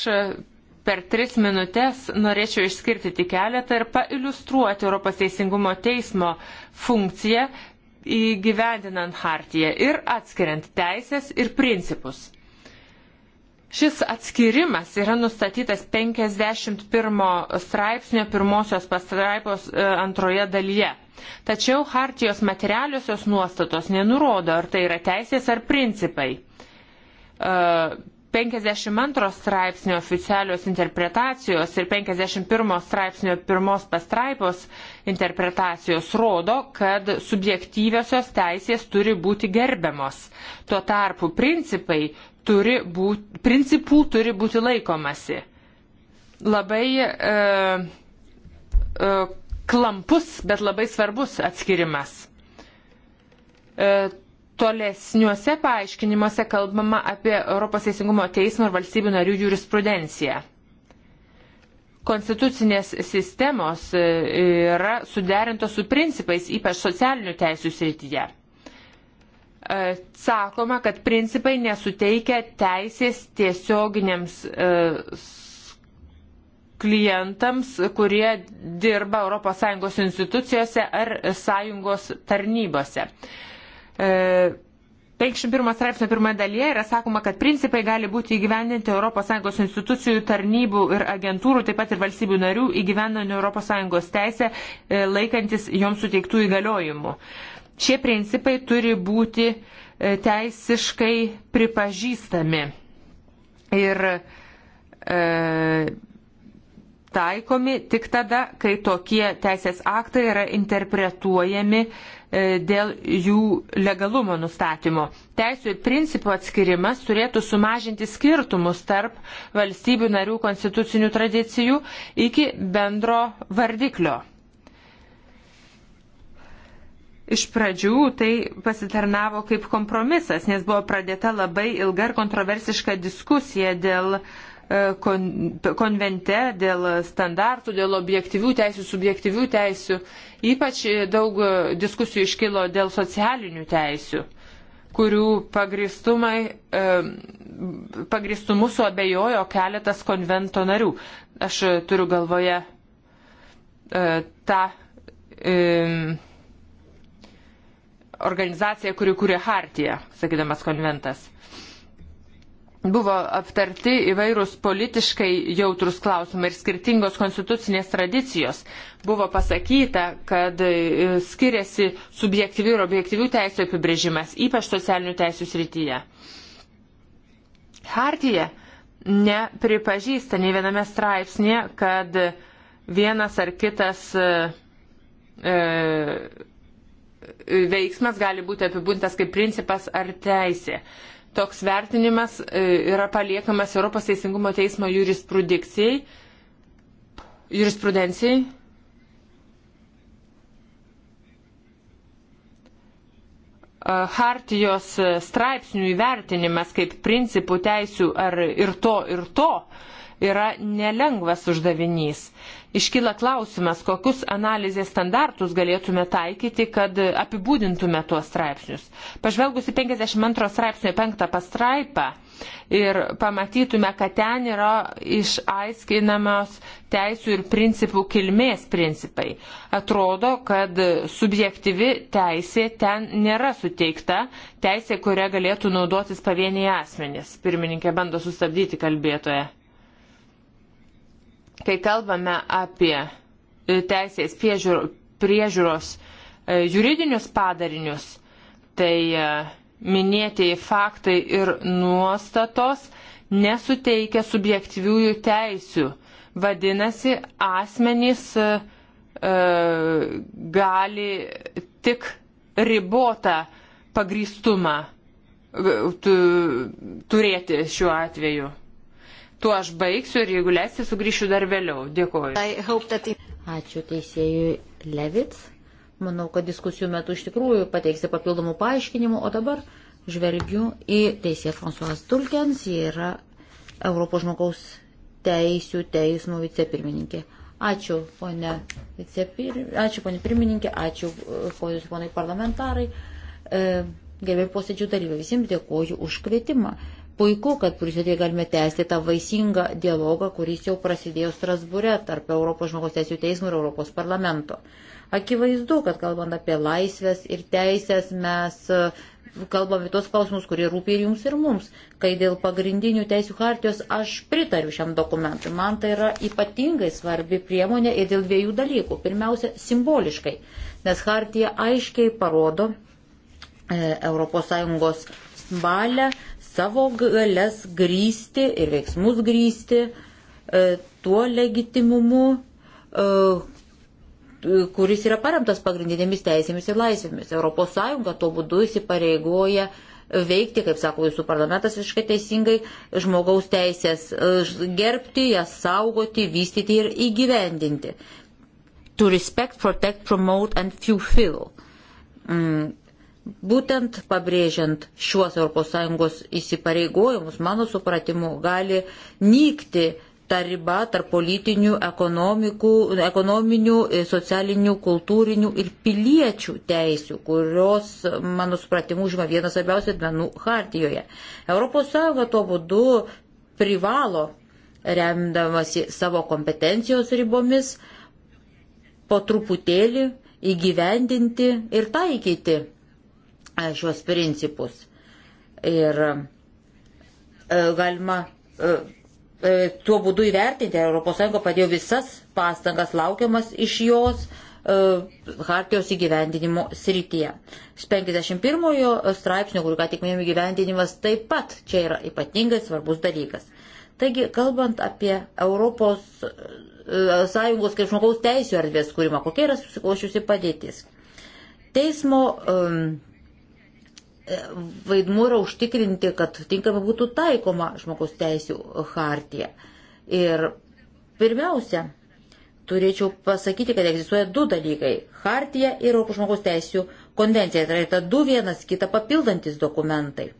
per tris minutės norėčiau išskirti tik keletą ir pailustruoti Europos Teisingumo teismo funkciją įgyvendinant hartiją ir atskiriant teisės ir principus. Šis atskirimas yra nustatytas 51 straipsnio pirmosios pastraipos e, antroje dalyje. Tačiau hartijos materialiosios nuostatos nenurodo, ar tai yra teisės ar principai. E, 52 straipsnio oficialios interpretacijos ir 51 straipsnio pirmos pastraipos interpretacijos rodo, kad subjektyviosios teisės turi būti gerbiamos. Tuo tarpu principai turi būti, principų turi būti laikomasi. Labai e, e, klampus, bet labai svarbus atskirimas. E, tolesniuose paaiškinimuose kalbama apie Europos Teisingumo teismo ir valstybių narių jurisprudenciją. Konstitucinės sistemos e, yra suderintos su principais, ypač socialinių teisų srityje. E, sakoma, kad principai nesuteikia teisės tiesioginiams e, klientams, kurie dirba ES institucijose ar sąjungos tarnybose. 51 e, straipsnio pirmoje dalyje yra sakoma, kad principai gali būti įgyvendinti ES institucijų, tarnybų ir agentūrų, taip pat ir valstybių narių įgyvendinant ES teisę, e, laikantis joms suteiktų įgaliojimų. Šie principai turi būti e, teisiškai pripažįstami. Ir e, taikomi tik tada, kai tokie teisės aktai yra interpretuojami e, dėl jų legalumo nustatymo. Teisų ir principų atskirimas turėtų sumažinti skirtumus tarp valstybių narių konstitucinių tradicijų iki bendro vardiklio. Iš pradžių tai pasitarnavo kaip kompromisas, nes buvo pradėta labai ilga ir kontroversiška diskusija dėl uh, E, konvente dėl standartų, dėl objektyvių teisių, subjektyvių teisių. Ypač e, daug e, diskusijų iškilo dėl socialinių teisių kurių pagristumai, pagristumu suabejojo keletas konvento narių. Aš turiu galvoje tą organizaciją, kuri kūrė Hartiją, sakydamas konventas buvo aptarti įvairūs politiškai jautrus klausimai ir skirtingos konstitucinės tradicijos. Buvo pasakyta, kad e, skiriasi subjektyvių ir objektyvių teisų apibrėžimas, ypač socialinių teisų srityje. Hartija nepripažįsta nei viename straipsnėje, kad vienas ar kitas e, e veiksmas gali būti apibūntas kaip principas ar teisė. E, Toks vertinimas e, yra paliekamas Europos Teisingumo teismo jurisprudencijai. jurisprudencijai. Hartijos straipsnių įvertinimas kaip principų teisių ar ir to ir to yra nelengvas uždavinys iškyla klausimas, kokius analizės standartus galėtume taikyti, kad apibūdintume tuos straipsnius. Pažvelgusi 52 straipsnio 5 pastraipą ir pamatytume, kad ten yra išaiškinamos teisų ir principų kilmės principai. Atrodo, kad subjektyvi teisė ten nėra suteikta, teisė, kurią galėtų naudotis pavieniai asmenys. Pirmininkė bando sustabdyti kalbėtoje. Kai kalbame apie e, teisės priežiūros e, juridinius padarinius, tai e, minėtieji faktai ir nuostatos nesuteikia subjektyviųjų teisių. Vadinasi, asmenys e, gali tik ribotą pagrįstumą turėti šiuo atveju. Tuo aš baigsiu ir jeigu leisite, sugrįšiu dar vėliau. Dėkuoju. Ačiū teisėjui Levits. Manau, kad diskusijų metu iš tikrųjų pateiksite papildomų paaiškinimų, o dabar žvelgiu į teisėją Fransuas Tulkens, ji yra Europos žmogaus teisų teismo vicepirmininkė. Ačiū, ponė, vicepir... ačiū, ponė pirmininkė, ačiū, ponius ponai parlamentarai. E, Gerbėjai posėdžių dalyviai, visiems dėkoju už kvietimą. Puiku, kad Briuselėje galime tęsti tą vaisingą dialogą, kuris jau prasidėjo Strasbūre tarp Europos žmogaus teisų teismo ir Europos parlamento. Akivaizdu, kad kalbant apie laisvės ir teisės, mes e, kalbame tos klausimus, kurie rūpi ir jums ir mums. Kai dėl pagrindinių teisų hartijos aš pritariu šiam dokumentui, man tai yra ypatingai svarbi priemonė ir dėl dviejų dalykų. Pirmiausia, simboliškai, nes hartija aiškiai parodo e, ES valią savo galės grįsti ir veiksmus grįsti e, tuo legitimumu, e, kuris yra paremtas pagrindinėmis teisėmis ir laisvėmis. ES tuo būdu įsipareigoja veikti, kaip sako jūsų parlamentas visiškai teisingai, žmogaus teisės e, gerbti, jas saugoti, vystyti ir įgyvendinti. To respect, protect, promote and fulfill. Mm Būtent pabrėžiant šiuos ES įsipareigojimus, mano supratimu, gali nykti ta riba tarp politinių, ekonominių, e, socialinių, kultūrinių ir piliečių teisių, kurios, mano supratimu, užima vienas svarbiausių atmenų hartijoje. ES tuo būdu privalo, remdamasi savo kompetencijos ribomis, po truputėlį įgyvendinti ir taikyti šios principus. Ir e, galima e, e, tuo būdu įvertinti, ar ES padėjo visas pastangas laukiamas iš jos Hartijos įgyvendinimo srityje. 51 straipsnio, kurį ką tik minėjom įgyvendinimas, taip pat čia yra ypatingai svarbus dalykas. Taigi, kalbant apie Europos Sąjungos kaip žmogaus teisų erdvės kūrimą, kokia yra susiklošiusi padėtis. Teismo um, E, vaidmuo yra užtikrinti, kad tinkamai būtų taikoma žmogaus teisų hartija. Ir pirmiausia, turėčiau pasakyti, kad egzistuoja du dalykai - hartija ir Europos žmogaus teisų konvencija. Tai yra du vienas kitą papildantis dokumentai.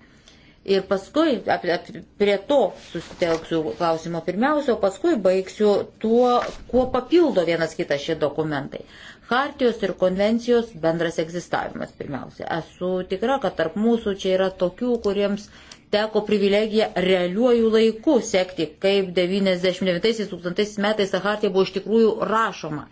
Ir paskui ap, ap, prie to susitelksiu klausimo pirmiausia, o paskui baigsiu tuo, kuo papildo vienas kitą šie dokumentai. Hartijos ir konvencijos bendras egzistavimas pirmiausia. Esu tikra, kad tarp mūsų čia yra tokių, kuriems teko privilegija realiuoju laiku sekti, kaip 99-2000 metais ta hartija buvo iš tikrųjų rašoma.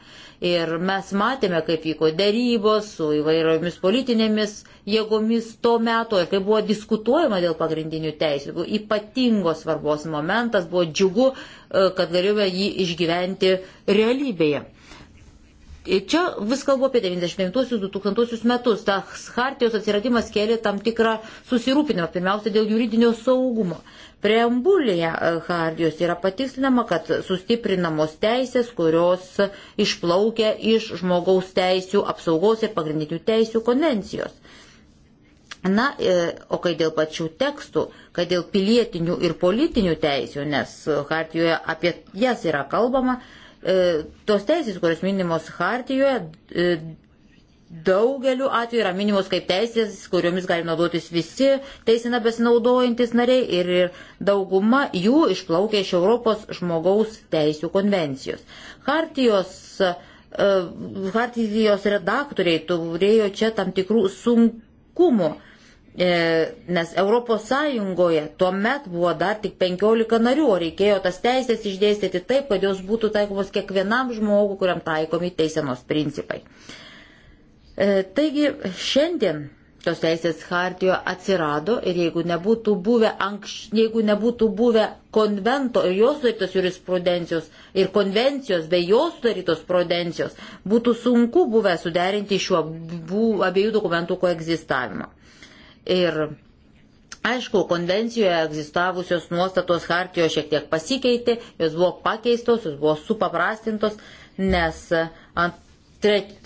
Ir mes matėme, kaip vyko dėrybos su įvairiomis politinėmis jėgomis to meto ir kaip buvo diskutuojama dėl pagrindinių teisų. Buvo ypatingos svarbos momentas, buvo džiugu, e, kad galėjome jį išgyventi realybėje. Ir čia vis kalbu apie 99-2000 metus. Tas hartijos atsiradimas kėlė tam tikrą susirūpinimą, pirmiausia, dėl juridinio saugumo. Preambulėje e, hartijos yra patikslinama, kad sustiprinamos teisės, kurios išplaukia iš žmogaus teisų apsaugos ir pagrindinių teisų konvencijos. Na, e, o kai dėl pačių tekstų, kai dėl pilietinių ir politinių teisių, nes hartijoje apie jas yra kalbama, E, tos teisės, kurios minimos hartijoje, e, daugeliu atveju yra minimos kaip teisės, kuriomis gali naudotis visi teisina besinaudojantis nariai ir dauguma jų išplaukia iš Europos žmogaus teisų konvencijos. Hartijos, uh, hartijos redaktoriai turėjo čia tam tikrų sunkumų. Uh, E, nes Europos Sąjungoje tuo met buvo dar tik 15 narių, o reikėjo tas teisės išdėstyti taip, kad jos būtų taikomos kiekvienam žmogui, kuriam taikomi teisenos principai. E, taigi šiandien tos teisės hartijoje atsirado ir jeigu nebūtų buvę, anks, jeigu nebūtų buvę konvento ir jos sudarytos jurisprudencijos ir konvencijos bei jos sudarytos prudencijos, būtų sunku buvę suderinti šių abiejų dokumentų koegzistavimą. Ir Aišku, konvencijoje egzistavusios nuostatos hartijos šiek tiek pasikeitė, jos buvo pakeistos, jos buvo supaprastintos, nes ant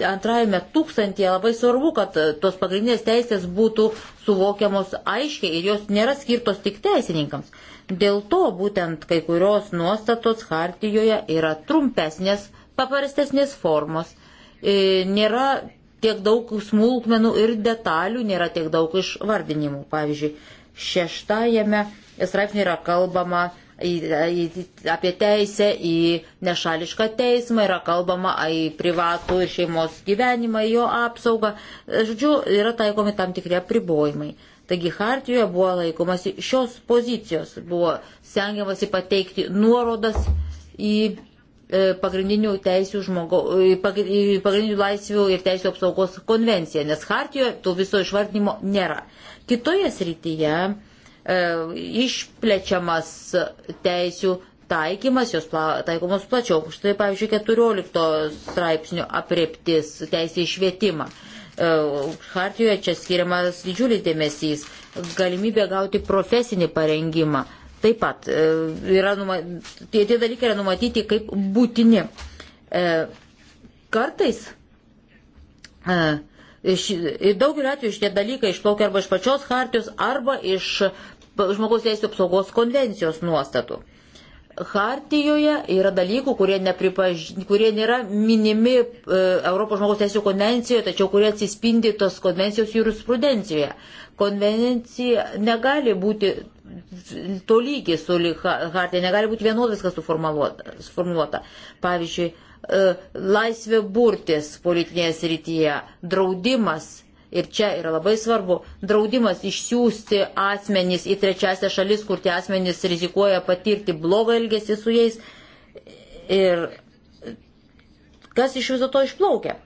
antrajame tūkstantyje labai svarbu, kad tos pagrindinės teisės būtų suvokiamos aiškiai ir jos nėra skirtos tik teisininkams. Dėl to būtent kai kurios nuostatos hartijoje yra trumpesnės, paprastesnės formos, e, nėra tiek daug smulkmenų ir detalių, nėra tiek daug išvardinimų. Pavyzdžiui, šeštajame straipsnėje yra kalbama į, į, apie teisę į nešališką teismą, yra kalbama į privatų ir šeimos gyvenimą, jo apsaugą. Žodžiu, yra taikomi tam tikrie pribojimai. Taigi Hartijoje buvo laikomasi šios pozicijos, buvo stengiamasi pateikti nuorodas į E, pagrindinių, teisių žmogo, e, e, pagrindinių laisvių ir teisų apsaugos konvenciją, nes hartijoje to viso išvardinimo nėra. Kitoje srityje e, išplečiamas teisių taikymas, jos pla, taikomos plačiau. Štai, pavyzdžiui, 14 straipsnių aprieptis teisė į švietimą. E, hartijoje čia skiriamas didžiulis dėmesys, galimybė gauti profesinį parengimą taip pat e, yra, tie, tie dalykai yra numatyti kaip būtini. E, kartais e, daugeliu atveju šitie dalykai išplaukia arba iš pačios hartijos, arba iš žmogaus teisų apsaugos konvencijos nuostatų. Hartijoje yra dalykų, kurie, nepripaž... kurie nėra minimi e, Europos žmogaus teisų konvencijoje, tačiau kurie atsispindi tos konvencijos jurisprudencijoje. Konvencija negali būti tolygiai su hartija, negali būti vienodai viskas suformuoluota. Pavyzdžiui, e, laisvė burtis politinėje srityje, draudimas, ir čia yra labai svarbu, draudimas išsiųsti asmenys į trečiasią šalis, kur tie asmenys rizikuoja patirti blogą elgesį su jais. Ir kas iš viso to išplaukia?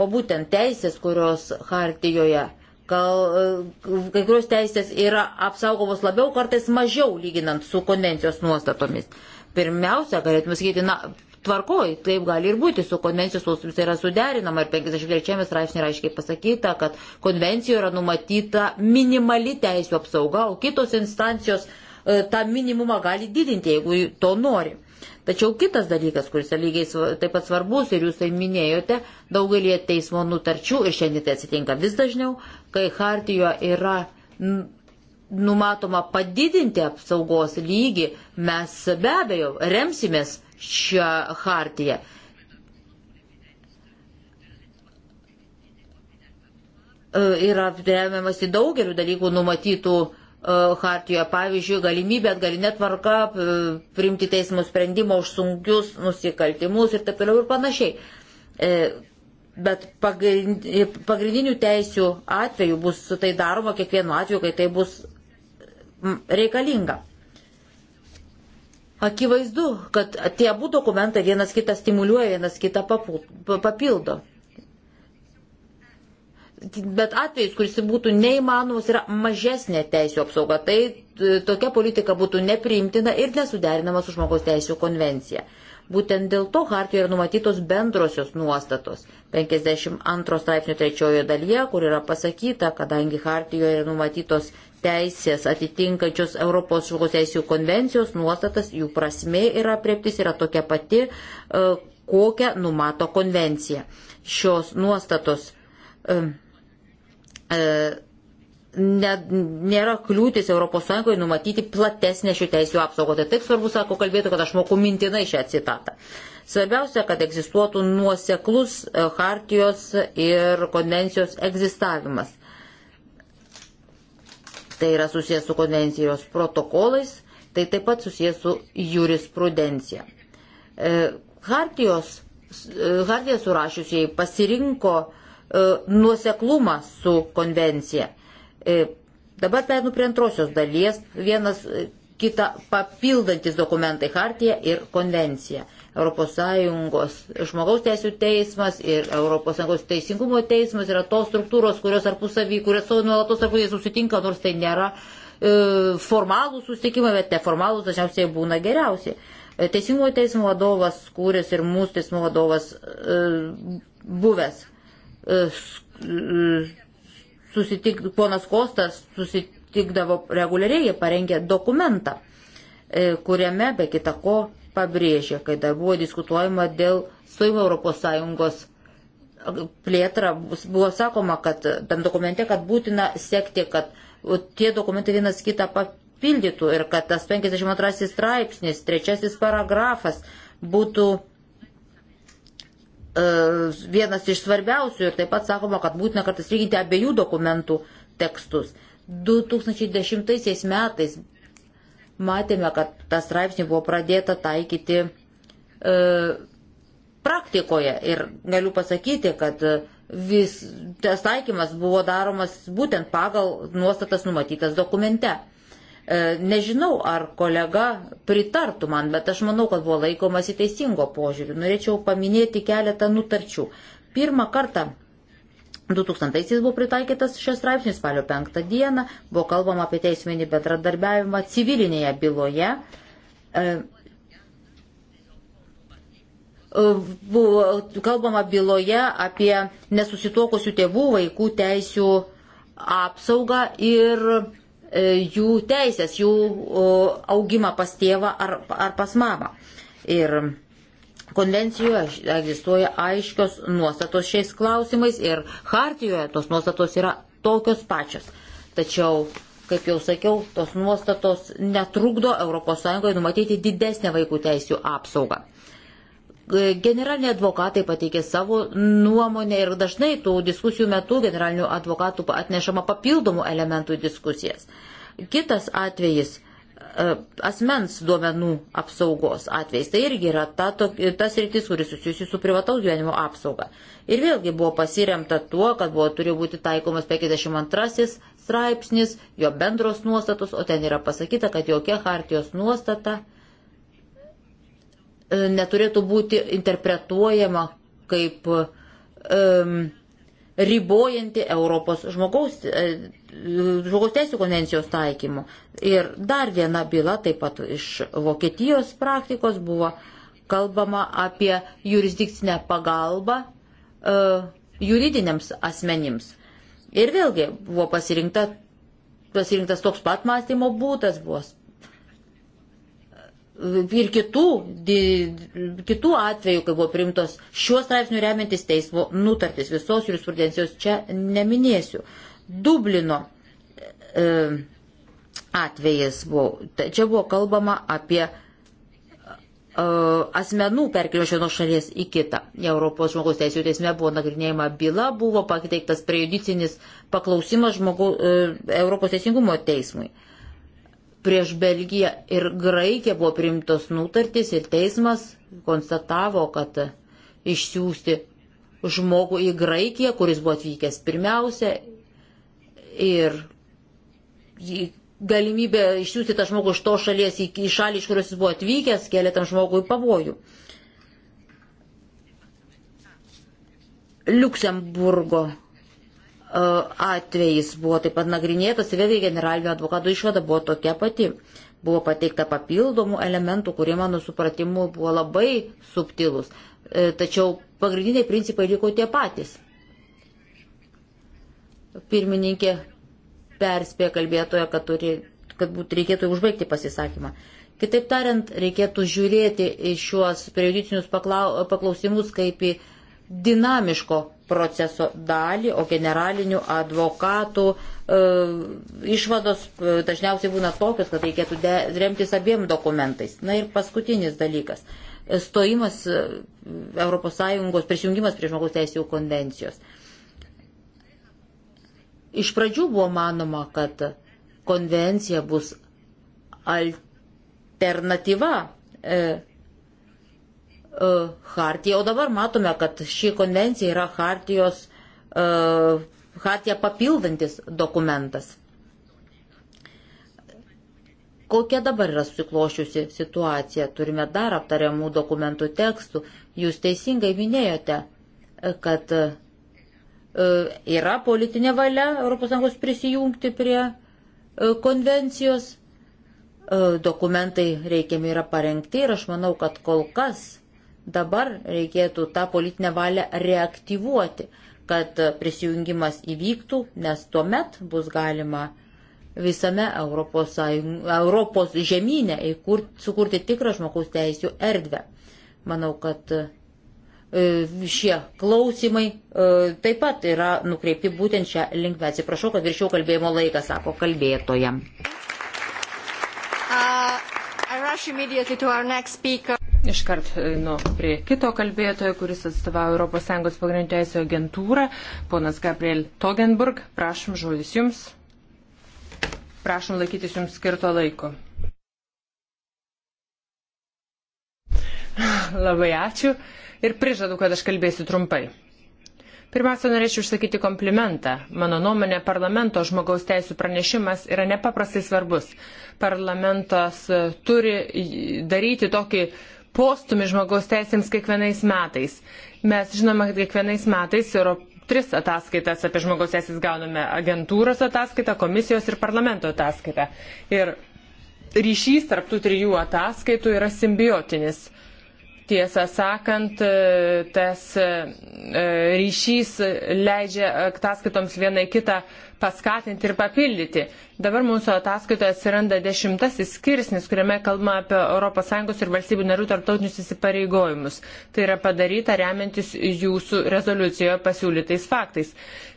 O būtent teisės, kurios hartijoje Kal, e, kai kurios teisės yra apsaugomos labiau, kartais mažiau lyginant su konvencijos nuostatomis. Pirmiausia, galėtume sakyti, na, tvarkoj, taip gali ir būti, su konvencijos nuostatomis tai yra suderinama ir 53 straipsnė yra aiškiai pasakyta, kad konvencijoje yra numatyta minimali teisų apsauga, o kitos instancijos e, tą minimumą gali didinti, jeigu to nori. Tačiau kitas dalykas, kuris yra lygiai taip pat svarbus ir jūs tai minėjote, daugelie teismo nutarčių, ir šiandien tai atsitinka vis dažniau, kai hartijoje yra numatoma padidinti apsaugos lygį, mes be abejo remsimės šią hartiją. E, yra remiamas į daugelių dalykų numatytų e, hartijoje, pavyzdžiui, galimybė atgalinė tvarka e, priimti teismo sprendimą už sunkius nusikaltimus ir taip toliau ir panašiai. Bet pagrindinių teisių atveju bus tai daroma kiekvienu atveju, kai tai bus reikalinga. Akivaizdu, kad tie abu dokumentai vienas kitą stimuliuoja, vienas kitą papildo. Bet atvejais, kuris būtų neįmanomas, yra mažesnė teisų apsauga. Tai tokia politika būtų nepriimtina ir nesuderinama su žmogaus teisų konvencija. Būtent dėl to hartijoje yra numatytos bendrosios nuostatos. 52 straipsnio trečiojo dalyje, kur yra pasakyta, kadangi hartijoje yra numatytos teisės atitinkančios Europos žmogaus teisėjų konvencijos nuostatas, jų prasme yra prieptis yra tokia pati, e, kokią numato konvencija. Šios nuostatos. E, e, ne, nėra kliūtis ES numatyti platesnę šių teisų apsaugą. Tai taip svarbu, sako kalbėtų, kad aš moku mintinai šią citatą. Svarbiausia, kad egzistuotų nuoseklus e, hartijos ir konvencijos egzistavimas. Tai yra susijęs su konvencijos protokolais, tai taip pat susijęs su jurisprudencija. E, hartijos, e, hartijos surašiusiai pasirinko nuoseklumą su konvencija E, dabar perinu prie antrosios dalies, vienas e, kitą papildantis dokumentai - Hartija ir Konvencija. ES žmogaus teisų teismas ir ES teisingumo teismas yra tos struktūros, kurios tarpusavį, kurios savo nuolatos tarpusavį susitinka, nors tai nėra e, formalų susitikimai, bet neformalūs dažniausiai būna geriausiai. E, teisingumo teismo vadovas kūrės ir mūsų teismo vadovas e, buvęs. E, s, e, susitik, ponas Kostas susitikdavo reguliariai, jie parengė dokumentą, e, kuriame be kita ko pabrėžė, kai dar buvo diskutuojama dėl stojimo Europos Sąjungos plėtrą, buvo sakoma, kad tam dokumente, kad būtina sekti, kad tie dokumentai vienas kitą papildytų ir kad tas 52 straipsnis, trečiasis paragrafas būtų E, vienas iš svarbiausių ir taip pat sakoma, kad būtina kartais lyginti abiejų dokumentų tekstus. 2010 metais matėme, kad tas straipsnį buvo pradėta taikyti e, praktikoje ir galiu pasakyti, kad vis tas taikymas buvo daromas būtent pagal nuostatas numatytas dokumente. E, nežinau, ar kolega pritartų man, bet aš manau, kad buvo laikomasi teisingo požiūrių. Norėčiau paminėti keletą nutarčių. Pirmą kartą 2000-aisiais buvo pritaikytas šios straipsnis spalio 5 dieną, buvo kalbama apie teisminį bendradarbiavimą civilinėje byloje. E, e, buvo kalbama byloje apie nesusituokusių tėvų vaikų teisių apsaugą ir E, jų teisės, jų augimą pas tėvą ar, ar pas mamą. Ir konvencijoje egzistuoja aiškios nuostatos šiais klausimais ir hartijoje tos nuostatos yra tokios pačios. Tačiau, kaip jau sakiau, tos nuostatos netrukdo ES numatyti didesnę vaikų teisų apsaugą. Generaliniai advokatai pateikė savo nuomonę ir dažnai tų diskusijų metu generalinių advokatų atnešama papildomų elementų į diskusijas. Kitas atvejis e, asmens duomenų apsaugos atvejais. Tai irgi yra ta, to, tas rytis, kuris susijusi su privataus gyvenimo apsauga. Ir vėlgi buvo pasiremta tuo, kad buvo turi būti taikomas 52 straipsnis, jo bendros nuostatos, o ten yra pasakyta, kad jokia hartijos nuostata neturėtų būti interpretuojama kaip um, ribojanti Europos žmogaus, e, žmogaus teisų konvencijos taikymu. Ir dar viena byla, taip pat iš Vokietijos praktikos, buvo kalbama apie jurisdikcinę pagalbą uh, juridiniams asmenims. Ir vėlgi buvo pasirinkta, pasirinktas toks pat mąstymo būdas, buvo ir kitų, di, kitų atvejų, kai buvo primtos šiuo straipsniu remiantis teismo nutartis, visos jurisprudencijos čia neminėsiu. Dublino e, atvejis buvo, čia buvo kalbama apie e, asmenų perkelimo iš vienos šalies į kitą. Europos žmogaus teisėjų teisme buvo nagrinėjama byla, buvo pateiktas prejudicinis paklausimas žmogu, e, Europos teisingumo teismui. E, prieš Belgiją ir Graikiją buvo priimtos nutartys ir teismas konstatavo, kad išsiųsti žmogų į Graikiją, kuris buvo atvykęs pirmiausia ir galimybė išsiųsti tą žmogų iš to šalies į, į šalį, iš kurios jis buvo atvykęs, kelia tam žmogui pavojų. Liuksemburgo E, atvejais buvo taip pat nagrinėtas, vėlgi generalinio advokato išvada buvo tokia pati. Buvo pateikta papildomų elementų, kurie mano supratimu buvo labai subtilus. E, tačiau pagrindiniai principai liko tie patys. Pirmininkė perspėja kalbėtoje, kad, turi, kad būt, reikėtų užbaigti pasisakymą. Kitaip tariant, reikėtų žiūrėti į šiuos periodicinius paklausimus kaip į dinamiško proceso dalį, o generalinių advokatų e, išvados e, dažniausiai būna tokios, kad reikėtų de, remtis abiem dokumentais. Na ir paskutinis dalykas - stojimas ES, prisijungimas prie žmogaus teisėjų konvencijos. Iš pradžių buvo manoma, kad konvencija bus alternatyva e, E, hartiją, o dabar matome, kad ši konvencija yra hartijos, uh, e, hartiją papildantis dokumentas. Kokia dabar yra susiklošiusi situacija? Turime dar aptariamų dokumentų tekstų. Jūs teisingai minėjote, e, kad uh, yra politinė valia ES prisijungti prie uh, konvencijos. Dokumentai reikiami yra parengti ir aš manau, kad kol kas dabar reikėtų tą politinę valią reaktyvuoti, kad prisijungimas įvyktų, nes tuomet bus galima visame Europos, Europos žemynė sukurti tikrą žmogaus teisų erdvę. Manau, kad e, šie klausimai e, taip pat yra nukreipti būtent šią linkmę. Atsiprašau, kad viršiau kalbėjimo laiką, sako kalbėtoja. Uh, Iškart einu prie kito kalbėtojo, kuris atstovauja ES pagrindinio teisėjo agentūrą, ponas Gabriel Togenburg. Prašom žodis jums. Prašom laikytis jums skirto laiko. Labai ačiū ir prižadu, kad aš kalbėsiu trumpai. Pirmiausia, norėčiau išsakyti komplimentą. Mano nuomonė, parlamento žmogaus teisų pranešimas yra nepaprastai svarbus. Parlamentas e, turi daryti tokį postumi žmogaus teisėms kiekvienais metais. Mes žinome, kad kiekvienais metais Europ... tris ataskaitas apie žmogaus teisės gauname - agentūros ataskaitą, komisijos ir parlamento ataskaitą. Ir ryšys tarp tų trijų ataskaitų yra simbiotinis. Tiesą sakant, e, tas e, e, ryšys leidžia ataskaitoms vienai kitą paskatinti ir papildyti. Dabar mūsų ataskaitoje atsiranda dešimtasis skirsnis, kuriame kalbama apie ES ir valstybių narių tarptautinius įsipareigojimus. Tai yra padaryta remiantis jūsų rezoliucijoje pasiūlytais faktais.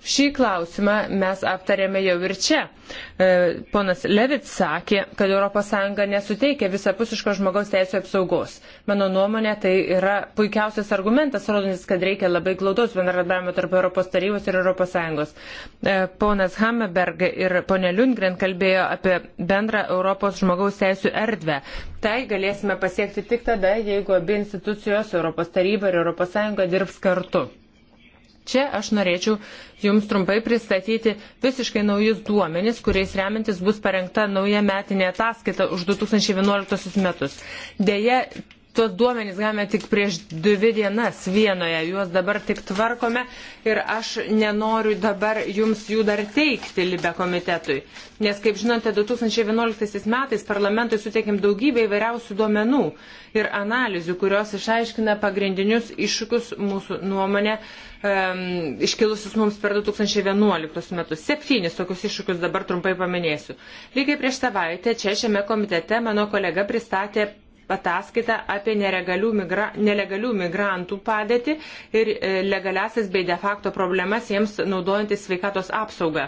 Šį klausimą mes aptarėme jau ir čia. E, ponas Levit sakė, kad ES nesuteikia visapusiško žmogaus teisų apsaugos. Mano nuomonė, tai yra puikiausias argumentas, rodantis, kad reikia labai glaudos bendradarbiavimo tarp ES ir ES. E, ponas Ponas Hammerberg ir ponė Lundgren kalbėjo apie bendrą Europos žmogaus teisų erdvę. Tai galėsime pasiekti tik tada, jeigu abi institucijos, Europos taryba ir Europos Sąjunga dirbs kartu. Čia aš norėčiau Jums trumpai pristatyti visiškai naujus duomenis, kuriais remiantis bus parengta nauja metinė ataskaita už 2011 metus. Deja, tuos duomenys gavome tik prieš dvi dienas vienoje, juos dabar tik tvarkome ir aš nenoriu dabar jums jų dar teikti Libe komitetui. Nes, kaip žinote, 2011 metais parlamentui suteikėm daugybę įvairiausių duomenų ir analizių, kurios išaiškina pagrindinius iššūkius mūsų nuomonė um, iškilusius mums per 2011 metus. Septynis tokius iššūkius dabar trumpai paminėsiu. Lygiai prieš savaitę čia šiame komitete mano kolega pristatė ataskaitą apie migra, nelegalių migrantų padėtį ir e, legaliasias bei de facto problemas jiems naudojantis sveikatos apsaugą.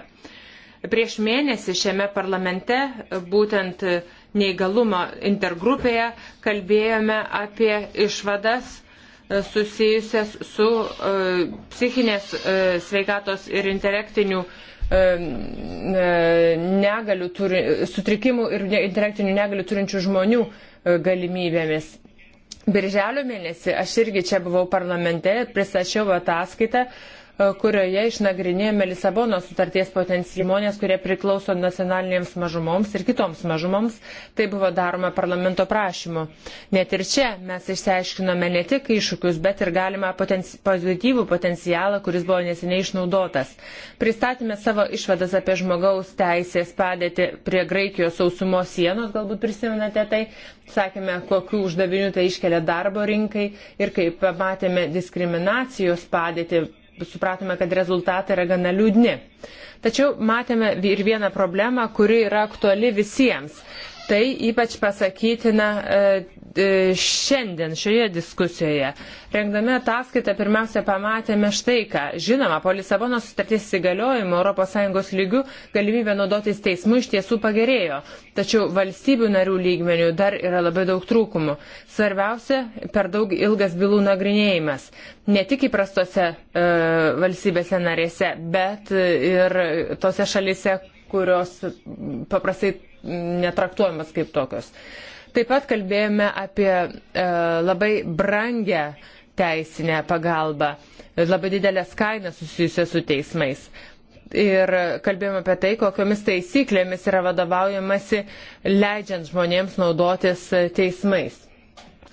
Prieš mėnesį šiame parlamente e, būtent neįgalumo intergrupėje kalbėjome apie išvadas e, susijusias su uh, psichinės uh, sveikatos ir intelektinių negalių turi, sutrikimų ir intelektinių negalių turinčių žmonių galimybėmis. Birželio mėnesį aš irgi čia buvau parlamente, pristačiau ataskaitą, kurioje išnagrinėjome Lisabono sutarties potenciją žmonės, kurie priklauso nacionalinėms mažumoms ir kitoms mažumoms. Tai buvo daroma parlamento prašymu. Net ir čia mes išsiaiškinome ne tik iššūkius, bet ir galimą potenci pozityvų potencialą, kuris buvo neseniai išnaudotas. Pristatėme savo išvadas apie žmogaus teisės padėti prie Graikijos sausumos sienos, galbūt prisimenate tai. Sakėme, kokiu uždaviniu tai iškelia darbo rinkai ir kaip matėme diskriminacijos padėti supratome, kad rezultatai yra gana liūdni. Tačiau matėme ir vieną problemą, kuri yra aktuali visiems. Tai ypač pasakytina e, E, šiandien šioje diskusijoje. Rengdami ataskaitą pirmiausia pamatėme štai ką. Žinoma, po Lisabono sutarties įgaliojimo ES lygių galimybė naudotis teismu iš tiesų pagerėjo, tačiau valstybių narių lygmenių dar yra labai daug trūkumų. Svarbiausia, per daug ilgas bylų nagrinėjimas. Ne tik įprastose e, valstybėse narėse, bet ir tose šalise, kurios paprastai netraktuojamas kaip tokios. E, Taip pat kalbėjome apie e, labai brangę teisinę pagalbą, labai didelės kainas susijusias su teismais. Ir kalbėjome apie tai, kokiomis taisyklėmis yra vadovaujamasi leidžiant žmonėms naudotis teismais.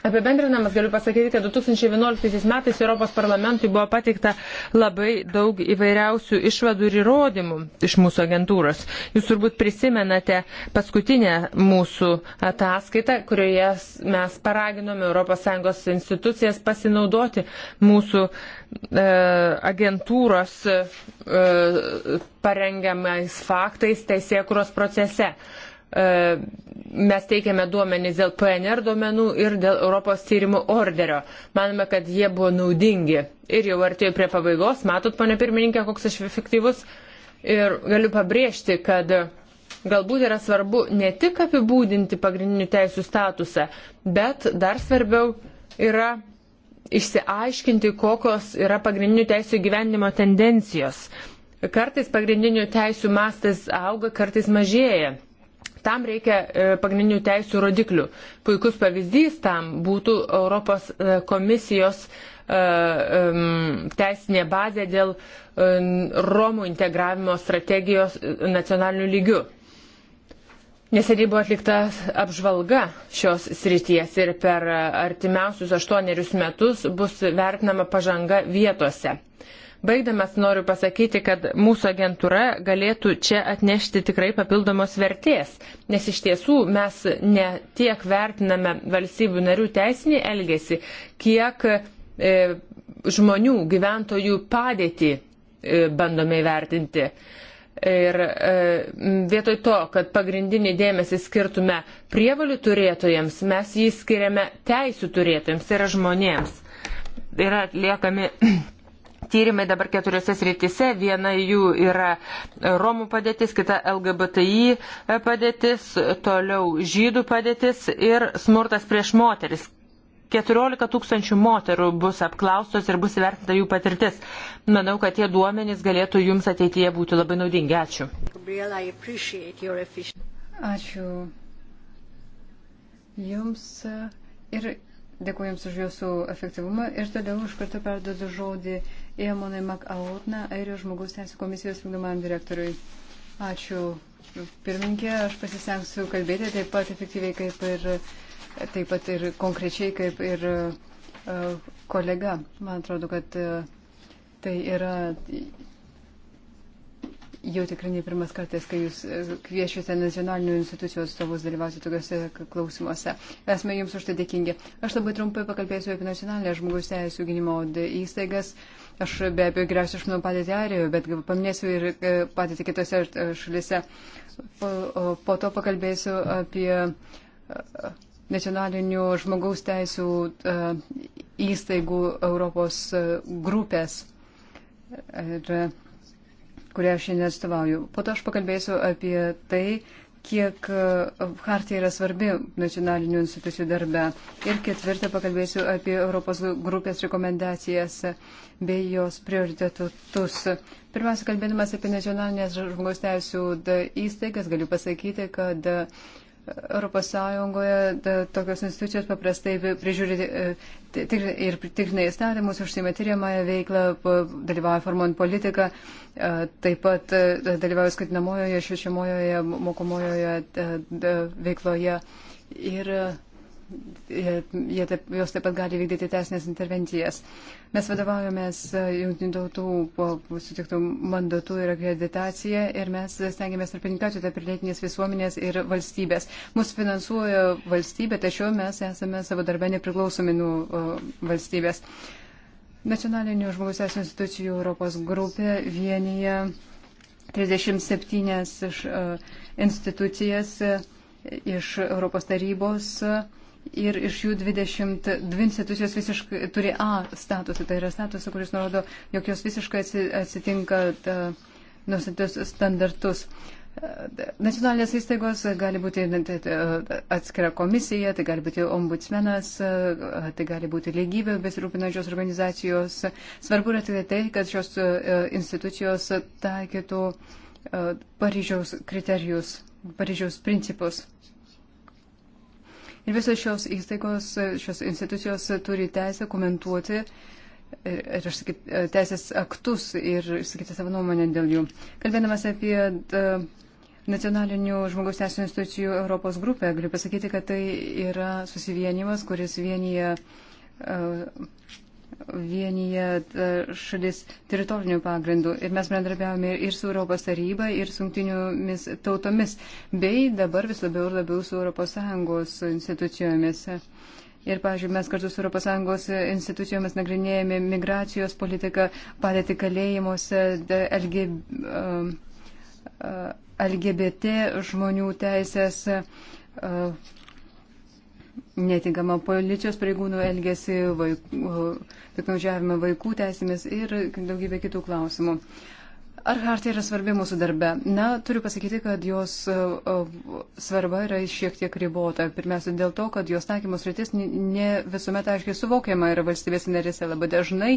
Apibendrinamas galiu pasakyti, kad 2011 metais Europos parlamentui buvo pateikta labai daug įvairiausių išvadų ir įrodymų iš mūsų agentūros. Jūs turbūt prisimenate paskutinę mūsų ataskaitą, kurioje mes paraginome ES institucijas pasinaudoti mūsų e, agentūros e, parengiamais faktais teisėkuros procese. E, mes teikiame duomenys dėl PNR duomenų ir dėl Europos tyrimų orderio. Manome, kad jie buvo naudingi. Ir jau artėjau prie pabaigos, matot, ponė pirmininkė, koks aš efektyvus. Ir galiu pabrėžti, kad galbūt yra svarbu ne tik apibūdinti pagrindinių teisų statusą, bet dar svarbiau yra išsiaiškinti, kokios yra pagrindinių teisų gyvenimo tendencijos. Kartais pagrindinių teisų mastas auga, kartais mažėja. Tam reikia e, pagrindinių teisų rodiklių. Puikus pavyzdys tam būtų Europos e, komisijos e, teisinė bazė dėl Romų integravimo strategijos nacionaliniu lygiu. Neseniai buvo atlikta apžvalga šios srities ir per artimiausius aštuonerius metus bus vertinama pažanga vietose. Baigdamas noriu pasakyti, kad mūsų agentūra galėtų čia atnešti tikrai papildomos vertės, nes iš tiesų mes ne tiek vertiname valstybių narių teisinį elgesį, kiek e, žmonių, gyventojų padėtį e, bandome įvertinti. Ir e, vietoj to, kad pagrindinį dėmesį skirtume prievalių turėtojams, mes jį skiriame teisų turėtojams, tai yra žmonėms. Yra atliekami tyrimai dabar keturiose srityse. Viena jų yra Romų padėtis, kita LGBTI padėtis, toliau žydų padėtis ir smurtas prieš moteris. 14 tūkstančių moterų bus apklaustos ir bus įvertinta jų patirtis. Manau, kad tie duomenys galėtų jums ateityje būti labai naudingi. Ačiū. Ačiū Jums eh, ir dėkuoju Jums už Jūsų efektyvumą ir todėl iš karto perdodu žodį Iemonai Makautna, Airijos žmogaus teisų komisijos vykdomam direktoriui. Ačiū. Pirminkė, aš pasisengsiu kalbėti taip pat efektyviai kaip ir, taip pat ir konkrečiai kaip ir uh, kolega. Man atrodo, kad uh, tai yra jau tikrai ne pirmas kartas, kai jūs e, kviešiate nacionalinių institucijų atstovus dalyvauti tokiuose klausimuose. Esame jums už tai dėkingi. Aš labai trumpai pakalbėsiu apie nacionalinę žmogus teisų gynimo įstaigas. Uh, Aš be abejo geriausiai išmanau padėtį Arijoje, bet paminėsiu ir e, padėtį kitose e, šalise. Po, po to pakalbėsiu apie e, nacionalinių žmogaus teisų įstaigų Europos grupės, ir, kurią aš šiandien atstovauju. Po to aš pakalbėsiu apie tai, kiek e, hartija yra svarbi nacionalinių institucijų darbe. Ir ketvirtą pakalbėsiu apie Europos grupės rekomendacijas bei jos prioritetus. Pirmiausia, kalbėdamas apie nacionalinės žmogaus teisų e, įstaigas, galiu pasakyti, kad uh, Europos Sąjungoje da, tokios institucijos paprastai prižiūri e, tikr, ir tikrina įstatymus, užsima tyriamąją veiklą, dalyvauja formuojant politiką, e, taip pat e, dalyvauja skatinamojoje, šviečiamojoje, mokomojoje veikloje. Ir uh, jie taip, jos taip pat gali vykdyti teisinės intervencijas. Mes vadovaujamės e, jungtinių tautų sutiktų mandatu ir akreditacija ir mes stengiamės tarpininkauti tarp pilietinės visuomenės ir valstybės. Mūsų finansuoja valstybė, tačiau mes esame savo darbę nepriklausomi nuo e, valstybės. Nacionalinių žmogus teisų institucijų Europos grupė vienyje 37 e, institucijas iš Europos tarybos ir iš jų 22 institucijos visiškai turi A statusą, tai yra statusą, kuris nurodo, jog jos visiškai atsitinka nusitus standartus. Nacionalinės įstaigos gali būti tai, tai, atskira komisija, tai gali būti ombudsmenas, tai gali būti lygybė besirūpinančios organizacijos. Svarbu yra tai, kad šios e, institucijos taikytų e, Paryžiaus kriterijus, Paryžiaus principus. Ir visos šios įstaigos, šios institucijos turi teisę komentuoti e, ir, ir aš sakyt, e, teisės aktus ir sakyti savo nuomonę dėl jų. Kalbėdamas apie e, nacionalinių žmogaus teisų institucijų Europos grupę, galiu pasakyti, kad tai yra susivienimas, kuris vienyje uh, vienyje e, šalis teritorinių pagrindų. Ir mes bendrabiavome ir su Europos taryba, ir su jungtiniomis tautomis, bei dabar vis labiau ir labiau su Europos Sąjungos institucijomis. Ir, pažiūrėjau, mes kartu su ES institucijomis nagrinėjame migracijos politiką, padėti kalėjimuose, LGBT e, e, žmonių teisės, netinkamą policijos pareigūnų elgesį, piknaudžiavimą vaikų teisėmis ir daugybę kitų klausimų. Ar hartija yra svarbi mūsų darbe? Na, turiu pasakyti, kad jos svarba yra šiek tiek ribota. Pirmiausia, dėl to, kad jos taikymus rytis ne visuomet aiškiai suvokiama yra valstybės narėse labai dažnai.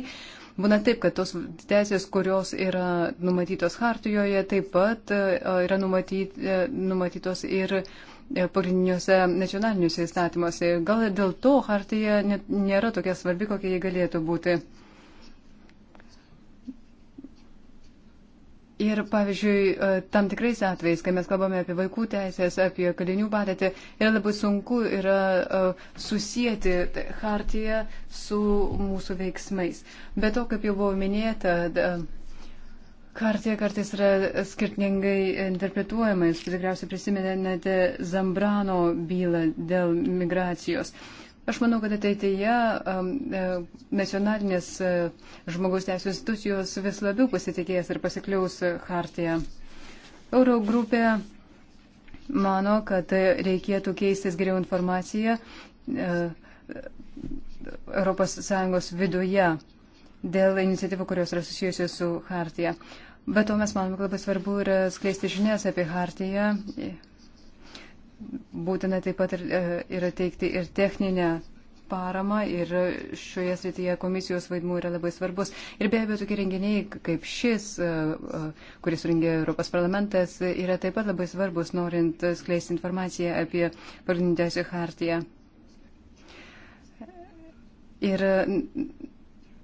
Būna taip, kad tos teisės, kurios yra numatytos hartijoje, taip pat yra numatyt, e, numatytos ir pagrindiniuose nacionaliniuose įstatymuose. Gal dėl to hartija nėra tokia svarbi, kokia jie galėtų būti. Ir pavyzdžiui, e, tam tikrais atvejais, kai mes kalbame apie vaikų teisės, apie kalinių padėtį, yra labai sunku yra e, susijęti hartiją su mūsų veiksmais. Bet to, kaip jau buvo minėta, Kartija kartais yra skirtingai interpretuojama. Jūs tikriausiai prisiminėte Zambrano bylą dėl migracijos. Aš manau, kad ateityje um, e, nacionalinės uh, žmogaus teisų institucijos vis labiau pasitikės ir pasikliaus Hartiją. Euro grupė mano, kad reikėtų keistis geriau informaciją uh, e, ES viduje dėl iniciatyvų, kurios yra susijusios su Hartija. Uh, Bet to mes manome, kad labai svarbu yra skleisti žinias apie Hartiją. Būtina taip pat ir, e, yra teikti ir techninę paramą ir šioje srityje komisijos vaidmuo yra labai svarbus. Ir be abejo, tokie renginiai kaip šis, e, e, kuris suringė Europos parlamentas, yra taip pat labai svarbus, norint skleisti informaciją apie pagrindinę teisę hartiją. Ir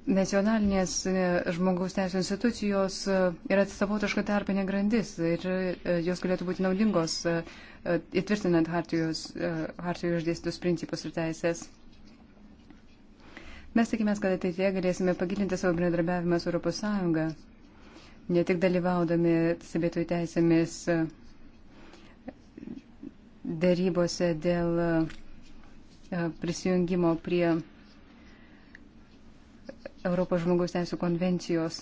nacionalinės e, žmogaus teisų institucijos e, yra savotiška tarpinė grandis ir e, jos galėtų būti naudingos įtvirtinant hartijos, hartijos išdėstytus principus ir teisės. Mes tikimės, kad ateityje galėsime pagilinti savo bendradarbiavimą su ES, ne tik dalyvaudami stebėtojų teisėmis dėrybose dėl prisijungimo prie Europos žmogaus teisų konvencijos,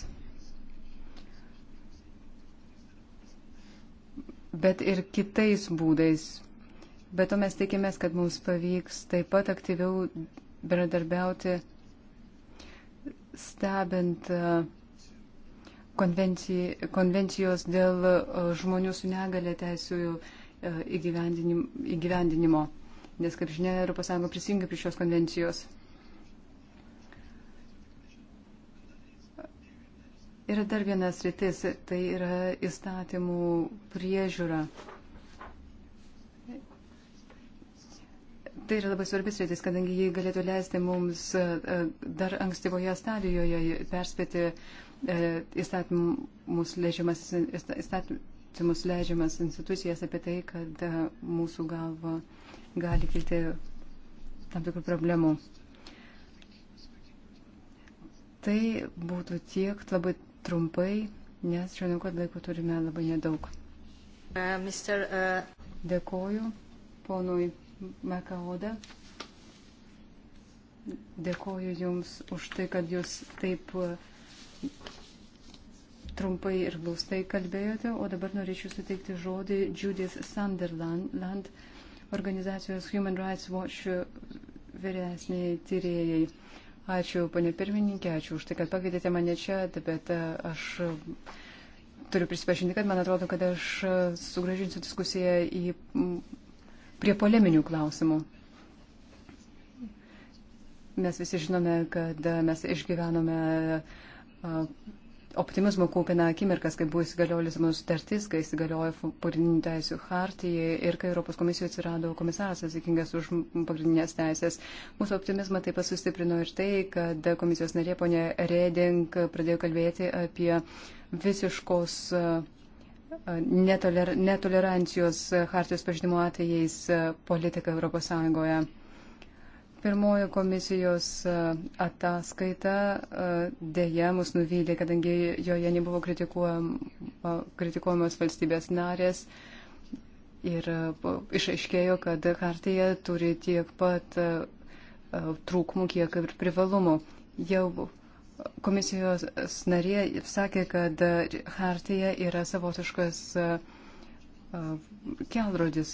bet ir kitais būdais. Bet to mes tikimės, kad mums pavyks taip pat aktyviau bendradarbiauti, stebint e, konvencijos dėl e, žmonių su negale teisų e, įgyvendinimo. Nes, kaip žinia, ES prisijungia prie šios konvencijos. Yra dar vienas rytis, tai yra įstatymų priežiūra. Tai yra labai svarbis rytis, kadangi jį galėtų leisti mums e, e, dar ankstyvoje stadijoje perspėti e, įstatymus leidžiamas, įstatymus leidžiamas institucijas apie tai, kad mūsų galva gali kilti tam tikrų problemų. Tai būtų tiek labai trumpai, nes žinau, kad laiko turime labai nedaug. Uh, mister, uh... Dėkoju ponui Makaoda. Dėkoju Jums už tai, kad Jūs taip uh, trumpai ir glaustai kalbėjote, o dabar norėčiau suteikti žodį Judith Sunderland, organizacijos Human Rights Watch vyresniai tyrėjai. Ačiū, panė pirmininkė, ačiū už tai, kad pakvietėte mane čia, bet e, aš turiu prisipažinti, kad man atrodo, kad aš sugražinsiu diskusiją į, prie poleminių klausimų. Mes visi žinome, kad mes išgyvenome optimizmo kupina akimirkas, kai buvo įsigaliojo Lisabonos sutartis, kai įsigaliojo pagrindinių teisų hartija ir kai Europos komisijoje atsirado komisaras atsakingas už pagrindinės teisės. Mūsų optimizmą taip pat sustiprino ir tai, kad komisijos narė ponė Reding pradėjo kalbėti apie visiškos netoler, netolerancijos hartijos pažydimo atvejais politiką Europos Sąjungoje. Pirmoji komisijos e, ataskaita e, dėja mus nuvylė, kadangi joje nebuvo kritikuojamos valstybės narės ir e, išaiškėjo, kad hartija turi tiek pat trūkumų, kiek ir privalumų. Jau komisijos narė sakė, kad hartija yra savotiškas kelrodis.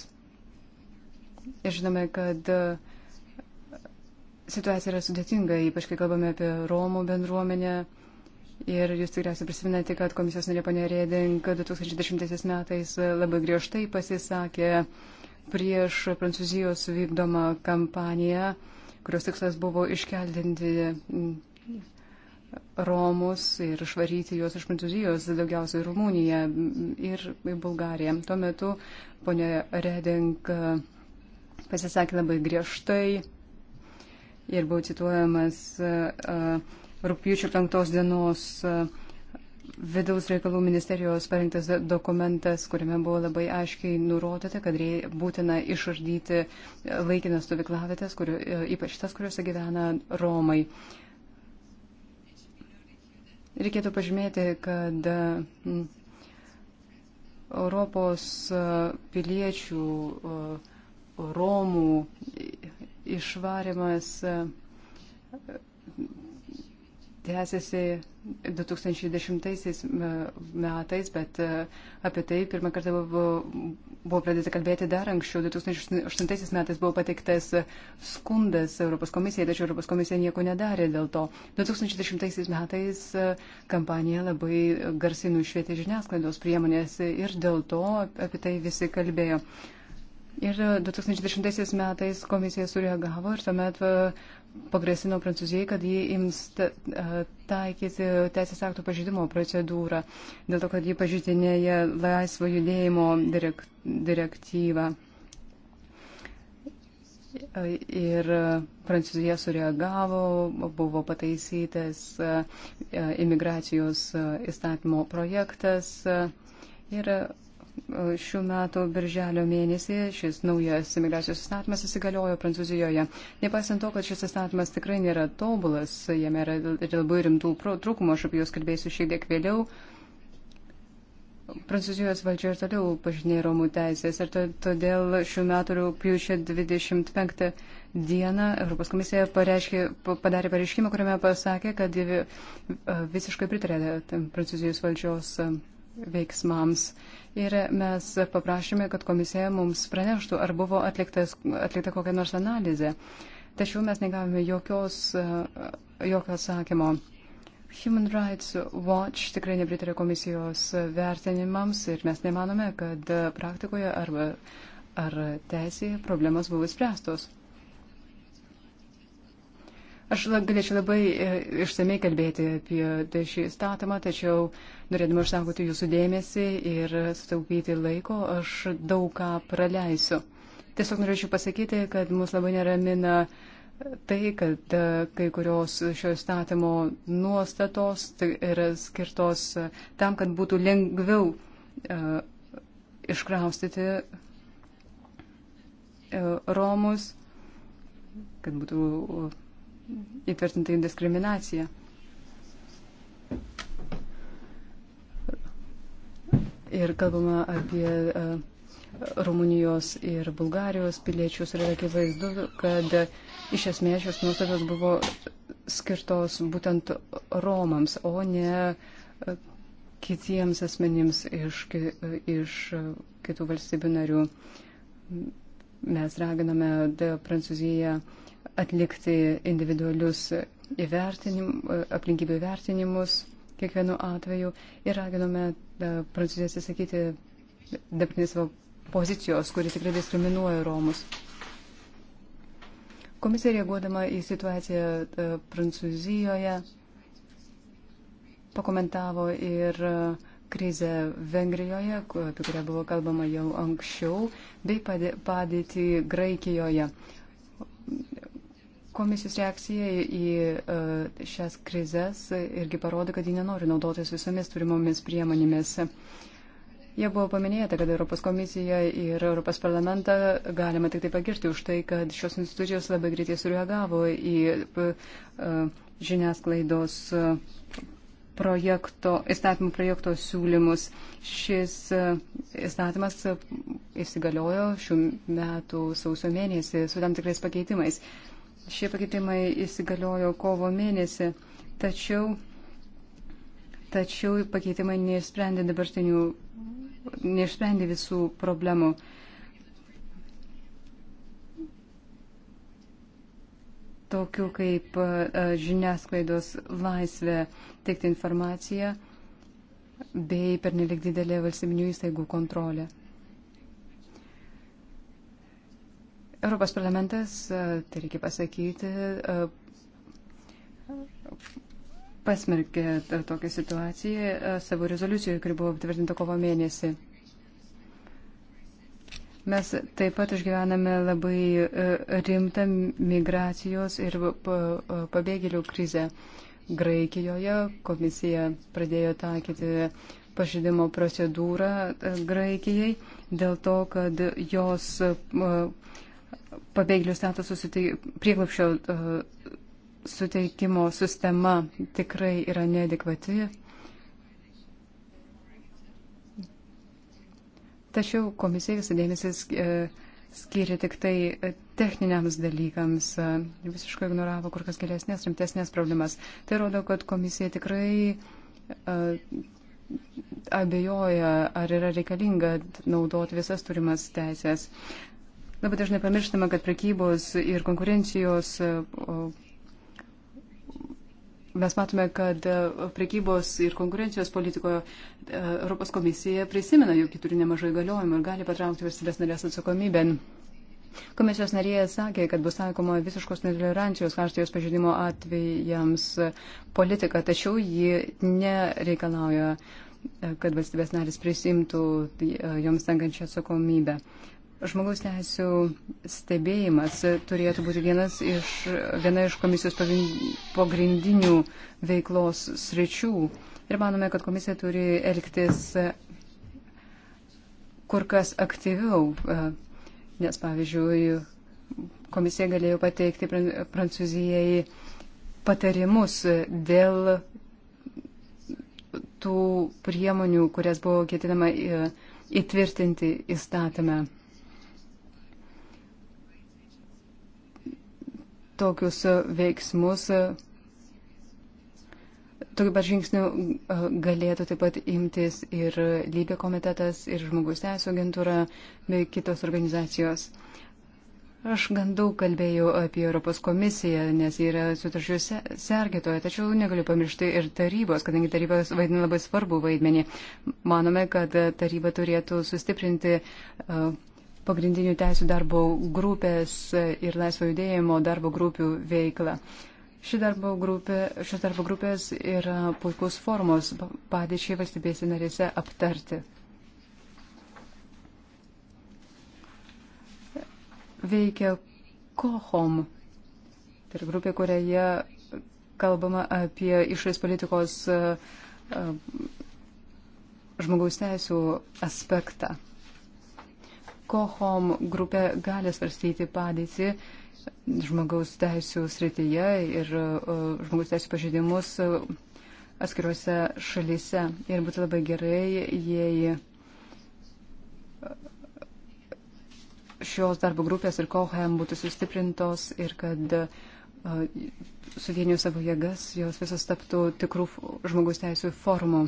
Ir žinome, kad uh, situacija yra sudėtinga, ypač kai kalbame apie Romų bendruomenę. Ir jūs tikriausiai prisiminate, kad komisijos narė ponė Rėding 2010 metais labai griežtai pasisakė prieš Prancūzijos vykdomą kampaniją, kurios tikslas buvo iškeldinti Romus ir išvaryti juos iš Prancūzijos, daugiausiai Rumuniją ir Bulgariją. Tuo metu ponė Reding pasisakė labai griežtai ir buvo cituojamas e, e, rūpjūčio penktos dienos e, vidaus reikalų ministerijos parinktas dokumentas, kuriame buvo labai aiškiai nurodyta, kad rei, būtina išardyti laikinas stovyklavėtės, kurio, ypač tas, kuriuose gyvena Romai. Reikėtų pažymėti, kad Europos piliečių Romų išvarimas e, tęsiasi 2010 e, metais, bet e, apie tai pirmą kartą buvo, buvo pradėta kalbėti dar anksčiau. 2008 metais buvo pateiktas skundas Europos komisijai, tačiau Europos komisija nieko nedarė dėl to. 2010 metais kampanija labai garsiai nušvietė žiniasklaidos priemonės ir dėl to apie tai visi kalbėjo. Ir 2010 e, metais komisija sureagavo ir tuomet e, pagrasino Prancūzijai, kad jie ims e, taikyti teisės aktų pažydimo procedūrą, dėl to, kad jie pažydinėja laisvo judėjimo direktyvą. Ir Prancūzija sureagavo, buvo pataisytas imigracijos įstatymo projektas ir E, šių metų birželio mėnesį šis naujas imigracijos įstatymas įsigaliojo Prancūzijoje. Nepaisant to, kad šis įstatymas tikrai nėra tobulas, jame yra ir labai rimtų trūkumų, aš apie juos kalbėsiu šiek tiek vėliau. Prancūzijos valdžia ir toliau pažinė Romų teisės ir todėl šių metų rūpjūčio 25 dieną Europos komisija pareiškė, padarė pareiškimą, kuriame pasakė, kad visiškai pritarė Prancūzijos valdžios veiksmams. Ir mes paprašėme, kad komisija mums praneštų, ar buvo atliktas, atlikta kokia nors analizė. Tačiau mes negavome jokios, e, jokio atsakymo. Human Rights Watch tikrai nepritarė komisijos vertinimams ir mes nemanome, kad praktikoje arba ar teisėje problemas buvo spręstos. Aš galėčiau labai e, išsamei kalbėti apie tai šį įstatymą, tačiau norėdama išsaugoti jūsų dėmesį ir sutaupyti laiko, aš daug ką praleisiu. Tiesiog norėčiau pasakyti, kad mus labai neramina tai, kad e, kai kurios šio įstatymo nuostatos yra skirtos e, tam, kad būtų lengviau iškraustyti Romus, kad būtų įtvirtinta diskriminacija. Ir kalbama apie e, Rumunijos ir Bulgarijos piliečius ir akivaizdu, kad iš esmės šios nuostatos buvo skirtos būtent Romams, o ne e, kitiems asmenims iš, iš kitų valstybių narių. Mes raginame Prancūziją atlikti individualius įvertinim, aplinkybių vertinimus kiekvienu atveju ir raginome e, Prancūziją atsisakyti dabartinės savo pozicijos, kuri tikrai diskriminuoja Romus. Komisija reaguodama į situaciją e, Prancūzijoje pakomentavo ir e, krizę Vengrijoje, apie kurią buvo kalbama jau anksčiau, bei padėtį Graikijoje. Komisijos reakcija į e, šias krizės irgi parodo, kad ji nenori naudotis visomis turimomis priemonėmis. Jie buvo paminėta, kad Europos komisija ir Europos parlamentą galima tik tai pagirti už tai, kad šios institucijos labai greitai sureagavo į e, žiniasklaidos e, projekto, įstatymų projekto siūlymus. Šis įstatymas įsigaliojo šių metų sausio mėnesį su tam tikrais pakeitimais. Šie pakeitimai įsigaliojo kovo mėnesį, tačiau, tačiau pakeitimai neišsprendė dabartinių, neišsprendė visų problemų. Tokių kaip e, žiniasklaidos laisvė teikti informaciją bei pernelik didelė valstybinių įstaigų kontrolė. Europos parlamentas, e, tai reikia pasakyti, e, pasmerkė tokią situaciją e, savo rezoliucijoje, kuri buvo tvirtinta kovo mėnesį. Mes taip pat išgyvename labai rimtą migracijos ir pabėgėlių krizę. Graikijoje komisija pradėjo taikyti pažydimo procedūrą Graikijai dėl to, kad jos pabėgėlių statusų suteik, prieglapšio uh, suteikimo sistema tikrai yra neadekvati. Tačiau komisija visą dėmesį skiria uh, tik tai uh, techniniams dalykams, uh, visiškai ignoravo kur kas gilesnės, rimtesnės problemas. Tai rodo, kad komisija tikrai abejoja, ar yra reikalinga naudoti visas turimas teisės. Labai dažnai pamirštame, kad prekybos ir konkurencijos. E, mes matome, kad e, prekybos ir konkurencijos politikoje e, Europos komisija prisimena, jog ji turi nemažai galiojimų ir gali patraukti valstybės narės atsakomybę. Komisijos narėje sakė, kad bus taikoma visiškos netolerancijos karštijos pažydimo atvejams politika, tačiau ji nereikalauja, kad valstybės narys prisimtų joms tenkančią atsakomybę. Žmogaus teisų stebėjimas turėtų būti vienas iš, viena iš komisijos pagrindinių veiklos sričių. Ir manome, kad komisija turi elgtis kur kas aktyviau, nes, pavyzdžiui, komisija galėjo pateikti Prancūzijai patarimus dėl tų priemonių, kurias buvo ketinama e, įtvirtinti įstatymę. tokius e, veiksmus, e, tokiu pat žingsniu e, galėtų taip pat imtis ir lygio komitetas, ir žmogus teisų agentūra, bei kitos organizacijos. Aš gan daug kalbėjau apie Europos komisiją, nes jie yra sutaršių sergėtoja, tačiau negaliu pamiršti ir tarybos, kadangi tarybos vaidina labai svarbu vaidmenį. Manome, kad taryba turėtų sustiprinti uh, pagrindinių teisų darbo grupės ir laisvo judėjimo darbo grupių veiklą. Ši darbo grupė, šios darbo grupės yra puikus formos padėčiai valstybėse narėse aptarti. Veikia KOHOM, tai yra grupė, kurioje kalbama apie išorės politikos žmogaus teisų aspektą. Kohom grupė gali svarstyti padėtį žmogaus teisų srityje ir e, žmogaus teisų pažeidimus e, atskiruose šalyse. Ir būtų labai gerai, jei e, šios darbo grupės ir Kohom būtų sustiprintos ir kad suvienijus savo jėgas, jos visos taptų tikrų žmogaus teisų formų.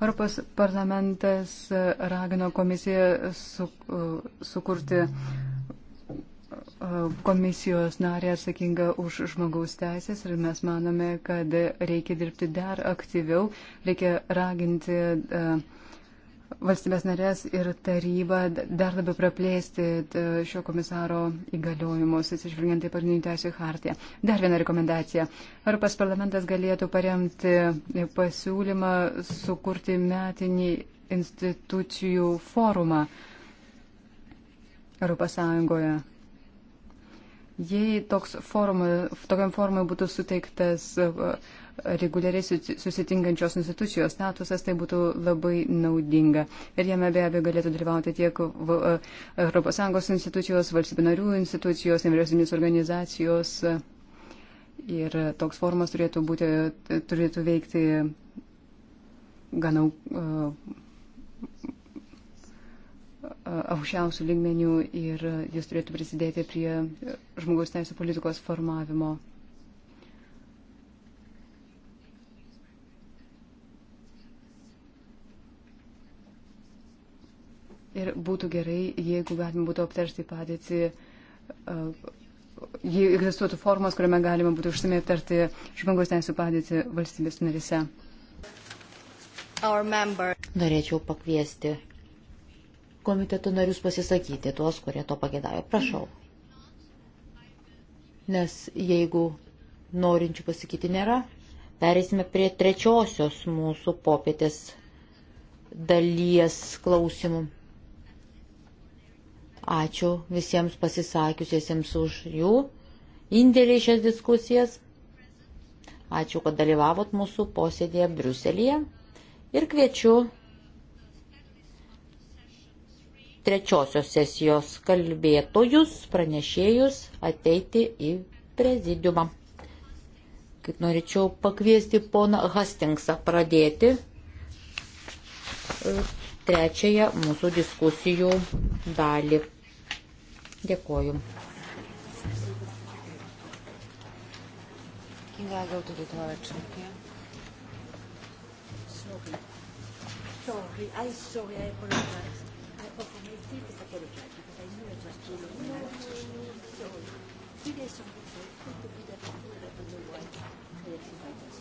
Europos parlamentas ragino komisiją su, sukurti komisijos narė atsakinga už žmogaus teisės ir mes manome, kad reikia dirbti dar aktyviau, reikia raginti uh, valstybės narės ir tarybą dar labiau praplėsti šio komisaro įgaliojimus, atsižvelgiant taip pat teisų hartiją. Dar viena rekomendacija. Europos parlamentas galėtų paremti pasiūlymą sukurti metinį institucijų forumą Europos Sąjungoje. Jei toks forumai, tokiam forumui būtų suteiktas uh, reguliariai susitinkančios institucijos statusas, tai būtų labai naudinga. Ir jame be abejo galėtų dalyvauti tiek ES institucijos, valstybinarių institucijos, nevyriausybinės organizacijos. Ir toks formas turėtų, būti, turėtų veikti gana e, aukščiausių lygmenių ir jis turėtų prisidėti prie žmogaus teisų politikos formavimo. Ir būtų gerai, jeigu galima būtų aptarti padėtį, e, jei egzistuotų formas, kuriame galima būtų užsimė aptarti žmogaus teisų padėtį valstybės narise. Norėčiau pakviesti komiteto narius pasisakyti, tuos, kurie to pagėdavo. Prašau. Nes jeigu norinčių pasakyti nėra, perėsime prie trečiosios mūsų popietės dalies klausimų. Ačiū visiems pasisakiusiesiems už jų indėlį į šias diskusijas. Ačiū, kad dalyvavot mūsų posėdėje Briuselėje. Ir kviečiu trečiosios sesijos kalbėtojus, pranešėjus ateiti į prezidiumą. Kaip norėčiau pakviesti poną Hastingsą pradėti e, trečiąją mūsų diskusijų dalį. Dėkoju. Kinga, go to the toilet. Okay. Sorry. Sorry. I sorry. I apologize. I automatically apologize because I knew it was too long. No, no, no. Sorry. Did I sorry? I could be that I don't know why. I actually was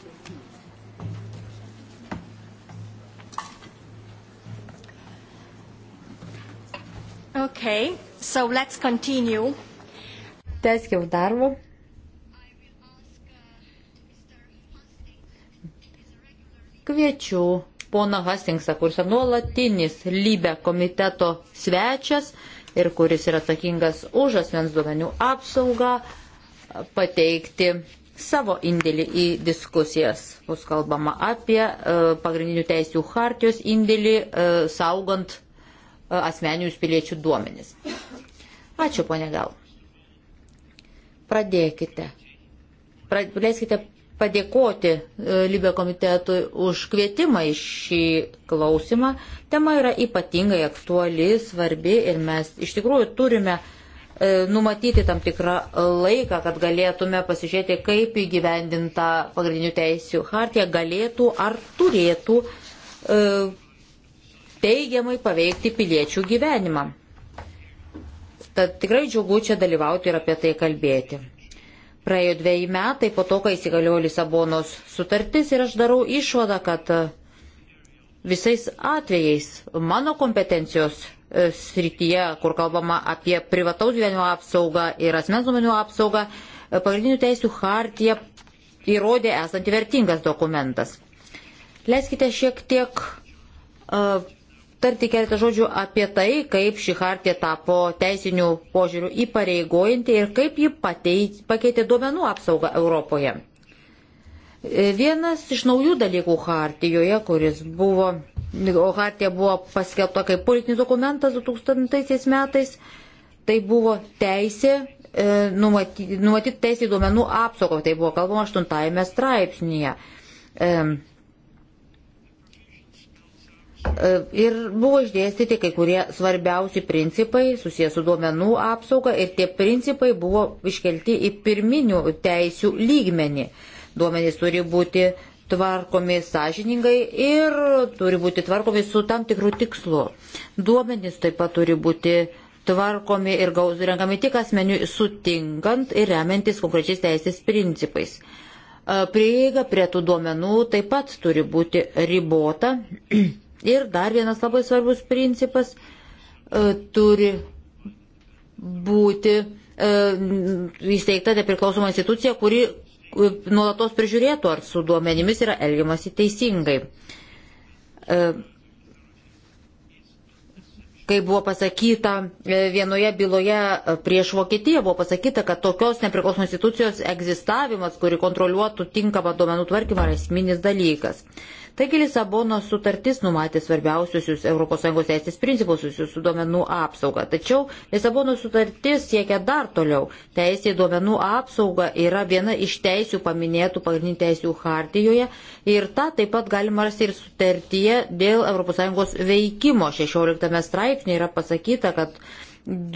here. Okay. So let's continue. Tęskime darbą. Kviečiu poną Hastingsą, kuris yra nuolatinis lybė komiteto svečias ir kuris yra atsakingas už asmens duomenių apsaugą, pateikti savo indėlį į diskusijas. Bus kalbama apie e, pagrindinių teisų hartijos indėlį e, saugant E, asmeninius piliečių duomenis. Ačiū, ponė Gal. Pradėkite. Pradėkite padėkoti e, Libė komitetui už kvietimą į šį klausimą. Tema yra ypatingai aktuali, svarbi ir mes iš tikrųjų turime e, numatyti tam tikrą laiką, kad galėtume pasižiūrėti, kaip įgyvendinta pagrindinių teisių hartija galėtų ar turėtų teigiamai paveikti piliečių gyvenimą. Tad tikrai džiugu čia dalyvauti ir apie tai kalbėti. Praėjo dviejai metai po to, kai įsigaliojo Lisabonos sutartis ir aš darau išvadą, kad e, visais atvejais mano kompetencijos e, srityje, kur kalbama apie privataus gyvenimo apsaugą ir asmens duomenų apsaugą, e, pagrindinių teisų hartija įrodė esanti vertingas dokumentas. Leiskite šiek tiek uh, tarti keletą žodžių apie tai, kaip ši hartė tapo teisinių požiūrių įpareigojanti ir kaip ji pateit, pakeitė duomenų apsaugą Europoje. Vienas iš naujų dalykų hartijoje, kuris buvo, o hartija buvo paskelbta kaip politinis dokumentas 2000 metais, tai buvo teisė e, numatyti numatyt teisį duomenų apsaugą, tai buvo kalbama 8 straipsnėje. E, E, ir buvo išdėstyti kai kurie svarbiausi principai susijęs su duomenų apsauga ir tie principai buvo iškelti į pirminių teisių lygmenį. Duomenys turi būti tvarkomi sąžiningai ir turi būti tvarkomi su tam tikrų tikslu. Duomenys taip pat turi būti tvarkomi ir gaus, renkami tik asmeniui sutinkant ir remiantis konkrečiais teisės principais. E, prieiga prie tų duomenų taip pat turi būti ribota Ir dar vienas labai svarbus principas e, turi būti e, įsteigta nepriklausoma institucija, kuri e, nuolatos prižiūrėtų, ar su duomenimis yra elgiamasi teisingai. Kai buvo pasakyta vienoje byloje prieš Vokietiją, buvo pasakyta, kad tokios nepriklausomos institucijos egzistavimas, kuri kontroliuotų tinkamą duomenų tvarkymą, yra esminis dalykas. Uh, Taigi Lisabono sutartis numatė svarbiausius ES teisės principus susijusius su duomenų apsauga. Tačiau Lisabono sutartis siekia dar toliau. Teisė į duomenų apsaugą yra viena iš teisių paminėtų pagrindinių teisių hartijoje ir tą taip pat galima rasti ir sutartyje dėl ES veikimo. 16 straipsnėje yra pasakyta, kad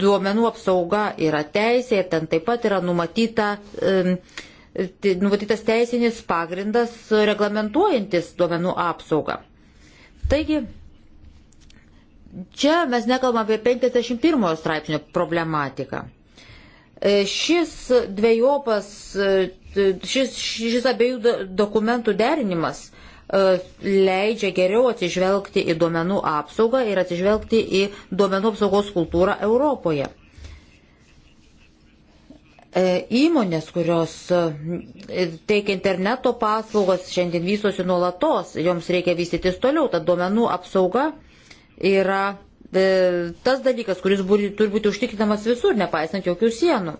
duomenų apsauga yra teisė ir ten taip pat yra numatyta. Um, e, Tai numatytas teisinis pagrindas reglamentuojantis duomenų apsaugą. Taigi, čia mes nekalbam apie 51 straipsnio problematiką. E, šis dviejopas, e, šis, šis abiejų dokumentų derinimas e, leidžia geriau atsižvelgti į duomenų apsaugą ir atsižvelgti į duomenų apsaugos kultūrą Europoje. E, įmonės, kurios e, teikia interneto paslaugas, šiandien vystosi nuolatos, joms reikia vystytis toliau, ta duomenų apsauga yra e, tas dalykas, kuris būti, turi būti užtikrinamas visur, nepaisant jokių sienų.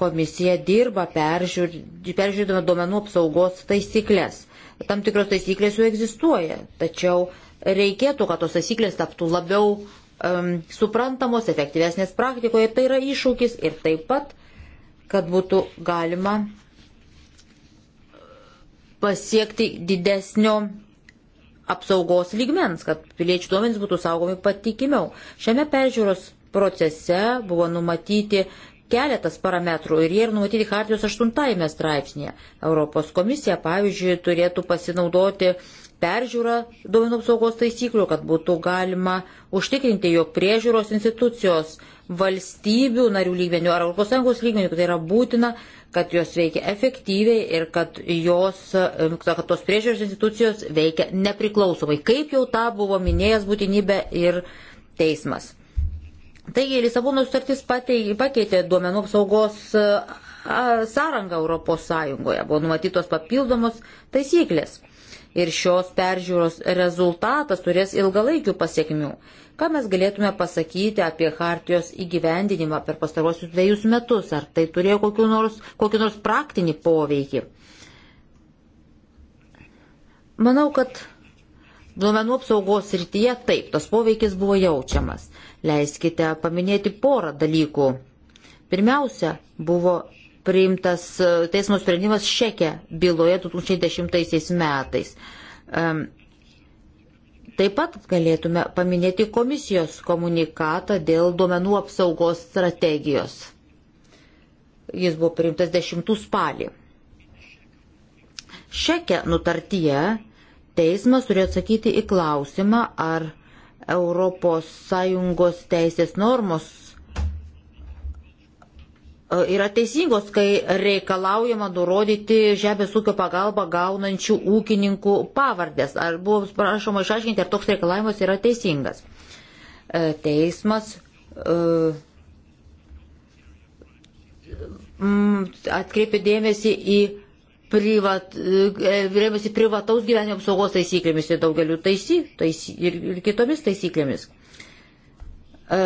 Komisija dirba peržiūrėdama duomenų apsaugos taisyklės. Tam tikros taisyklės jau egzistuoja, tačiau reikėtų, kad tos taisyklės taptų labiau um, suprantamos, efektyvesnės praktikoje. Tai yra iššūkis ir taip pat kad būtų galima pasiekti didesnio apsaugos lygmens, kad piliečių duomenys būtų saugomi patikimiau. Šiame peržiūros procese buvo numatyti keletas parametrų ir jie ir numatyti Hartijos 8 straipsnėje. Europos komisija, pavyzdžiui, turėtų pasinaudoti uh, peržiūrą duomenų apsaugos taisyklių, kad būtų galima užtikrinti, jog priežiūros institucijos valstybių narių lygmenių ar ES lygmenių, kad tai yra būtina, kad jos veikia efektyviai ir kad, jos, kad tos priežiūros institucijos veikia nepriklausomai, kaip jau tą buvo minėjęs būtinybė ir teismas. Taigi Lisabono sutartis pakeitė duomenų apsaugos sąrangą Europos Sąjungoje. Buvo numatytos papildomos taisyklės ir šios peržiūros rezultatas turės ilgalaikių pasiekmių. Ką mes galėtume pasakyti apie Hartijos įgyvendinimą per pastarosius dviejus metus? Ar tai turėjo kokį nors, kokį nors praktinį poveikį? Manau, kad duomenų apsaugos rytyje taip, tas poveikis buvo jaučiamas. Leiskite paminėti porą dalykų. Pirmiausia, buvo priimtas e, teismo sprendimas Šekė byloje 2010 metais. Taip pat galėtume paminėti komisijos komunikatą dėl duomenų apsaugos strategijos. Jis buvo priimtas 10 spalį. Šekė nutartyje teismas turėjo atsakyti į klausimą, ar ES teisės normos E, yra teisingos, kai reikalaujama nurodyti žemės ūkio pagalbą gaunančių ūkininkų pavardės. Ar buvo prašoma išaiškinti, ar toks reikalavimas yra teisingas. E, teismas e, atkreipė dėmesį į privat, rėmėsi privataus gyvenimo apsaugos taisyklėmis ir daugeliu taisy, taisy, ir, ir kitomis taisyklėmis. E,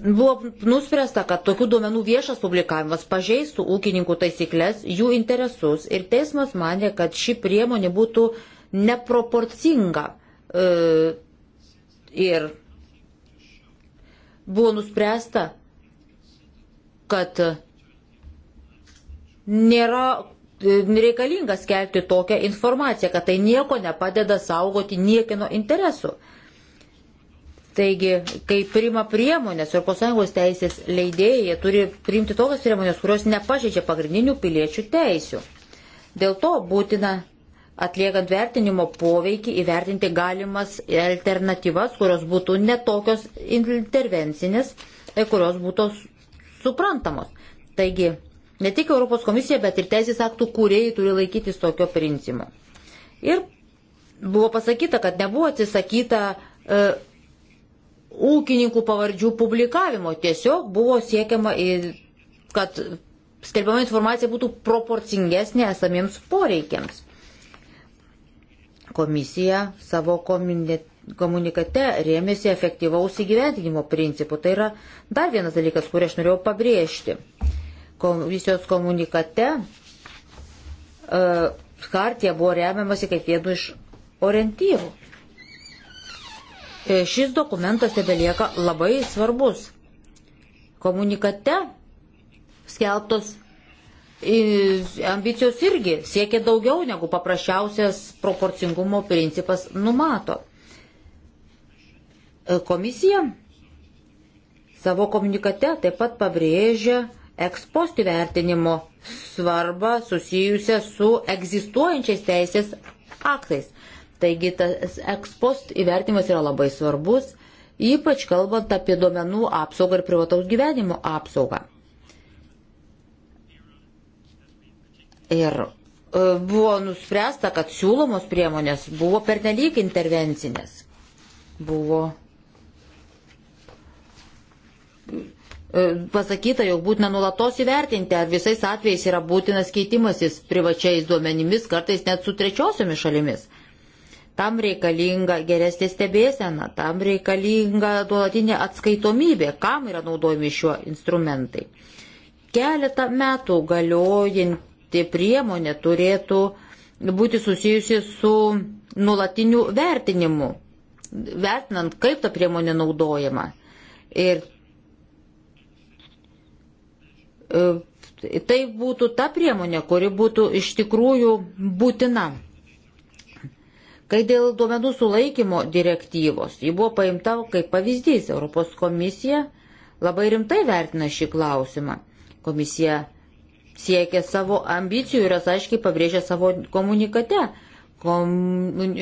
buvo nuspręsta, kad tokių duomenų viešas publikavimas pažeistų ūkininkų taisyklės, jų interesus ir teismas mane, kad ši priemonė būtų neproporcinga. E, ir buvo nuspręsta, kad nėra e, reikalinga skelbti tokią informaciją, kad tai nieko nepadeda saugoti niekino interesų. Taigi, kai priima priemonės Europos Sąjungos teisės leidėjai, turi priimti tokias priemonės, kurios nepažeidžia pagrindinių piliečių teisių. Dėl to būtina atliekant vertinimo poveikį įvertinti galimas alternatyvas, kurios būtų netokios intervencinės ir tai kurios būtų suprantamos. Taigi, ne tik Europos komisija, bet ir teisės aktų kūrėjai turi laikytis tokio principo. Ir buvo pasakyta, kad nebuvo atsisakyta. E, ūkininkų pavardžių publikavimo. Tiesiog buvo siekiama, kad skelbiama informacija būtų proporcingesnė esamiems poreikiams. Komisija savo komunikate rėmėsi efektyvaus įgyvendinimo principu. Tai yra dar vienas dalykas, kurį aš norėjau pabrėžti. Komisijos komunikate uh, e, Hartija buvo remiamasi kaip vienu iš orientyrų. E, šis dokumentas tebelieka labai svarbus. Komunikate skelbtos ambicijos irgi siekia daugiau negu paprasčiausias proporcingumo principas numato. E, komisija savo komunikate taip pat pabrėžia ekspost įvertinimo svarbą susijusią su egzistuojančiais teisės aktais. Taigi tas ekspost įvertimas yra labai svarbus, ypač kalbant apie duomenų apsaugą ir privataus gyvenimo apsaugą. Ir e, buvo nuspręsta, kad siūlomos priemonės buvo pernelyg intervencinės. Buvo e, pasakyta, jog būtina nulatos įvertinti, ar visais atvejais yra būtinas keitimasis privačiais duomenimis, kartais net su trečiosiomis šalimis. Tam reikalinga geresnė stebėsena, tam reikalinga duolatinė atskaitomybė, kam yra naudojami šiuo instrumentai. Keletą metų galiojanti priemonė turėtų būti susijusi su nulatiniu vertinimu, vertinant, kaip ta priemonė naudojama. Ir e, tai būtų ta priemonė, kuri būtų iš tikrųjų būtina. Kai dėl duomenų sulaikymo direktyvos, ji buvo paimta kaip pavyzdys, Europos komisija labai rimtai vertina šį klausimą. Komisija siekia savo ambicijų ir jas aiškiai pabrėžia savo komunikate. Kom,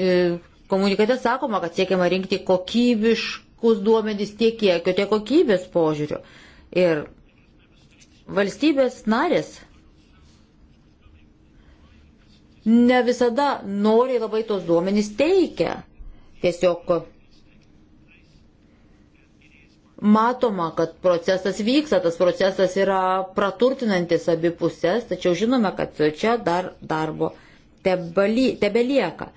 e, komunikate sakoma, kad siekiama rinkti kokybiškus duomenys tiek kiekio, tiek kokybės požiūrių. Ir valstybės narės ne visada noriai labai tos duomenys teikia. Tiesiog matoma, kad procesas vyksta, tas procesas yra praturtinantis abipusės, tačiau žinome, kad čia dar darbo tebelieka.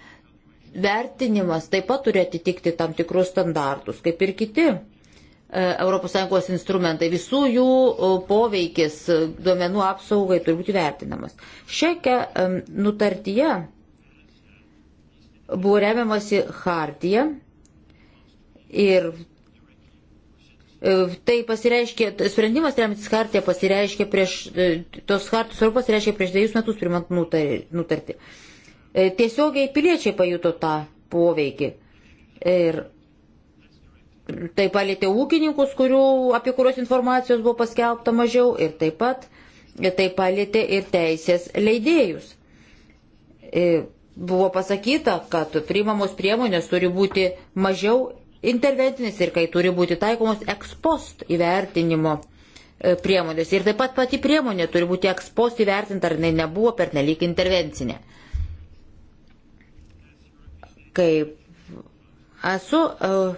Vertinimas taip pat turi atitikti tam tikrus standartus, kaip ir kiti ES instrumentai. Visų jų e, poveikis e, duomenų apsaugai turi būti vertinamas. Šiokia e, nutartyje buvo remiamasi hartija ir tai pasireiškė, sprendimas remiantis hartija pasireiškė prieš, tos hartijos svarbu pasireiškė prieš dviejus metus primant nutartį. Tiesiogiai piliečiai pajuto tą poveikį. Ir tai palėtė ūkininkus, kurių, apie kuriuos informacijos buvo paskelbta mažiau ir taip pat tai palėtė ir teisės leidėjus. E, buvo pasakyta, kad priimamos priemonės turi būti mažiau interventinės ir kai turi būti taikomos ekspost įvertinimo e, priemonės. Ir taip pat pati priemonė turi būti ekspost įvertinta, ar jinai nebuvo pernelyg intervencinė. Kaip esu uh,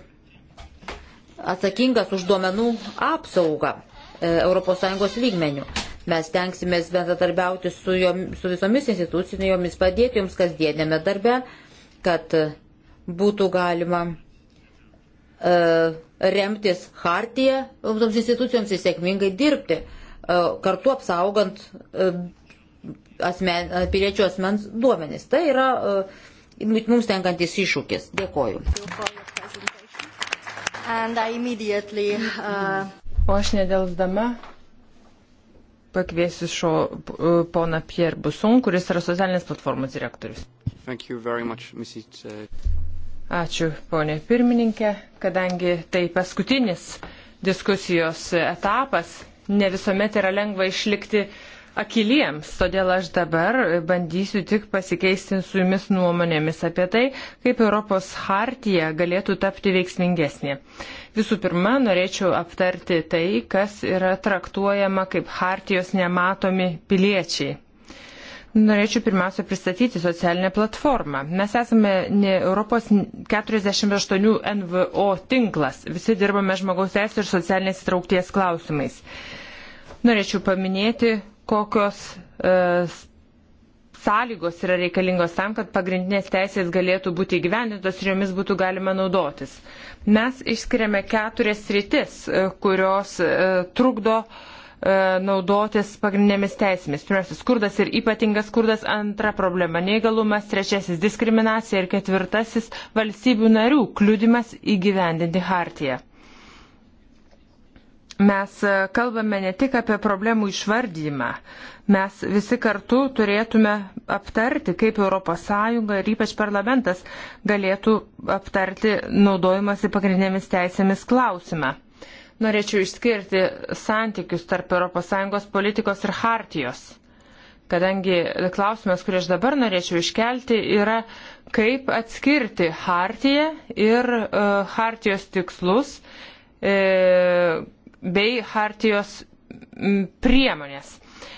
atsakingas už duomenų apsaugą ES lygmenių. Mes tenksimės bendradarbiauti su, jom, su visomis institucijomis, padėti jums kasdienėme darbe, kad būtų galima e, remtis hartiją toms institucijoms ir sėkmingai dirbti, e, kartu apsaugant e, asmen, piliečių asmens duomenis. Tai yra e, mums tenkantis iššūkis. Dėkoju. Dėkoju. Uh... O aš nedelsdama pakviesiu šio e, pona Pierre Buson, kuris yra socialinės platformos direktorius. Much, Mrs. Uh, Ačiū, ponė pirmininkė, kadangi tai paskutinis diskusijos etapas, ne visuomet yra lengva išlikti uh, akiliems, todėl aš dabar bandysiu tik pasikeisti su jumis nuomonėmis apie tai, kaip Europos hartija galėtų tapti veiksmingesnė. Visų pirma, norėčiau aptarti tai, kas yra traktuojama kaip hartijos nematomi piliečiai. Norėčiau pirmiausia pristatyti socialinę platformą. Mes esame Europos 48 NVO tinklas. Visi dirbame žmogaus teisų ir socialinės įtraukties klausimais. Norėčiau paminėti kokios e, sąlygos yra reikalingos tam, kad pagrindinės teisės galėtų būti įgyvendintos ir jomis būtų galima naudotis. Mes išskiriame keturias sritis, e, kurios e, trukdo e, naudotis pagrindinėmis teisėmis. Pirmiausia, skurdas ir ypatingas skurdas, antra problema - neįgalumas, trečiasis - diskriminacija ir ketvirtasis - valstybių narių kliūdimas įgyvendinti hartiją mes e, kalbame ne tik apie problemų išvardymą, mes visi kartu turėtume aptarti, kaip ES ir ypač parlamentas galėtų aptarti naudojimasi pagrindinėmis teisėmis klausimą. Norėčiau išskirti santykius tarp ES politikos ir hartijos, kadangi klausimas, kurį aš dabar norėčiau iškelti, yra kaip atskirti hartiją ir uh, hartijos tikslus, e, bei hartijos priemonės.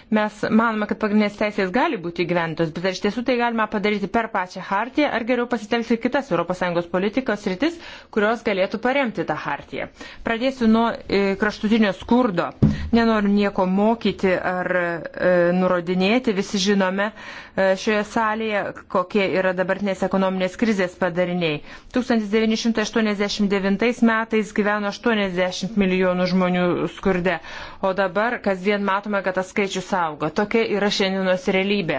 Mes manome, kad pagrindinės teisės gali būti įgyventos, bet ar iš tiesų tai galima padaryti per pačią hartiją, ar geriau pasitelkti kitas ES politikos rytis, kurios galėtų paremti tą hartiją. Pradėsiu nuo e, kraštutinio skurdo. Nenoriu nieko mokyti ar e, nurodinėti, visi žinome e, šioje salėje, kokie yra dabartinės ekonominės krizės padariniai. 1989 metais gyveno 80 milijonų žmonių skurde, o dabar kasdien matome, kad tas skaičius auga. Tokia yra šiandienos realybė.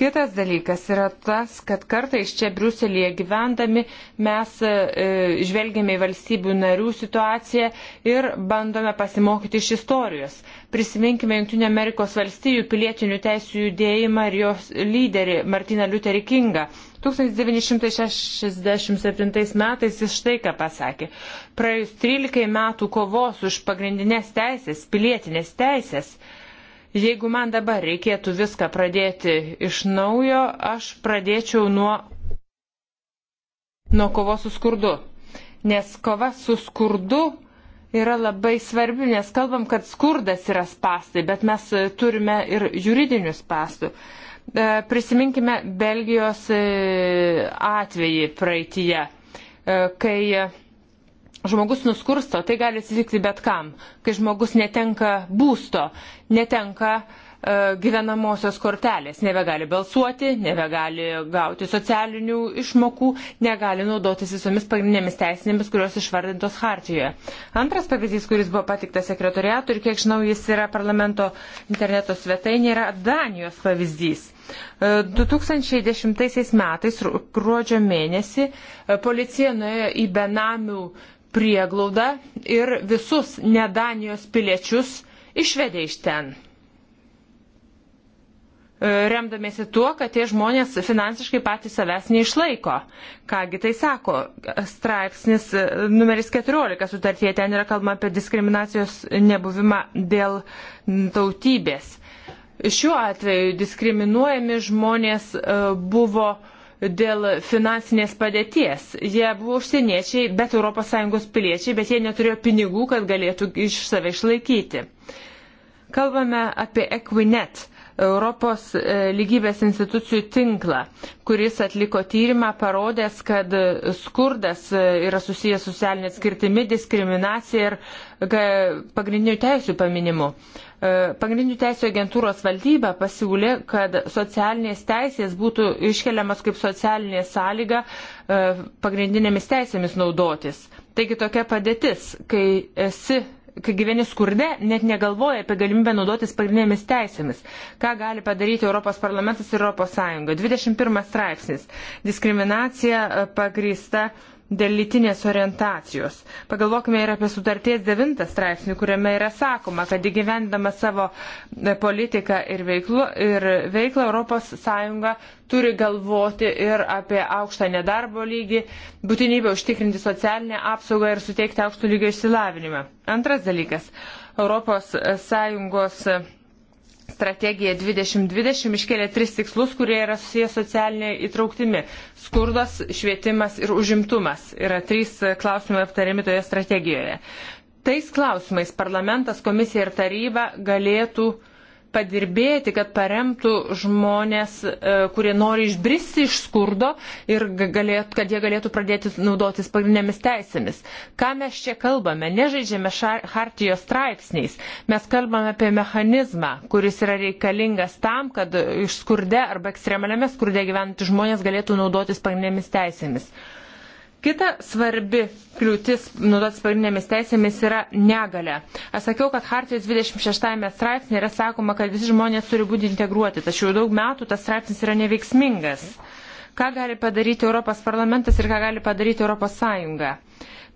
Kitas dalykas yra tas, kad kartais čia Briuselėje gyvendami mes e, žvelgiame į valstybių narių situaciją ir bandome pasimokyti iš istorijos. Prisiminkime Junktinio Amerikos valstybių pilietinių teisų judėjimą ir jos lyderį Martiną Lutherį Kingą. 1967 metais jis štai ką pasakė. Praėjus 13 metų kovos už pagrindinės teisės, pilietinės teisės, Jeigu man dabar reikėtų viską pradėti iš naujo, aš pradėčiau nuo, nuo kovos su skurdu. Nes kova su skurdu yra labai svarbi, nes kalbam, kad skurdas yra spastai, bet mes turime ir juridinius spastų. E, prisiminkime Belgijos e, atvejį praeitie, e, kai žmogus nuskursto, tai gali atsitikti bet kam. Kai žmogus netenka būsto, netenka e, gyvenamosios kortelės, nebegali balsuoti, nebegali gauti socialinių išmokų, negali naudotis visomis pagrindinėmis teisinėmis, kurios išvardintos Hartijoje. Antras pavyzdys, kuris buvo patiktas sekretoriatų ir kiek žinau, jis yra parlamento interneto svetainė, yra Danijos pavyzdys. 2010 e, metais, gruodžio mėnesį, e, policija nuėjo į benamių prieglaudą ir visus nedanijos piliečius išvedė iš ten. E, Remdamėsi tuo, kad tie žmonės finansiškai patys savęs neišlaiko. Kągi tai sako straipsnis e, numeris 14 sutartie, ten yra kalbama apie diskriminacijos nebuvimą dėl tautybės. Šiuo atveju diskriminuojami žmonės e, buvo uh, dėl finansinės padėties. Jie buvo užsieniečiai, bet ES piliečiai, bet jie neturėjo pinigų, kad galėtų iš save išlaikyti. Kalbame apie Equinet. Europos e, lygybės institucijų tinklą, kuris atliko tyrimą parodęs, kad skurdas e, yra susijęs socialinė atskirtimi, diskriminacija ir e, pagrindinių teisų paminimu. E, pagrindinių teisų agentūros valdyba pasiūlė, kad socialinės teisės būtų iškeliamas kaip socialinė sąlyga e, pagrindinėmis teisėmis naudotis. Taigi tokia padėtis, kai esi kai gyveni skurde, net negalvoja apie galimybę naudotis pagrindinėmis teisėmis. Ką gali padaryti Europos parlamentas ir Europos Sąjunga? 21 straipsnis. Diskriminacija e, pagrįsta uh, dėl lytinės orientacijos. Pagalvokime ir apie sutarties devintą straipsnį, kuriame yra sakoma, kad įgyvendama savo e, politiką ir, veiklu, ir veiklą ES turi galvoti ir apie aukštą nedarbo lygį, būtinybę užtikrinti socialinę apsaugą ir suteikti aukštų lygio išsilavinimą. Antras dalykas. ES strategija 2020 iškėlė tris tikslus, kurie yra susijęs socialinė įtrauktimi. Skurdas, švietimas ir užimtumas yra trys klausimai aptariami toje strategijoje. Tais klausimais parlamentas, komisija ir taryba galėtų uh, padirbėti, kad paremtų žmonės, e, kurie nori išbristi iš skurdo ir galėt, kad jie galėtų pradėti naudotis pagrindinėmis teisėmis. Ką mes čia kalbame? Nežaidžiame hartijos straipsniais. Mes kalbame apie mechanizmą, kuris yra reikalingas tam, kad iš skurde arba ekstremaliame skurde gyventi žmonės galėtų naudotis pagrindinėmis teisėmis. Kita svarbi kliūtis naudotis pagrindinėmis teisėmis yra negalė. Aš sakiau, kad Hartijos 26 straipsnė yra sakoma, kad visi žmonės turi būti integruoti, tačiau jau daug metų tas straipsnis yra neveiksmingas. Ką gali padaryti Europos parlamentas ir ką gali padaryti Europos Sąjunga?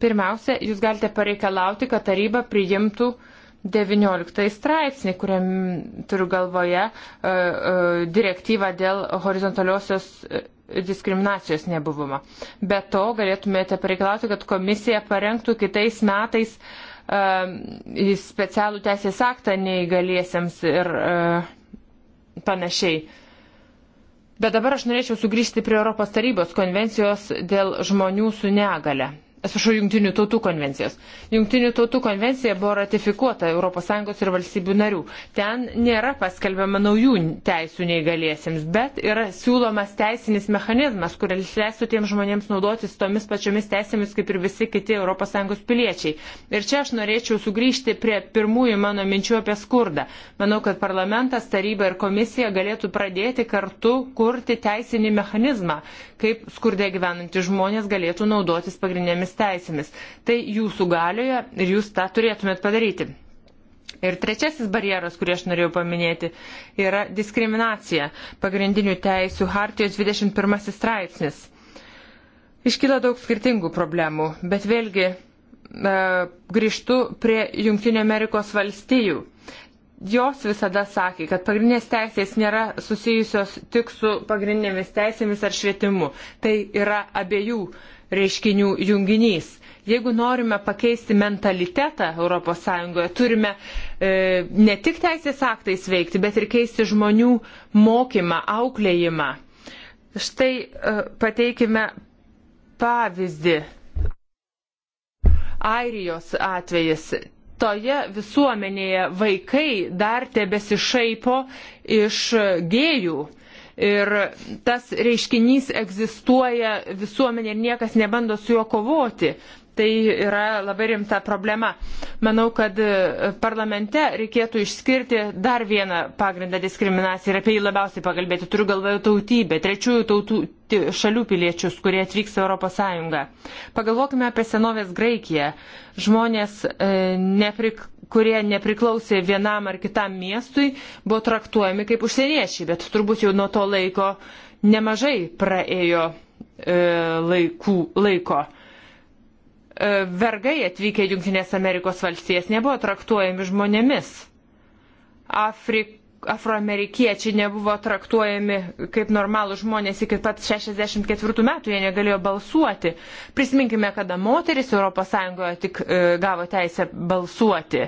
Pirmiausia, jūs galite pareikalauti, kad taryba priimtų 19 straipsnį, kuriam turiu galvoje e, e, direktyvą dėl horizontaliosios diskriminacijos nebuvimo. Be to galėtumėte pareikalauti, kad komisija parengtų kitais metais uh, specialų teisės aktą neįgaliesiems ir uh, panašiai. Bet dabar aš norėčiau sugrįžti prie Europos tarybos konvencijos dėl žmonių su negale atsiprašau, Junktinių tautų konvencijos. Junktinių tautų konvencija buvo ratifikuota ES ir valstybių narių. Ten nėra paskelbiama naujų teisų neįgaliesiems, bet yra siūlomas teisinis mechanizmas, kuris leistų tiems žmonėms naudotis tomis pačiomis teisėmis kaip ir visi kiti ES piliečiai. Ir čia aš norėčiau sugrįžti prie pirmųjų mano minčių apie skurdą. Manau, kad parlamentas, taryba ir komisija galėtų pradėti kartu kurti teisinį mechanizmą, kaip skurdė gyvenantys žmonės galėtų naudotis pagrindinėmis žmogiškomis teisėmis. Tai jūsų galioje ir jūs tą turėtumėt padaryti. Ir trečiasis barjeras, kurį aš norėjau paminėti, yra diskriminacija. Pagrindinių teisių hartijos 21 straipsnis. Iškyla daug skirtingų problemų, bet vėlgi e, grįžtu prie Junktinio Amerikos valstijų jos visada sakė, kad pagrindinės teisės nėra susijusios tik su pagrindinėmis teisėmis ar švietimu. Tai yra abiejų reiškinių junginys. Jeigu norime pakeisti mentalitetą ES, turime e, ne tik teisės aktais veikti, bet ir keisti žmonių mokymą, auklėjimą. Štai e, pateikime pavyzdį. Airijos atvejis toje visuomenėje vaikai dar tebesišaipo iš gėjų. Ir tas reiškinys egzistuoja visuomenė ir niekas nebando su juo kovoti tai yra labai rimta problema. Manau, kad e, parlamente reikėtų išskirti dar vieną pagrindą diskriminaciją ir apie jį labiausiai pakalbėti. Turiu galvoje tautybę, trečiųjų tautų šalių piliečius, kurie atvyks Europos Sąjungą. Pagalvokime apie senovės Graikiją. Žmonės, e, neprik, kurie nepriklausė vienam ar kitam miestui, buvo traktuojami kaip užsieniečiai, bet turbūt jau nuo to laiko nemažai praėjo e, laikų, laiko. E, vergai atvykę į Junktinės Amerikos valstijas nebuvo traktuojami žmonėmis. Afrik, afroamerikiečiai nebuvo traktuojami kaip normalų žmonės iki pat 64 metų, jie negalėjo balsuoti. Prisiminkime, kada moteris ES tik e, gavo teisę balsuoti.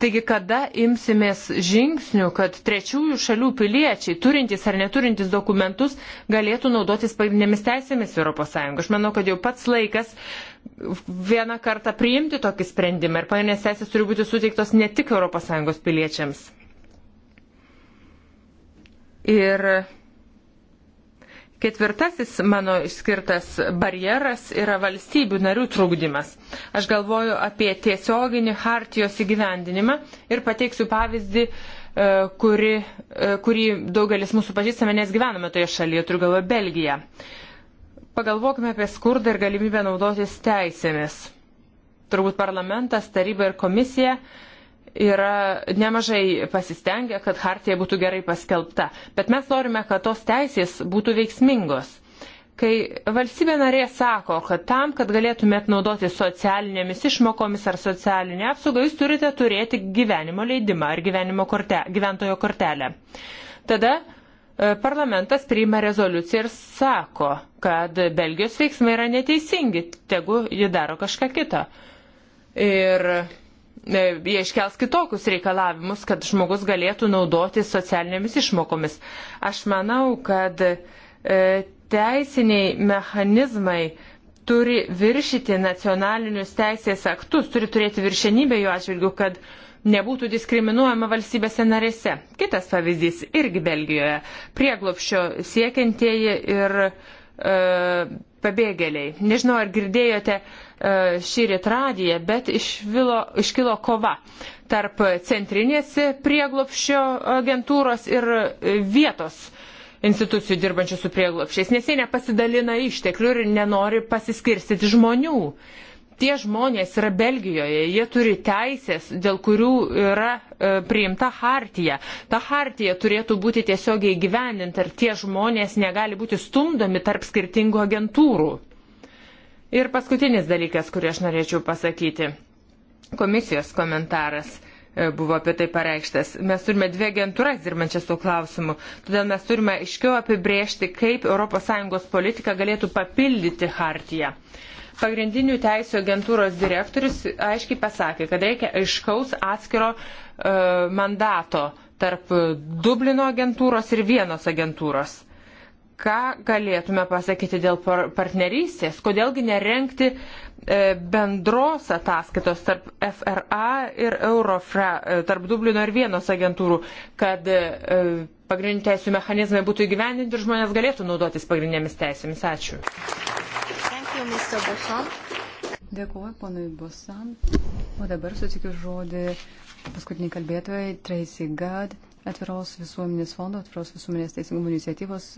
Taigi, kada imsimės žingsnių, kad trečiųjų šalių piliečiai, turintys ar neturintys dokumentus, galėtų naudotis pagrindinėmis teisėmis ES? Aš manau, kad jau pats laikas vieną kartą priimti tokį sprendimą ir pagrindinės teisės turi būti suteiktos ne tik ES piliečiams. Ir ketvirtasis mano išskirtas barjeras yra valstybių narių trūkdymas. Aš galvoju apie tiesioginį hartijos įgyvendinimą ir pateiksiu pavyzdį, e, kuri, e, kurį daugelis mūsų pažįstame, nes gyvename toje šalyje, turiu galvoje Belgiją. Pagalvokime apie skurdą ir galimybę naudotis teisėmis. Turbūt parlamentas, taryba ir komisija yra nemažai pasistengę, kad hartija būtų gerai paskelbta. Bet mes norime, kad tos teisės būtų veiksmingos. Kai valstybė narė sako, kad tam, kad galėtumėt naudoti socialinėmis išmokomis ar socialinė apsauga, jūs turite turėti gyvenimo leidimą ar gyvenimo korte, gyventojo kortelę. Tada E, parlamentas priima rezoliuciją ir sako, kad Belgijos veiksmai yra neteisingi, tegu ji daro kažką kitą. Ir e, jie iškels kitokius reikalavimus, kad žmogus galėtų naudotis socialinėmis išmokomis. Aš manau, kad e, teisiniai mechanizmai turi viršyti nacionalinius teisės aktus, turi turėti viršenybę jų atžvilgių, kad uh, nebūtų diskriminuojama valstybėse narėse. Kitas pavyzdys irgi Belgijoje - prieglopščio siekiantieji ir e, pabėgėliai. Nežinau, ar girdėjote e, šį radiją, bet išvilo, iškilo kova tarp centrinės prieglopščio agentūros ir vietos institucijų dirbančių su prieglopščiais, nes jie nepasidalina išteklių ir nenori pasiskirstyti žmonių. E, tie žmonės yra Belgijoje, jie turi teisės, dėl kurių yra e, priimta hartija. Ta hartija turėtų būti tiesiogiai gyveninti ir tie žmonės negali būti stumdomi tarp skirtingų agentūrų. Ir paskutinis dalykas, kurį aš norėčiau pasakyti. Komisijos komentaras e, buvo apie tai pareikštas. Mes turime dvi agentūras dirbančias tuo klausimu, todėl mes turime aiškiau apibriežti, kaip ES politika galėtų papildyti hartiją. Uh, Pagrindinių teisų agentūros direktorius aiškiai pasakė, kad reikia aiškaus atskiro uh, mandato tarp Dublino agentūros ir vienos agentūros. Ką galėtume pasakyti dėl par partnerystės? Kodėlgi nerenkti e, bendros ataskaitos tarp FRA ir Eurofra, e, tarp Dublino ir vienos agentūrų, kad e, pagrindinių teisų mechanizmai būtų įgyvendinti ir žmonės galėtų naudotis pagrindinėmis teisėmis? Ačiū you, Mr. Busan. Dėkuoju, ponui Busan. O dabar sutikiu žodį paskutiniai kalbėtojai Tracy Gad, atviros visuomenės fondo, atviros visuomenės teisingumo iniciatyvos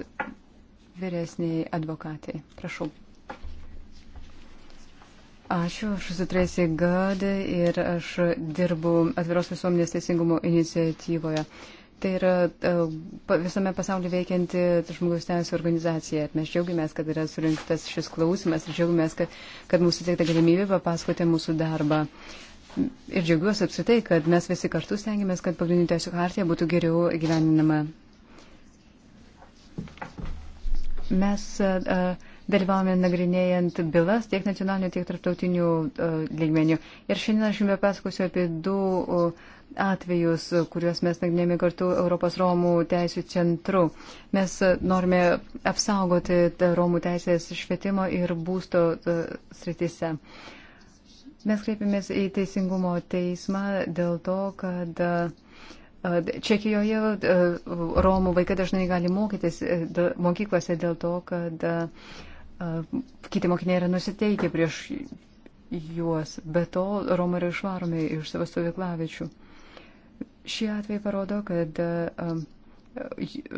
vyresniai advokatai. Prašau. Ačiū, aš esu Tracy Gad ir aš dirbu atviros visuomenės teisingumo iniciatyvoje. Uh, Tai yra e, visame pasaulyje veikianti žmogaus teisų organizacija. Mes džiaugiamės, kad yra surinktas šis klausimas ir džiaugiamės, kad, kad mūsų teikta galimybė papasakoti mūsų darbą. Ir džiaugiuosi apsitai, kad mes visi kartu stengiamės, kad pagrindinė teisų hartija būtų geriau gyveninama. Mes uh, e, e, dalyvavome nagrinėjant bylas tiek nacionalinių, tiek tarptautinių uh, lygmenių. Ir šiandien aš jums papasakosiu apie du uh, atvejus, kuriuos mes nagrinėjame kartu Europos Romų teisų centru. Mes norime apsaugoti Romų teisės švietimo ir būsto e, sritise. Mes kreipėmės į Teisingumo teismą dėl to, kad e, Čekijoje e, Romų vaikai dažnai gali mokytis mokyklose dėl to, kad kiti mokiniai yra nusiteikę prieš juos. Be to, Romai yra išvaromi iš savo stovyklavičių. Šie atvejai parodo, kad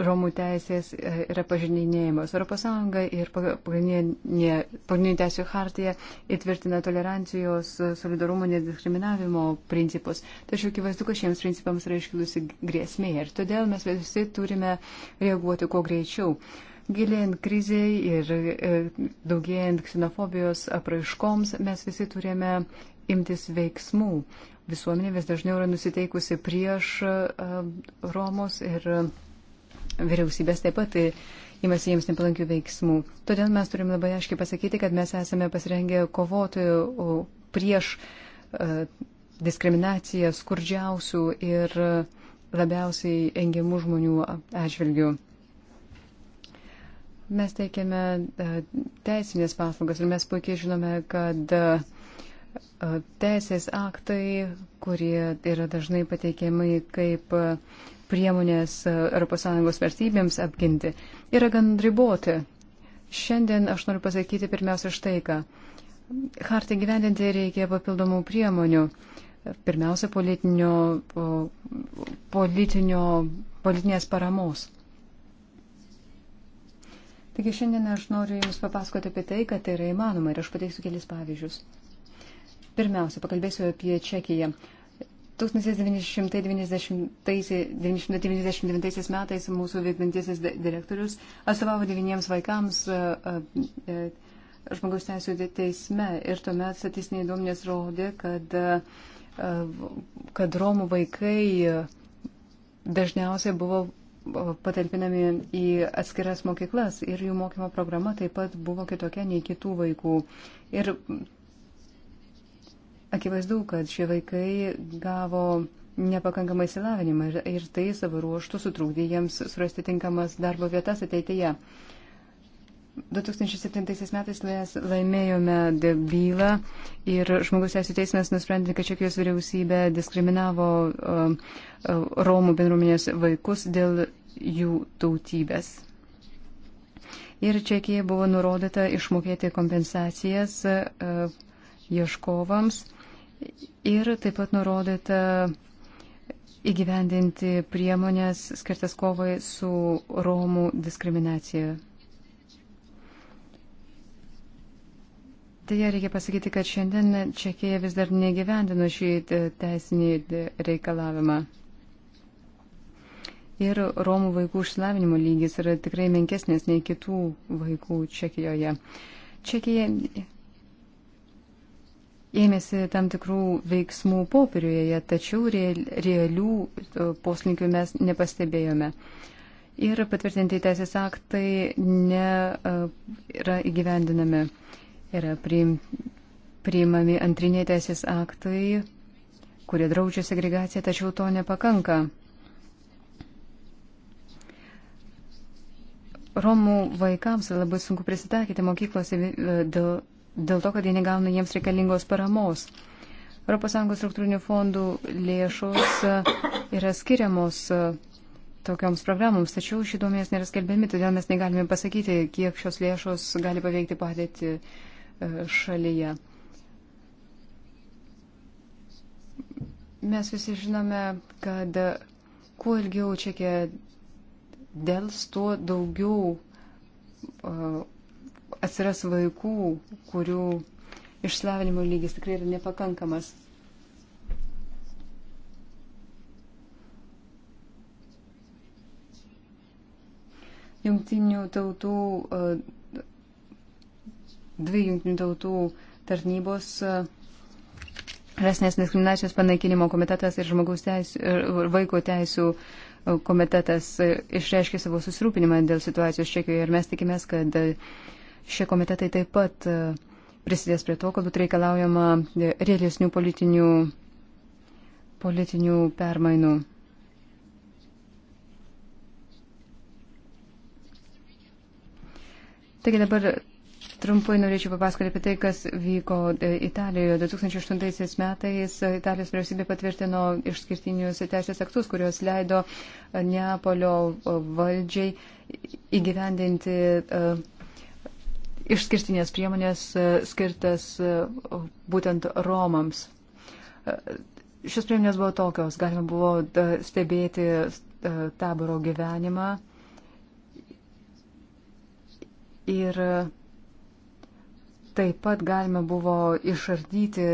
Romų teisės e, yra pažinėjimos. ES ir pagrindinė teisų hartija įtvirtina tolerancijos, solidarumo, nediskriminavimo principus. Tačiau akivaizdu, kad šiems principams yra iškilusi grėsmė ir todėl mes visi turime reaguoti kuo greičiau. Gilėjant kriziai ir e, daugėjant ksenofobijos apraiškoms, mes visi turime imtis veiksmų visuomenė vis dažniau yra nusiteikusi prieš e, Romus ir vyriausybės taip pat imasi jiems nepalankių veiksmų. Todėl mes turim labai aiškiai pasakyti, kad mes esame pasirengę kovoti prieš e, diskriminaciją skurdžiausių ir labiausiai engiamų žmonių atžvilgių. Mes teikiame e, teisinės paslaugas ir mes puikiai žinome, kad teisės aktai, kurie yra dažnai pateikiami kaip priemonės ES vertybėms apginti, yra gan riboti. Šiandien aš noriu pasakyti pirmiausia štai ką. Hartai gyvendinti reikia papildomų priemonių. Pirmiausia, politinio, politinio, politinės paramos. Taigi šiandien aš noriu Jums papasakoti apie tai, kad tai yra įmanoma ir aš pateiksiu kelis pavyzdžius. Pirmiausia, pakalbėsiu apie Čekiją. 1999 metais mūsų vykdantisis direktorius atstovavo devyniems vaikams e, žmogaus teisų teisme ir tuomet statistiniai duomenės rodė, kad, kad Romų vaikai dažniausiai buvo patalpinami į atskiras mokyklas ir jų mokymo programa taip pat buvo kitokia nei kitų vaikų. Ir Akivaizdu, kad šie vaikai gavo nepakankamą įsilavinimą ir, ir tai savo ruoštų sutrūkdė jiems surasti tinkamas darbo vietas ateityje. 2007 metais mes laimėjome bylą ir žmogus teisų teismas nusprendė, kad Čekijos vyriausybė diskriminavo uh, uh, Romų bendruomenės vaikus dėl jų tautybės. Ir Čekija buvo nurodyta išmokėti kompensacijas uh, ieškovams. Uh, ir taip pat nurodyta įgyvendinti priemonės skirtas kovai su Romų diskriminacija. Deja, reikia pasakyti, kad šiandien Čekija vis dar negyvendino šį teisinį reikalavimą. Ir Romų vaikų išsilavinimo lygis yra tikrai menkesnis nei kitų vaikų Čekijoje. Čekija ėmėsi tam tikrų veiksmų popieriuje, tačiau realių e, poslinkių mes nepastebėjome. Ir patvirtinti teisės aktai nėra e, įgyvendinami. Yra priimami antriniai teisės aktai, kurie draudžia segregaciją, tačiau to nepakanka. Romų vaikams labai sunku prisitaikyti mokyklose e, dėl dėl to, kad jie negauna jiems reikalingos paramos. ES struktūrinių fondų lėšos e, yra skiriamos e, tokioms programoms, tačiau šie duomenys nėra skelbiami, todėl mes negalime pasakyti, kiek šios lėšos gali paveikti padėti e, šalyje. Mes visi žinome, kad kuo ilgiau Čekija dėls, tuo daugiau atsiras vaikų, kurių išslavinimo lygis tikrai yra nepakankamas. Jungtinių tautų, e, dvi jungtinių tautų tarnybos e, Rasinės diskriminacijos panaikinimo komitetas ir žmogaus teisų, ir vaiko teisų e, komitetas išreiškė savo susirūpinimą dėl situacijos Čekijoje ir mes tikimės, kad Šie komitetai taip pat e, prisidės prie to, kad būtų reikalaujama e, realesnių politinių, politinių permainų. Taigi dabar trumpai norėčiau papasakoti apie tai, kas vyko e, Italijoje. 2008 metais Italijos vyriausybė patvirtino išskirtinius teisės aktus, kurios leido Neapolio valdžiai įgyvendinti uh, išskirtinės priemonės e, skirtas e, būtent Romams. E, šios priemonės buvo tokios, galima buvo stebėti taboro gyvenimą ir taip pat galima buvo išardyti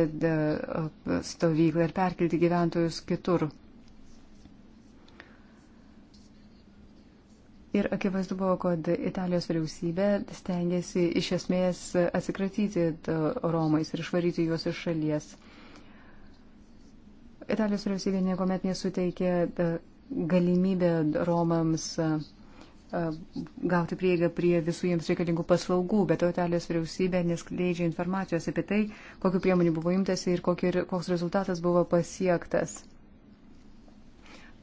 stovyklą ir perkelti gyventojus kitur. Ir akivaizdu buvo, kad Italijos vyriausybė stengiasi iš esmės atsikratyti Romais ir išvaryti juos iš šalies. Italijos vyriausybė niekuomet nesuteikė e, galimybę Romams e, e, gauti prieigą prie visų jiems reikalingų paslaugų, bet to Italijos vyriausybė neskleidžia informacijos apie tai, kokiu priemonių buvo imtasi ir koks rezultatas buvo pasiektas.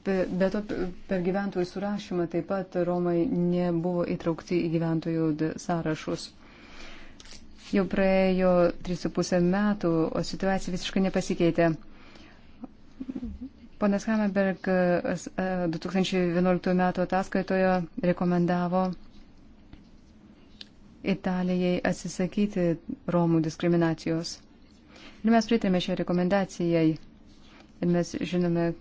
Be to, per gyventojų surašymą taip pat Romai nebuvo įtraukti į gyventojų sąrašus. Jau praėjo 3,5 metų, o situacija visiškai nepasikeitė. Ponas Hameberg 2011 metų ataskaitoje rekomendavo Italijai atsisakyti Romų diskriminacijos. Ir mes pritarėme šią rekomendacijai. Ir mes žinome,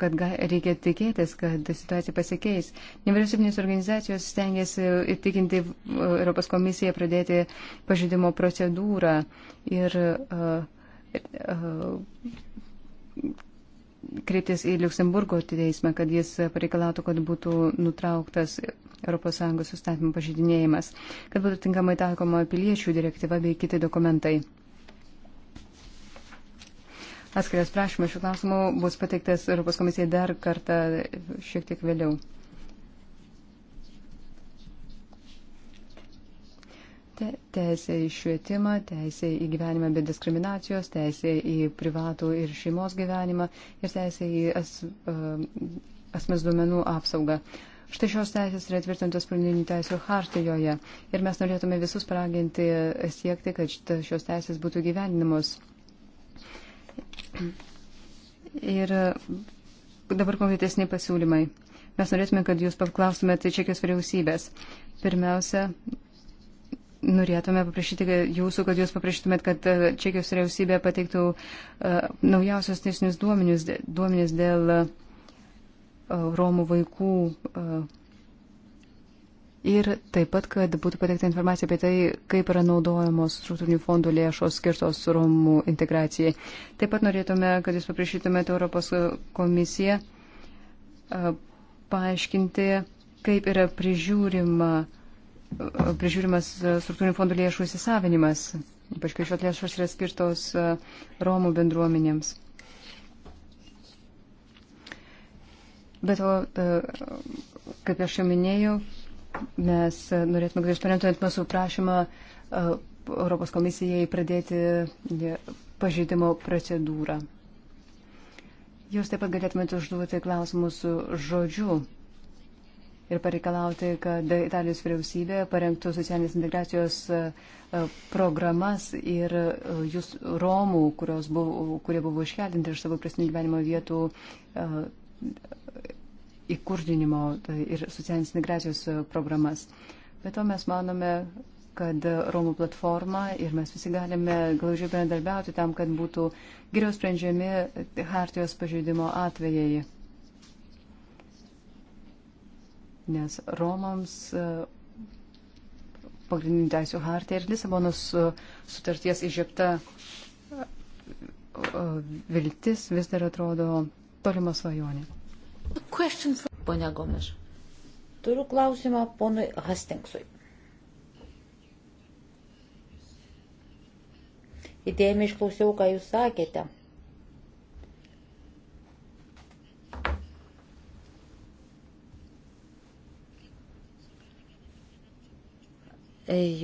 kad reikia tikėtis, kad situacija pasikeis. Nevyriausybinės organizacijos stengiasi įtikinti uh, Europos komisiją pradėti pažydimo procedūrą ir uh, uh, kreiptis į Luxemburgo teismą, kad jis pareikalautų, kad būtų nutrauktas ES sustatymų pažydinėjimas, kad būtų tinkamai taikoma piliečių direktyva bei kiti dokumentai. Atskiras prašymas šių klausimų bus pateiktas Europos komisijai dar kartą šiek tiek vėliau. Te, teisė į švietimą, teisė į gyvenimą be diskriminacijos, teisė į privatų ir šeimos gyvenimą ir teisė į as, uh, asmens duomenų apsaugą. Štai šios teisės yra tvirtintos pagrindinių teisų hartijoje ir mes norėtume visus paraginti siekti, kad šios teisės būtų gyvendinamos. Ir e, dabar konkretesni pasiūlymai. Mes norėtume, kad jūs paklaustumėte Čekijos vyriausybės. Pirmiausia, norėtume paprašyti jūsų, kad jūs paprašytumėt, kad e, Čekijos vyriausybė pateiktų uh, naujausios teisinius duomenis, duomenis dėl uh, Romų vaikų. Uh, Ir taip pat, kad būtų patekta informacija apie tai, kaip yra naudojamos struktūrinių fondų lėšos skirtos Romų integracijai. Taip pat norėtume, kad jūs paprašytumėte Europos komisiją paaiškinti, kaip yra prižiūrima, prižiūrimas struktūrinių fondų lėšų įsisavinimas, ypač kai šios lėšos yra skirtos Romų bendruomenėms. Bet o, kaip aš jau minėjau, Mes e, norėtume grįžti orientuojant mūsų prašymą e, Europos komisijai pradėti e, pažeidimo procedūrą. Jūs taip pat galėtumėte užduoti klausimus žodžiu ir pareikalauti, kad Italijos vyriausybė parengtų socialinės integracijos programas ir jūs Romų, buvo, kurie buvo iškeldinti iš savo prasminių gyvenimo vietų, įkurdinimo tai ir socialinės migracijos e, programas. Bet to mes manome, kad Romų platforma ir mes visi galime glaužiai bendarbiauti tam, kad būtų geriau sprendžiami hartijos pažeidimo atvejai. Nes Romams e, pagrindinių teisų hartija ir Lisabonos e, sutarties įžiepta viltis vis dar atrodo tolima svajonė. Pone Gomeš. Turiu klausimą ponui Hastingsui. Įdėmiai išklausiau, ką jūs sakėte.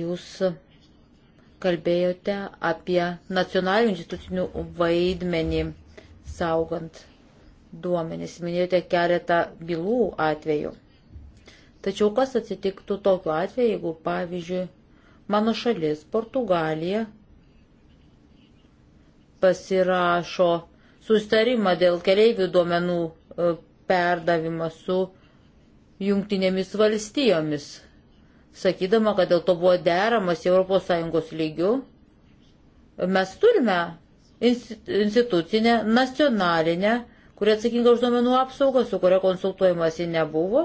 Jūs kalbėjote apie nacionalinių institucinių vaidmenį saugant duomenys, minėjote keletą bylų atvejų. Tačiau kas atsitiktų tokiu atveju, jeigu, pavyzdžiui, mano šalis, Portugalija, pasirašo sustarimą dėl keleivių duomenų e, perdavimą su jungtinėmis valstijomis, sakydama, kad dėl to buvo deramas ES lygių, mes turime institucinę, nacionalinę kuri atsakinga už duomenų apsaugą, su kuria konsultuojamasi nebuvo.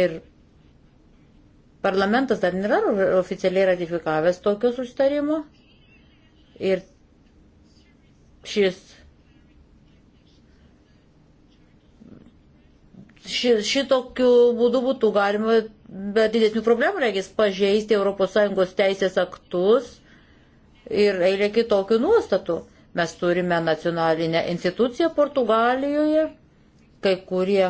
Ir parlamentas dar nėra oficialiai ratifikavęs tokio sustarimo. Ir šis ši, šitokiu būdu būtų galima be didesnių problemų, reikės, pažeisti ES teisės aktus ir eilė kitokių nuostatų. Mes turime nacionalinę instituciją Portugalijoje, kai kurie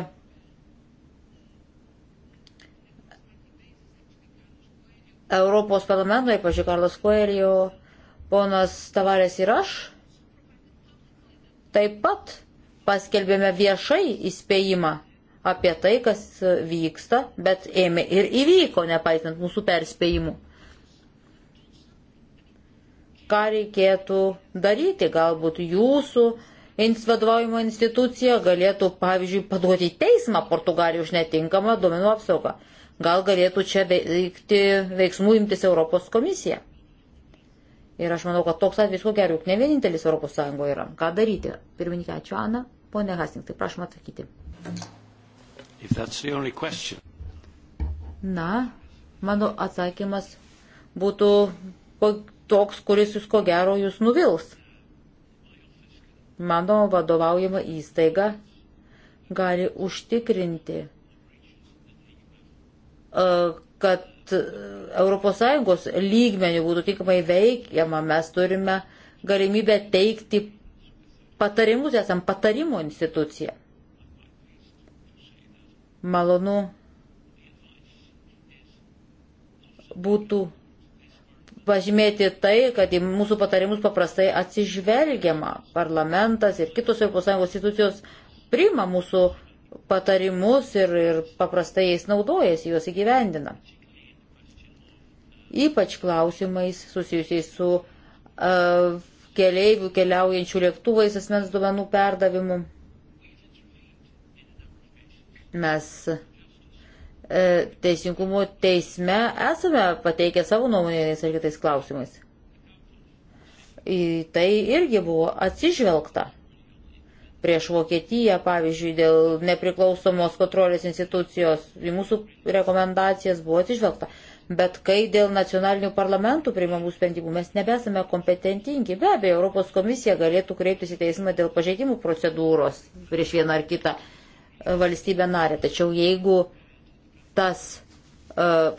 Europos parlamento, ypač Karlas Koelio, ponas Tavarės ir aš, taip pat paskelbėme viešai įspėjimą apie tai, kas vyksta, bet ėmė ir įvyko, nepaisant mūsų perspėjimų ką reikėtų daryti. Galbūt jūsų vadovaujimo institucija galėtų, pavyzdžiui, paduoti į teismą Portugaliją už netinkamą duomenų apsaugą. Gal galėtų čia veikti, veiksmų imtis Europos komisija. Ir aš manau, kad toks atvejis, ko geriau, ne vienintelis ES yra. Ką daryti? Pirmininkė, ačiū Ana. Pone Hasinktai, prašom atsakyti. Na, mano atsakymas būtų toks, kuris jūs ko gero jūs nuvils. Mano vadovaujama įstaiga gali užtikrinti, e, kad ES lygmenių būtų tinkamai veikiama, mes turime galimybę teikti patarimus, esam patarimo institucija. Malonu būtų pažymėti tai, kad į mūsų patarimus paprastai atsižvelgiama. Parlamentas ir kitos ES institucijos priima mūsų patarimus ir, ir paprastai jais naudojasi, juos įgyvendina. Ypač klausimais susijusiais su uh, keleivių keliaujančių lėktuvais asmens duomenų perdavimu. Mes uh, E, teisingumo teisme esame pateikę savo nuomonės ir kitais klausimais. Į tai irgi buvo atsižvelgta. Prieš Vokietiją, pavyzdžiui, dėl nepriklausomos kontrolės institucijos į mūsų rekomendacijas buvo atsižvelgta. Bet kai dėl nacionalinių parlamentų priimamų sprendimų mes nebesame kompetentingi, be abejo, Europos komisija galėtų kreiptis į teismą dėl pažeidimų procedūros prieš vieną ar kitą valstybę narę. Tačiau jeigu tas uh,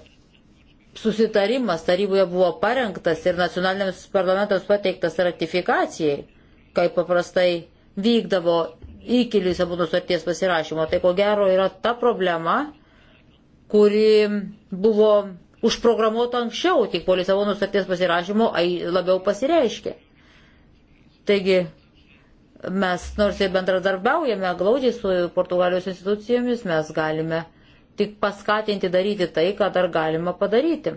susitarimas taryboje buvo parengtas ir nacionaliniams parlamentams pateiktas ratifikacijai, kaip paprastai vykdavo iki Lisabono sutarties pasirašymo. Tai ko gero yra ta problema, kuri buvo užprogramuota anksčiau, tik po Lisabono sutarties pasirašymo labiau pasireiškė. Taigi mes nors ir bendradarbiaujame glaudžiai su Portugalijos institucijomis, mes galime tik paskatinti daryti tai, ką dar galima padaryti,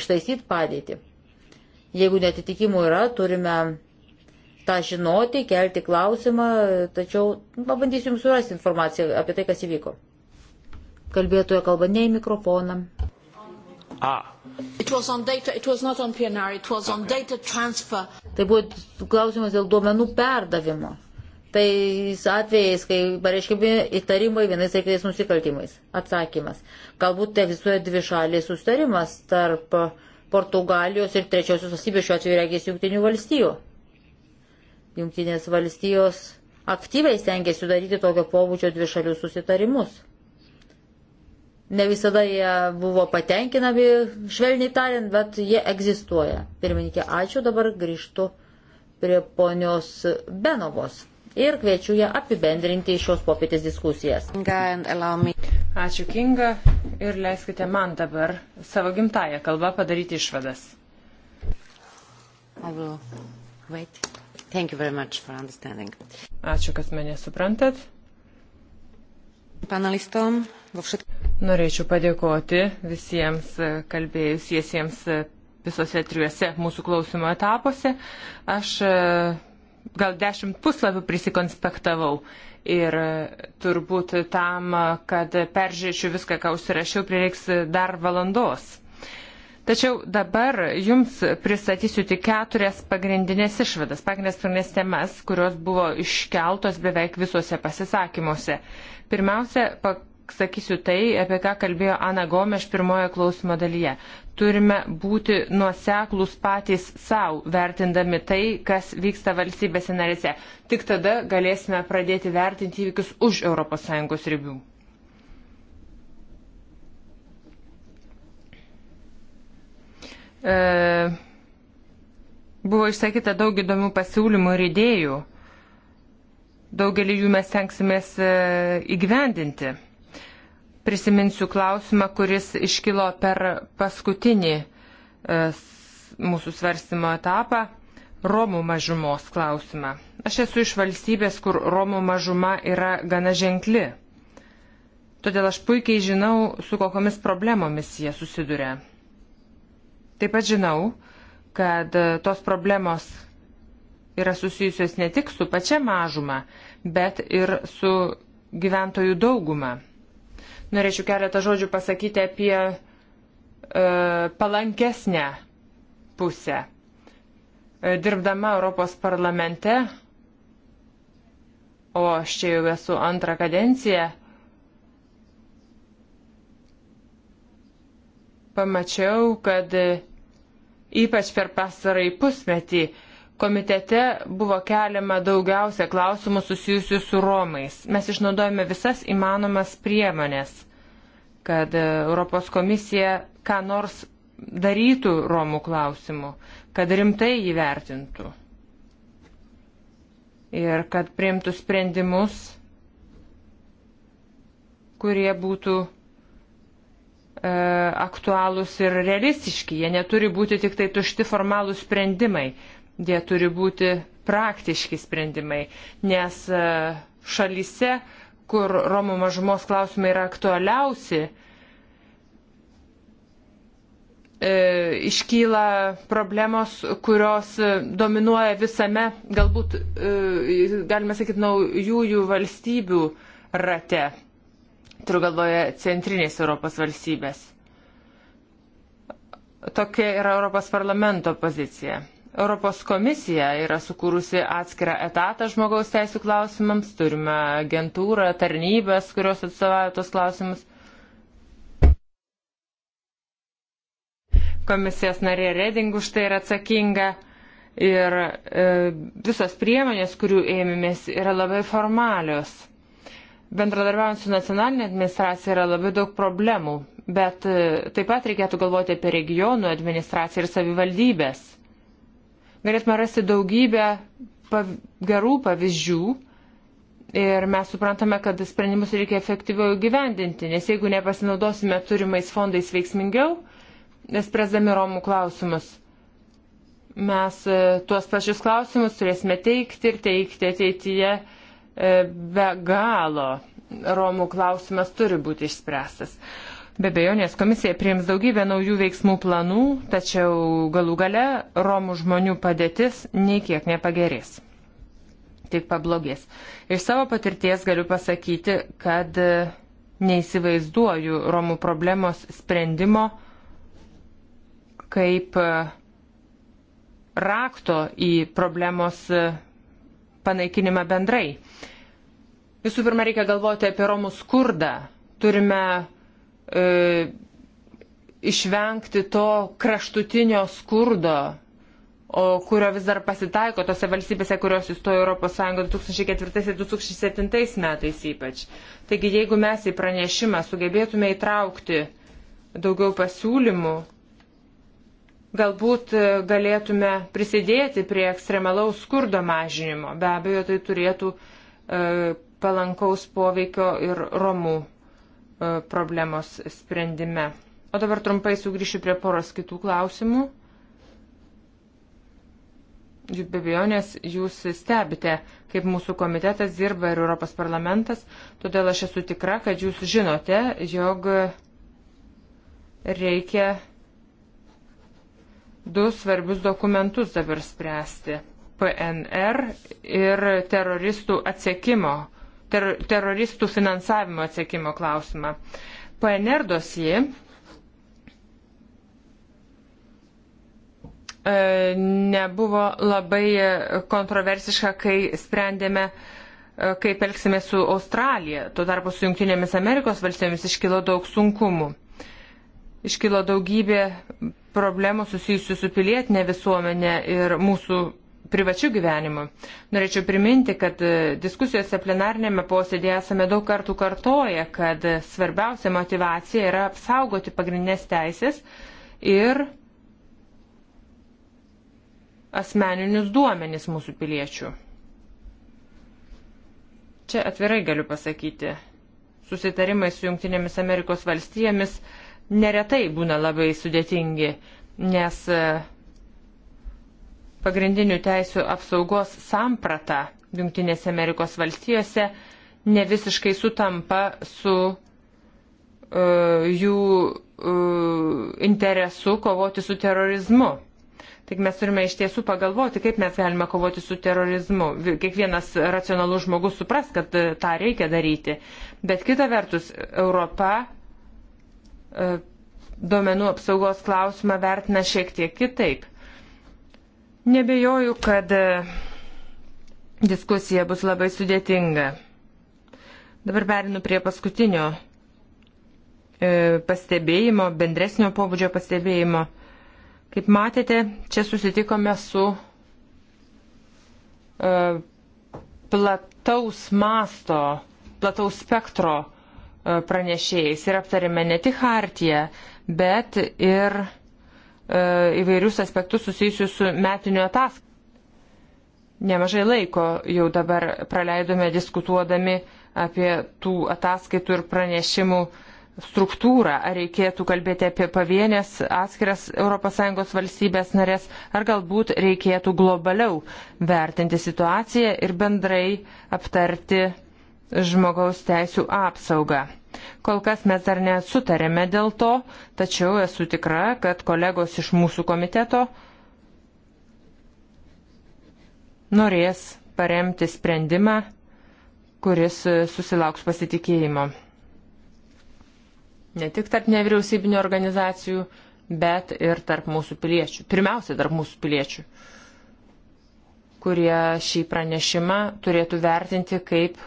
ištaisyti padėtį. Jeigu netitikimų yra, turime tą žinoti, kelti klausimą, tačiau nu, pabandysiu jums surasti informaciją apie tai, kas įvyko. Kalbėtojo kalba ne į mikrofoną. Ah. Data, PNR, okay. Tai buvo klausimas dėl duomenų perdavimo tais atvejais, kai pareiškimi įtarimai vienais ar kitais nusikaltimais? Atsakymas. Galbūt egzistuoja dvi šaliai sustarimas tarp Portugalijos ir trečiosios valstybės, šiuo atveju reikės jungtinių valstijų. Jungtinės valstijos aktyviai stengiasi sudaryti tokio pobūdžio dvišalių susitarimus. Ne visada jie buvo patenkinami, švelniai tariant, bet jie egzistuoja. Pirmininkė, ačiū, dabar grįžtu prie ponios Benovos ir kviečiu ją apibendrinti šios popietės diskusijas. Ačiū Kinga ir leiskite man dabar savo gimtają kalbą padaryti išvadas. Ačiū, kad mane suprantat. Panelistom, Norėčiau padėkoti visiems kalbėjusiesiems visose trijuose mūsų klausimo etapuose. Aš gal dešimt puslapių prisikonspektavau. Ir e, turbūt tam, kad peržiūrėčiau viską, ką užsirašiau, prireiks dar valandos. Tačiau dabar jums pristatysiu tik keturias pagrindinės išvadas, pagrindinės pagrindinės temas, kurios buvo iškeltos beveik visuose pasisakymuose. Pirmiausia, pasakysiu tai, apie ką kalbėjo Ana Gomeš pirmojo klausimo dalyje turime būti nuoseklus patys savo, vertindami tai, kas vyksta valstybėse narėse. Tik tada galėsime pradėti vertinti įvykius už ES ribų. E, buvo išsakyta daug įdomių pasiūlymų ir idėjų. Daugelį jų mes tenksimės e, įgyvendinti prisiminsiu klausimą, kuris iškilo per paskutinį e, mūsų svarstymo etapą - Romų mažumos klausimą. Aš esu iš valstybės, kur Romų mažuma yra gana ženkli. Todėl aš puikiai žinau, su kokiamis problemomis jie susiduria. Taip pat žinau, kad e, tos problemos yra susijusios ne tik su pačia mažuma, bet ir su gyventojų dauguma. Norėčiau keletą žodžių pasakyti apie e, palankesnę pusę. E, dirbdama Europos parlamente, o aš čia jau esu antrą kadenciją, pamačiau, kad e, ypač per pasarąjį pusmetį komitete buvo keliama daugiausia klausimų susijusių su Romais. Mes išnaudojame visas įmanomas priemonės, kad e, Europos komisija ką nors darytų Romų klausimų, kad rimtai įvertintų ir kad priimtų sprendimus, kurie būtų e, aktualūs ir realistiški. Jie neturi būti tik tai tušti formalūs sprendimai. Jie turi būti praktiški sprendimai, nes e, šalyse, kur Romų mažumos klausimai yra aktualiausi, e, iškyla problemos, kurios e, dominuoja visame, galbūt, galime sakyti, naujųjų valstybių rate. Turiu galvoje centrinės Europos valstybės. Tokia yra Europos parlamento pozicija. Europos komisija yra sukūrusi atskirą etatą žmogaus teisų klausimams, turime agentūrą, tarnybės, kurios atstovauja tos klausimus. Komisijos narė Reding už tai yra atsakinga ir e, visos priemonės, kurių ėmėmės, yra labai formalios. Bendradarbiaujant su nacionalinė administracija yra labai daug problemų, bet e, taip pat reikėtų galvoti apie regionų administraciją ir savivaldybės Galėtume rasti daugybę pav gerų pavyzdžių ir mes suprantame, kad sprendimus reikia efektyviau gyvendinti, nes jeigu nepasinaudosime turimais fondais veiksmingiau, spręsdami Romų klausimus, mes e, tuos pačius klausimus turėsime teikti ir teikti ateityje e, be galo. Romų klausimas turi būti išspręstas. Be bejonės komisija priims daugybę naujų veiksmų planų, tačiau galų gale Romų žmonių padėtis nei kiek nepagerės. Tik pablogės. Iš savo patirties galiu pasakyti, kad neįsivaizduoju Romų problemos sprendimo kaip rakto į problemos panaikinimą bendrai. Visų pirma, reikia galvoti apie Romų skurdą. Turime e, išvengti to kraštutinio skurdo, o kurio vis dar pasitaiko tose valstybėse, kurios įstojo Europos Sąjungo 2004-2007 metais ypač. Taigi jeigu mes į pranešimą sugebėtume įtraukti daugiau pasiūlymų, galbūt e, galėtume prisidėti prie ekstremalaus skurdo mažinimo. Be abejo, tai turėtų e, palankaus poveikio ir Romų E, problemos sprendime. O dabar trumpai sugrįšiu prie poros kitų klausimų. Be abejonės jūs stebite, kaip mūsų komitetas dirba ir Europos parlamentas, todėl aš esu tikra, kad jūs žinote, jog reikia du svarbius dokumentus dabar spręsti - PNR ir teroristų atsiekimo ter teroristų finansavimo atsiekimo klausimą. PNR dosijai e, nebuvo labai kontroversiška, kai sprendėme, e, kaip elgsime su Australija. Tuo tarpu su Junktinėmis Amerikos valstybėmis iškilo daug sunkumų. Iškilo daugybė problemų susijusių su pilietinė visuomenė ir mūsų privačiu gyvenimu. Norėčiau priminti, kad e, diskusijose plenarnėme posėdėje esame daug kartų kartoję, kad svarbiausia motivacija yra apsaugoti pagrindinės teisės ir asmeninius duomenis mūsų piliečių. Čia atvirai galiu pasakyti, susitarimai su Junktinėmis Amerikos valstijomis neretai būna labai sudėtingi, nes uh, pagrindinių teisų apsaugos samprata Junktinėse Amerikos valstijose ne visiškai sutampa su uh, jų uh, interesu kovoti su terorizmu. Tik mes turime iš tiesų pagalvoti, kaip mes galime kovoti su terorizmu. Kiekvienas racionalus žmogus supras, kad e, tą reikia daryti. Bet kita vertus, Europa uh, duomenų apsaugos klausimą vertina šiek tiek kitaip Nebejoju, kad diskusija bus labai sudėtinga. Dabar perinu prie paskutinio e, pastebėjimo, bendresnio pobūdžio pastebėjimo. Kaip matėte, čia susitikome su e, plataus masto, plataus spektro e, pranešėjais ir aptarėme ne tik hartiją, bet ir E, įvairius aspektus susijusius su metiniu ataskaitu. Nemažai laiko jau dabar praleidome diskutuodami apie tų ataskaitų ir pranešimų struktūrą, ar reikėtų kalbėti apie pavienės atskiras ES valstybės narės, ar galbūt reikėtų globaliau vertinti situaciją ir bendrai aptarti žmogaus teisų apsaugą. Kol kas mes dar nesutarėme dėl to, tačiau esu tikra, kad kolegos iš mūsų komiteto norės paremti sprendimą, kuris susilauks pasitikėjimo. Ne tik tarp nevyriausybinio organizacijų, bet ir tarp mūsų piliečių. Pirmiausia, tarp mūsų piliečių, kurie šį pranešimą turėtų vertinti kaip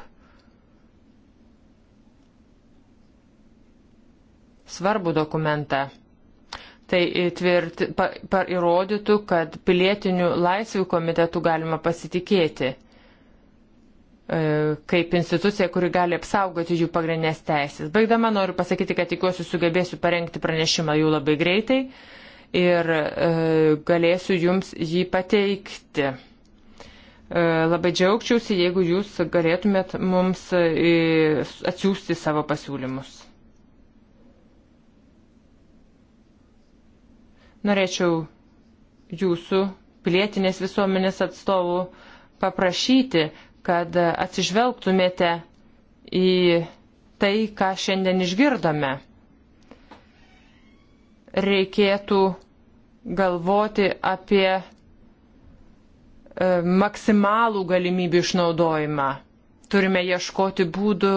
svarbų dokumentą. Tai tvirti, pa, pa, įrodytų, kad pilietinių laisvių komitetų galima pasitikėti e, kaip institucija, kuri gali apsaugoti jų pagrindinės teisės. Baigdama noriu pasakyti, kad tikiuosi sugebėsiu parengti pranešimą jų labai greitai ir e, galėsiu jums jį pateikti e, labai džiaugčiausi, jeigu jūs galėtumėt mums e, atsiųsti savo pasiūlymus. Norėčiau jūsų pilietinės visuomenės atstovų paprašyti, kad atsižvelgtumėte į tai, ką šiandien išgirdome. Reikėtų galvoti apie e, maksimalų galimybių išnaudojimą. Turime ieškoti būdų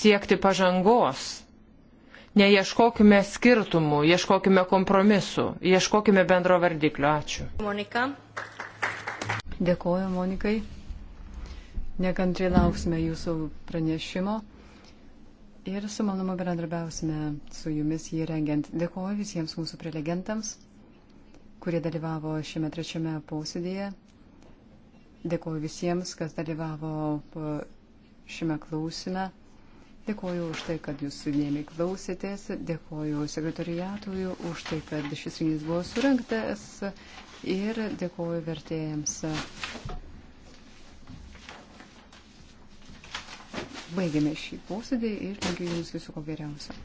siekti pažangos neieškokime skirtumų, ieškokime kompromisų, ieškokime bendro vardiklio. Ačiū. Monika. Dėkoju Monikai. Nekantriai lauksime jūsų pranešimo ir su malonumu bendradarbiausime su jumis jį rengiant. Dėkoju visiems mūsų prelegentams, kurie dalyvavo šiame trečiame posėdėje. Dėkoju visiems, kas dalyvavo šiame klausime. Dėkoju už tai, kad jūs dėmiai klausėtės, dėkoju sekretoriatui už tai, kad šis renginys buvo surinktas ir dėkoju vertėjams. Baigiame šį posėdį ir linkiu jums viso ko geriausio.